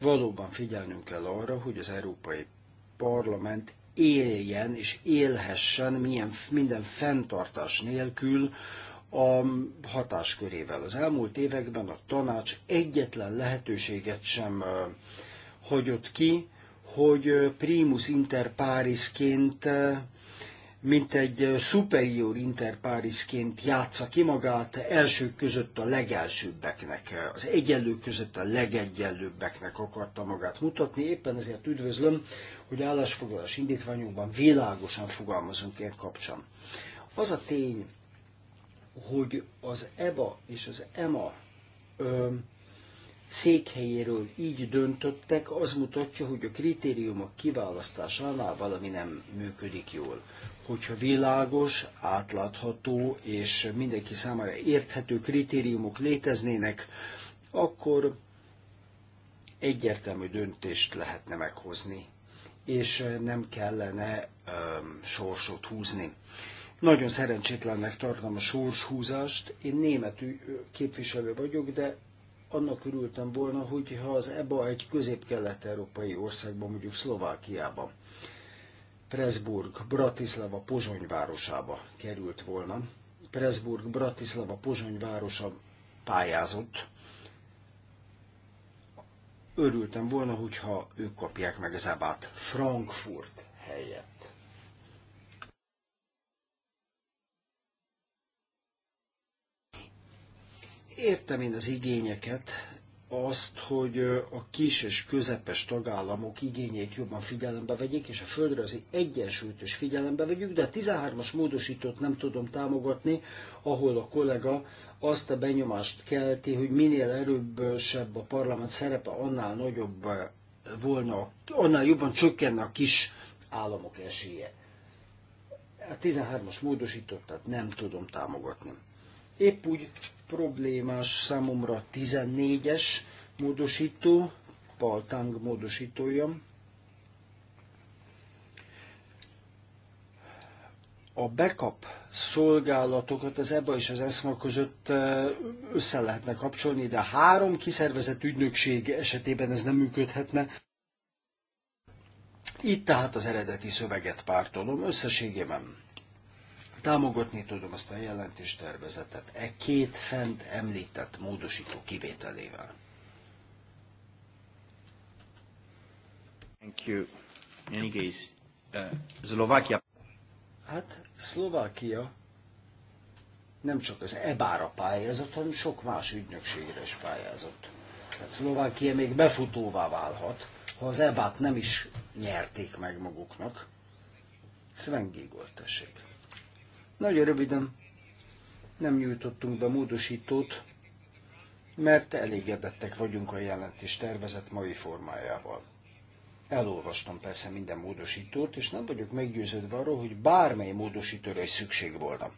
Valóban figyelnünk kell arra, hogy az Európai Parlament éljen és élhessen milyen, minden fenntartás nélkül a hatáskörével. Az elmúlt években a tanács egyetlen lehetőséget sem hagyott ki, hogy primus inter parisként mint egy superior interpárisként játsza ki magát, elsők között a legelsőbbeknek, az egyenlők között a legegyenlőbbeknek akarta magát mutatni. Éppen ezért üdvözlöm, hogy állásfoglalás indítványunkban világosan fogalmazunk ilyen kapcsán. Az a tény, hogy az EBA és az EMA ö, székhelyéről így döntöttek, az mutatja, hogy a kritériumok kiválasztásánál valami nem működik jól hogyha világos, átlátható és mindenki számára érthető kritériumok léteznének, akkor egyértelmű döntést lehetne meghozni, és nem kellene um, sorsot húzni. Nagyon szerencsétlennek tartom a sorshúzást. Én német képviselő vagyok, de annak örültem volna, hogyha az EBA egy közép-kelet-európai országban, mondjuk Szlovákiában Pressburg, Bratislava, Pozsony városába került volna. Pressburg, Bratislava, Pozsony városa pályázott. Örültem volna, hogyha ők kapják meg az ebát Frankfurt helyett. Értem én az igényeket, azt, hogy a kis és közepes tagállamok igényeit jobban figyelembe vegyék, és a földrajzi egyensúlyt is figyelembe vegyük, de a 13-as módosítót nem tudom támogatni, ahol a kollega azt a benyomást kelti, hogy minél erősebb a parlament szerepe, annál nagyobb volna, annál jobban csökkenne a kis államok esélye. A 13-as módosítót tehát nem tudom támogatni. Épp úgy problémás számomra 14-es módosító, Paltang módosítója. A backup szolgálatokat az EBA és az ESMA között össze lehetne kapcsolni, de három kiszervezett ügynökség esetében ez nem működhetne. Itt tehát az eredeti szöveget pártolom, összességében Támogatni tudom azt a jelentéstervezetet e két fent említett módosító kivételével. Thank you. In any case, uh, Slovakia. Hát Szlovákia nem csak az EBÁ-ra pályázott, hanem sok más ügynökségre is pályázott. Hát Szlovákia még befutóvá válhat, ha az EBÁ-t nem is nyerték meg maguknak. Sven Gigol, tessék. Nagyon röviden nem nyújtottunk be módosítót, mert elégedettek vagyunk a jelentés tervezett mai formájával. Elolvastam persze minden módosítót, és nem vagyok meggyőződve arról, hogy bármely módosítóra is szükség volna.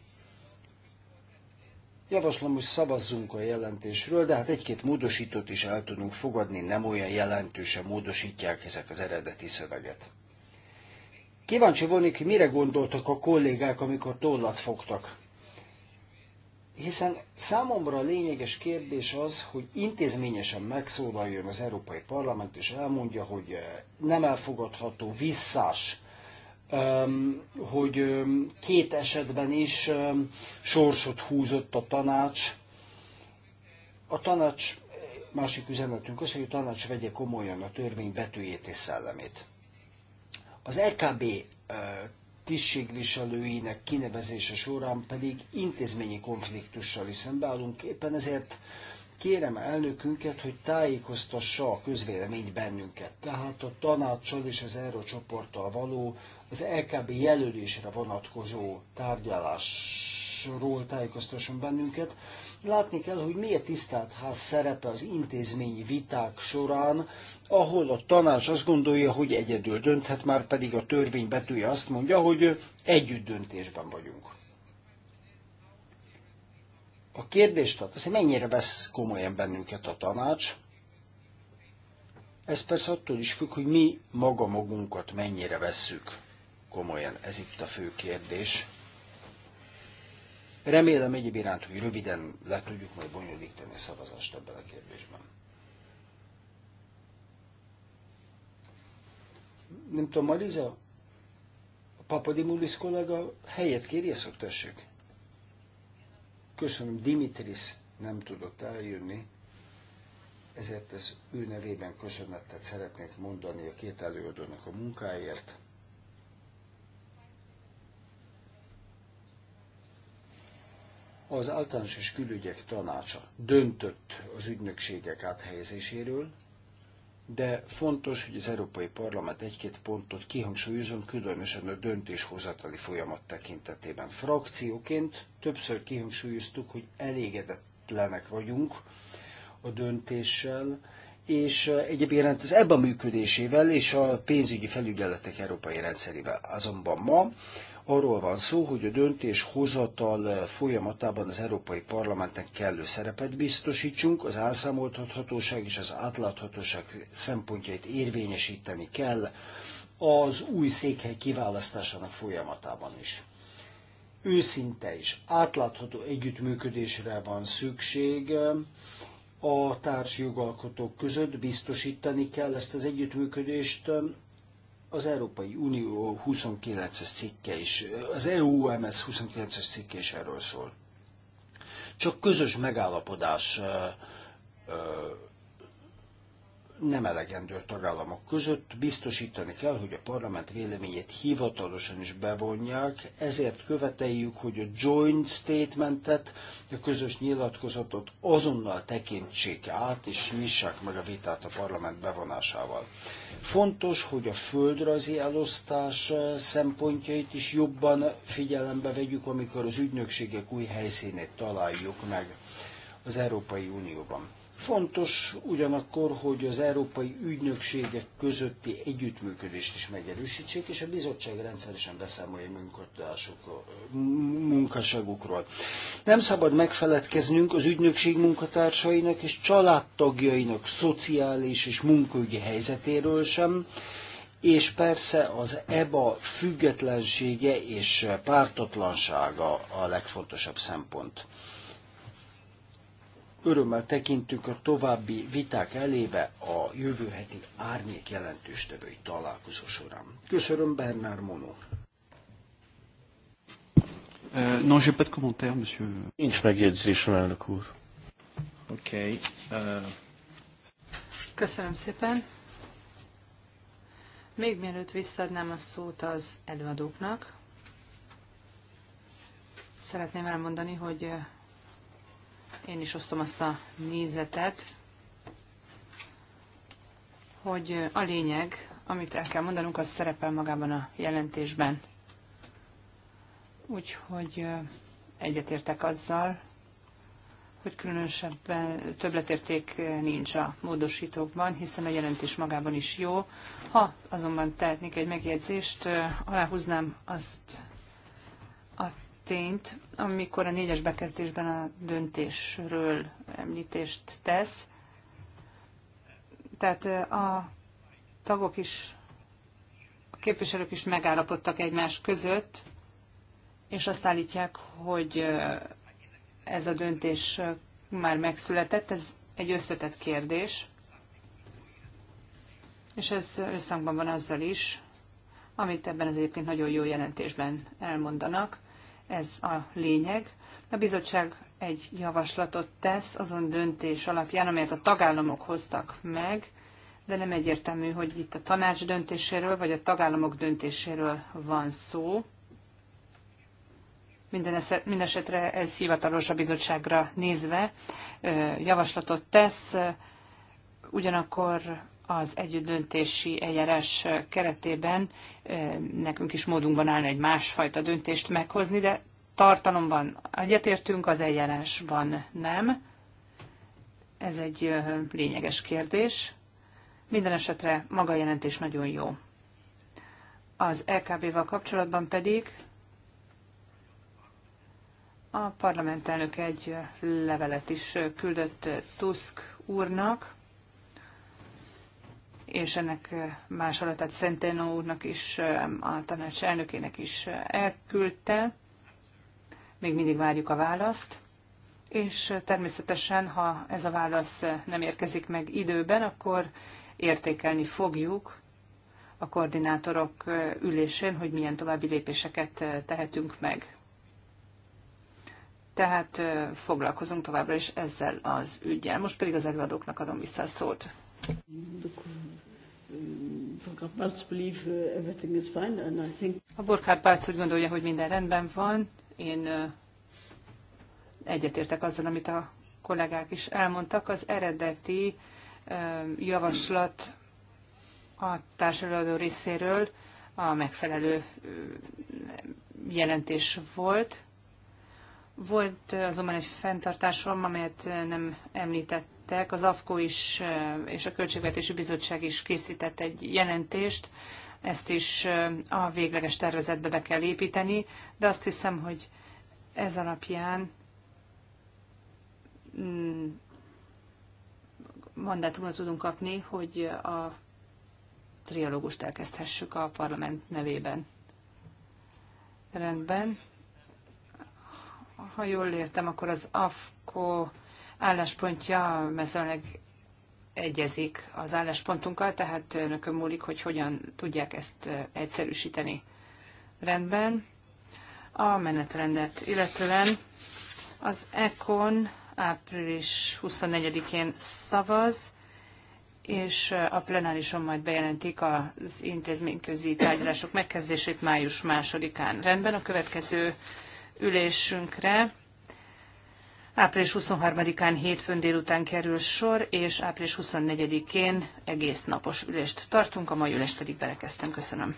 Javaslom, hogy szavazzunk a jelentésről, de hát egy-két módosítót is el tudunk fogadni, nem olyan jelentősen módosítják ezek az eredeti szöveget. Kíváncsi volnék, mire gondoltak a kollégák, amikor tollat fogtak. Hiszen számomra a lényeges kérdés az, hogy intézményesen megszólaljon az Európai Parlament, és elmondja, hogy eh, nem elfogadható visszás, ehm, hogy ehm, két esetben is ehm, sorsot húzott a tanács. A tanács, másik üzenetünk az, hogy a tanács vegye komolyan a törvény betűjét és szellemét. Az EKB tisztségviselőinek kinevezése során pedig intézményi konfliktussal is szembeállunk. Éppen ezért kérem elnökünket, hogy tájékoztassa a közvéleményt bennünket. Tehát a tanácssal és az csoporttal való, az LKB e jelölésre vonatkozó tárgyalásról tájékoztasson bennünket, Látni kell, hogy miért tisztelt ház szerepe az intézményi viták során, ahol a tanács azt gondolja, hogy egyedül dönthet, már pedig a törvény betűje azt mondja, hogy együtt döntésben vagyunk. A kérdés tehát az, hogy mennyire vesz komolyan bennünket a tanács, ez persze attól is függ, hogy mi maga magunkat mennyire vesszük komolyan. Ez itt a fő kérdés. Remélem egyéb iránt, hogy röviden le tudjuk majd bonyolítani a szavazást ebben a kérdésben. Nem tudom, Mariza, a Papadimulis kollega helyet kérje, szoktassuk. Köszönöm, Dimitris nem tudott eljönni, ezért az ez ő nevében köszönetet szeretnék mondani a két előadónak a munkáért. az általános és külügyek tanácsa döntött az ügynökségek áthelyezéséről, de fontos, hogy az Európai Parlament egy-két pontot kihangsúlyozom, különösen a döntéshozatali folyamat tekintetében. Frakcióként többször kihangsúlyoztuk, hogy elégedetlenek vagyunk a döntéssel, és eh, egyébként az ebben működésével és a pénzügyi felügyeletek európai rendszerével. Azonban ma Arról van szó, hogy a döntéshozatal eh, folyamatában az Európai Parlamentnek kellő szerepet biztosítsunk, az elszámoltathatóság és az átláthatóság szempontjait érvényesíteni kell az új székhely kiválasztásának folyamatában is őszinte és átlátható együttműködésre van szükség eh, a társjogalkotók között, biztosítani kell ezt az együttműködést eh, az Európai Unió 29-es cikke is, az EUMS 29-es cikke is erről szól. Csak közös megállapodás nem elegendő a tagállamok között, biztosítani kell, hogy a parlament véleményét hivatalosan is bevonják, ezért követeljük, hogy a joint statementet, a közös nyilatkozatot azonnal tekintsék át, és nyissák meg a vitát a parlament bevonásával. Fontos, hogy a földrajzi elosztás eh, szempontjait is jobban figyelembe vegyük, amikor az ügynökségek új helyszínét találjuk meg az Európai Unióban. Fontos ugyanakkor, hogy az európai ügynökségek közötti együttműködést is megerősítsék, és a bizottság rendszeresen beszámolja munkásságukról. Nem szabad megfeledkeznünk az ügynökség munkatársainak és családtagjainak szociális és munkaügyi helyzetéről sem, és persze az EBA függetlensége és pártatlansága a legfontosabb szempont örömmel tekintünk a további viták elébe a jövő heti árnyék jelentőstevői találkozó során. Köszönöm, Bernard Monó. Uh, non, j'ai pas de commentaire, monsieur. Nincs megjegyzésem, elnök úr. Oké. Euh. Köszönöm szépen. Még mielőtt visszaadnám a szót az előadóknak, szeretném elmondani, hogy én is osztom azt a nézetet, hogy a lényeg, amit el kell mondanunk, az szerepel magában a jelentésben. Úgyhogy egyetértek azzal, hogy különösebben többletérték nincs a módosítókban, hiszen a jelentés magában is jó. Ha azonban tehetnék egy megjegyzést, aláhúznám azt történt, amikor a négyes bekezdésben a döntésről említést tesz. Tehát a tagok is, a képviselők is megállapodtak egymás között, és azt állítják, hogy ez a döntés már megszületett. Ez egy összetett kérdés, és ez összhangban van azzal is, amit ebben az egyébként nagyon jó jelentésben elmondanak ez a lényeg. A bizottság egy javaslatot tesz azon döntés alapján, amelyet a tagállamok hoztak meg, de nem egyértelmű, hogy itt a tanács döntéséről vagy a tagállamok döntéséről van szó. Mindenesetre esetre ez hivatalos a bizottságra nézve javaslatot tesz, ugyanakkor az együttdöntési eljárás keretében eh, nekünk is módunkban állni egy másfajta döntést meghozni, de tartalomban egyetértünk, az eljárásban nem. Ez egy eh, lényeges kérdés. Minden esetre maga a jelentés nagyon jó. Az LKB-val kapcsolatban pedig a parlament elnök egy levelet is küldött Tusk úrnak, és ennek más alatt, Szentenó úrnak is, a tanács elnökének is elküldte. Még mindig várjuk a választ, és természetesen, ha ez a válasz nem érkezik meg időben, akkor értékelni fogjuk a koordinátorok ülésén, hogy milyen további lépéseket tehetünk meg. Tehát foglalkozunk továbbra is ezzel az ügyel. Most pedig az előadóknak adom vissza a szót. Mm, uh, a Burkhard Balc úgy gondolja, hogy minden rendben van. Én egyetértek azzal, amit a kollégák is elmondtak. Az eredeti javaslat a társadalmi részéről a megfelelő jelentés volt. Volt azonban egy fenntartásom, amelyet nem említett érintettek. Az AFKO is eh, és a Költségvetési Bizottság is készített egy jelentést, ezt is eh, a végleges tervezetbe be kell építeni, de azt hiszem, hogy ez alapján mm, mandátumot tudunk kapni, hogy a trialógust elkezdhessük a parlament nevében. Rendben. Ha jól értem, akkor az AFKO álláspontja mezőleg egyezik az álláspontunkkal, tehát önökön múlik, hogy hogyan tudják ezt egyszerűsíteni. Rendben. A menetrendet illetően az ECON április 24-én szavaz, és a plenárison majd bejelentik az intézményközi tárgyalások megkezdését május 2-án. Rendben a következő ülésünkre Április 23-án hétfőn délután kerül sor, és április 24-én egész napos ülést tartunk, a mai ülést pedig belekezdtem. Köszönöm.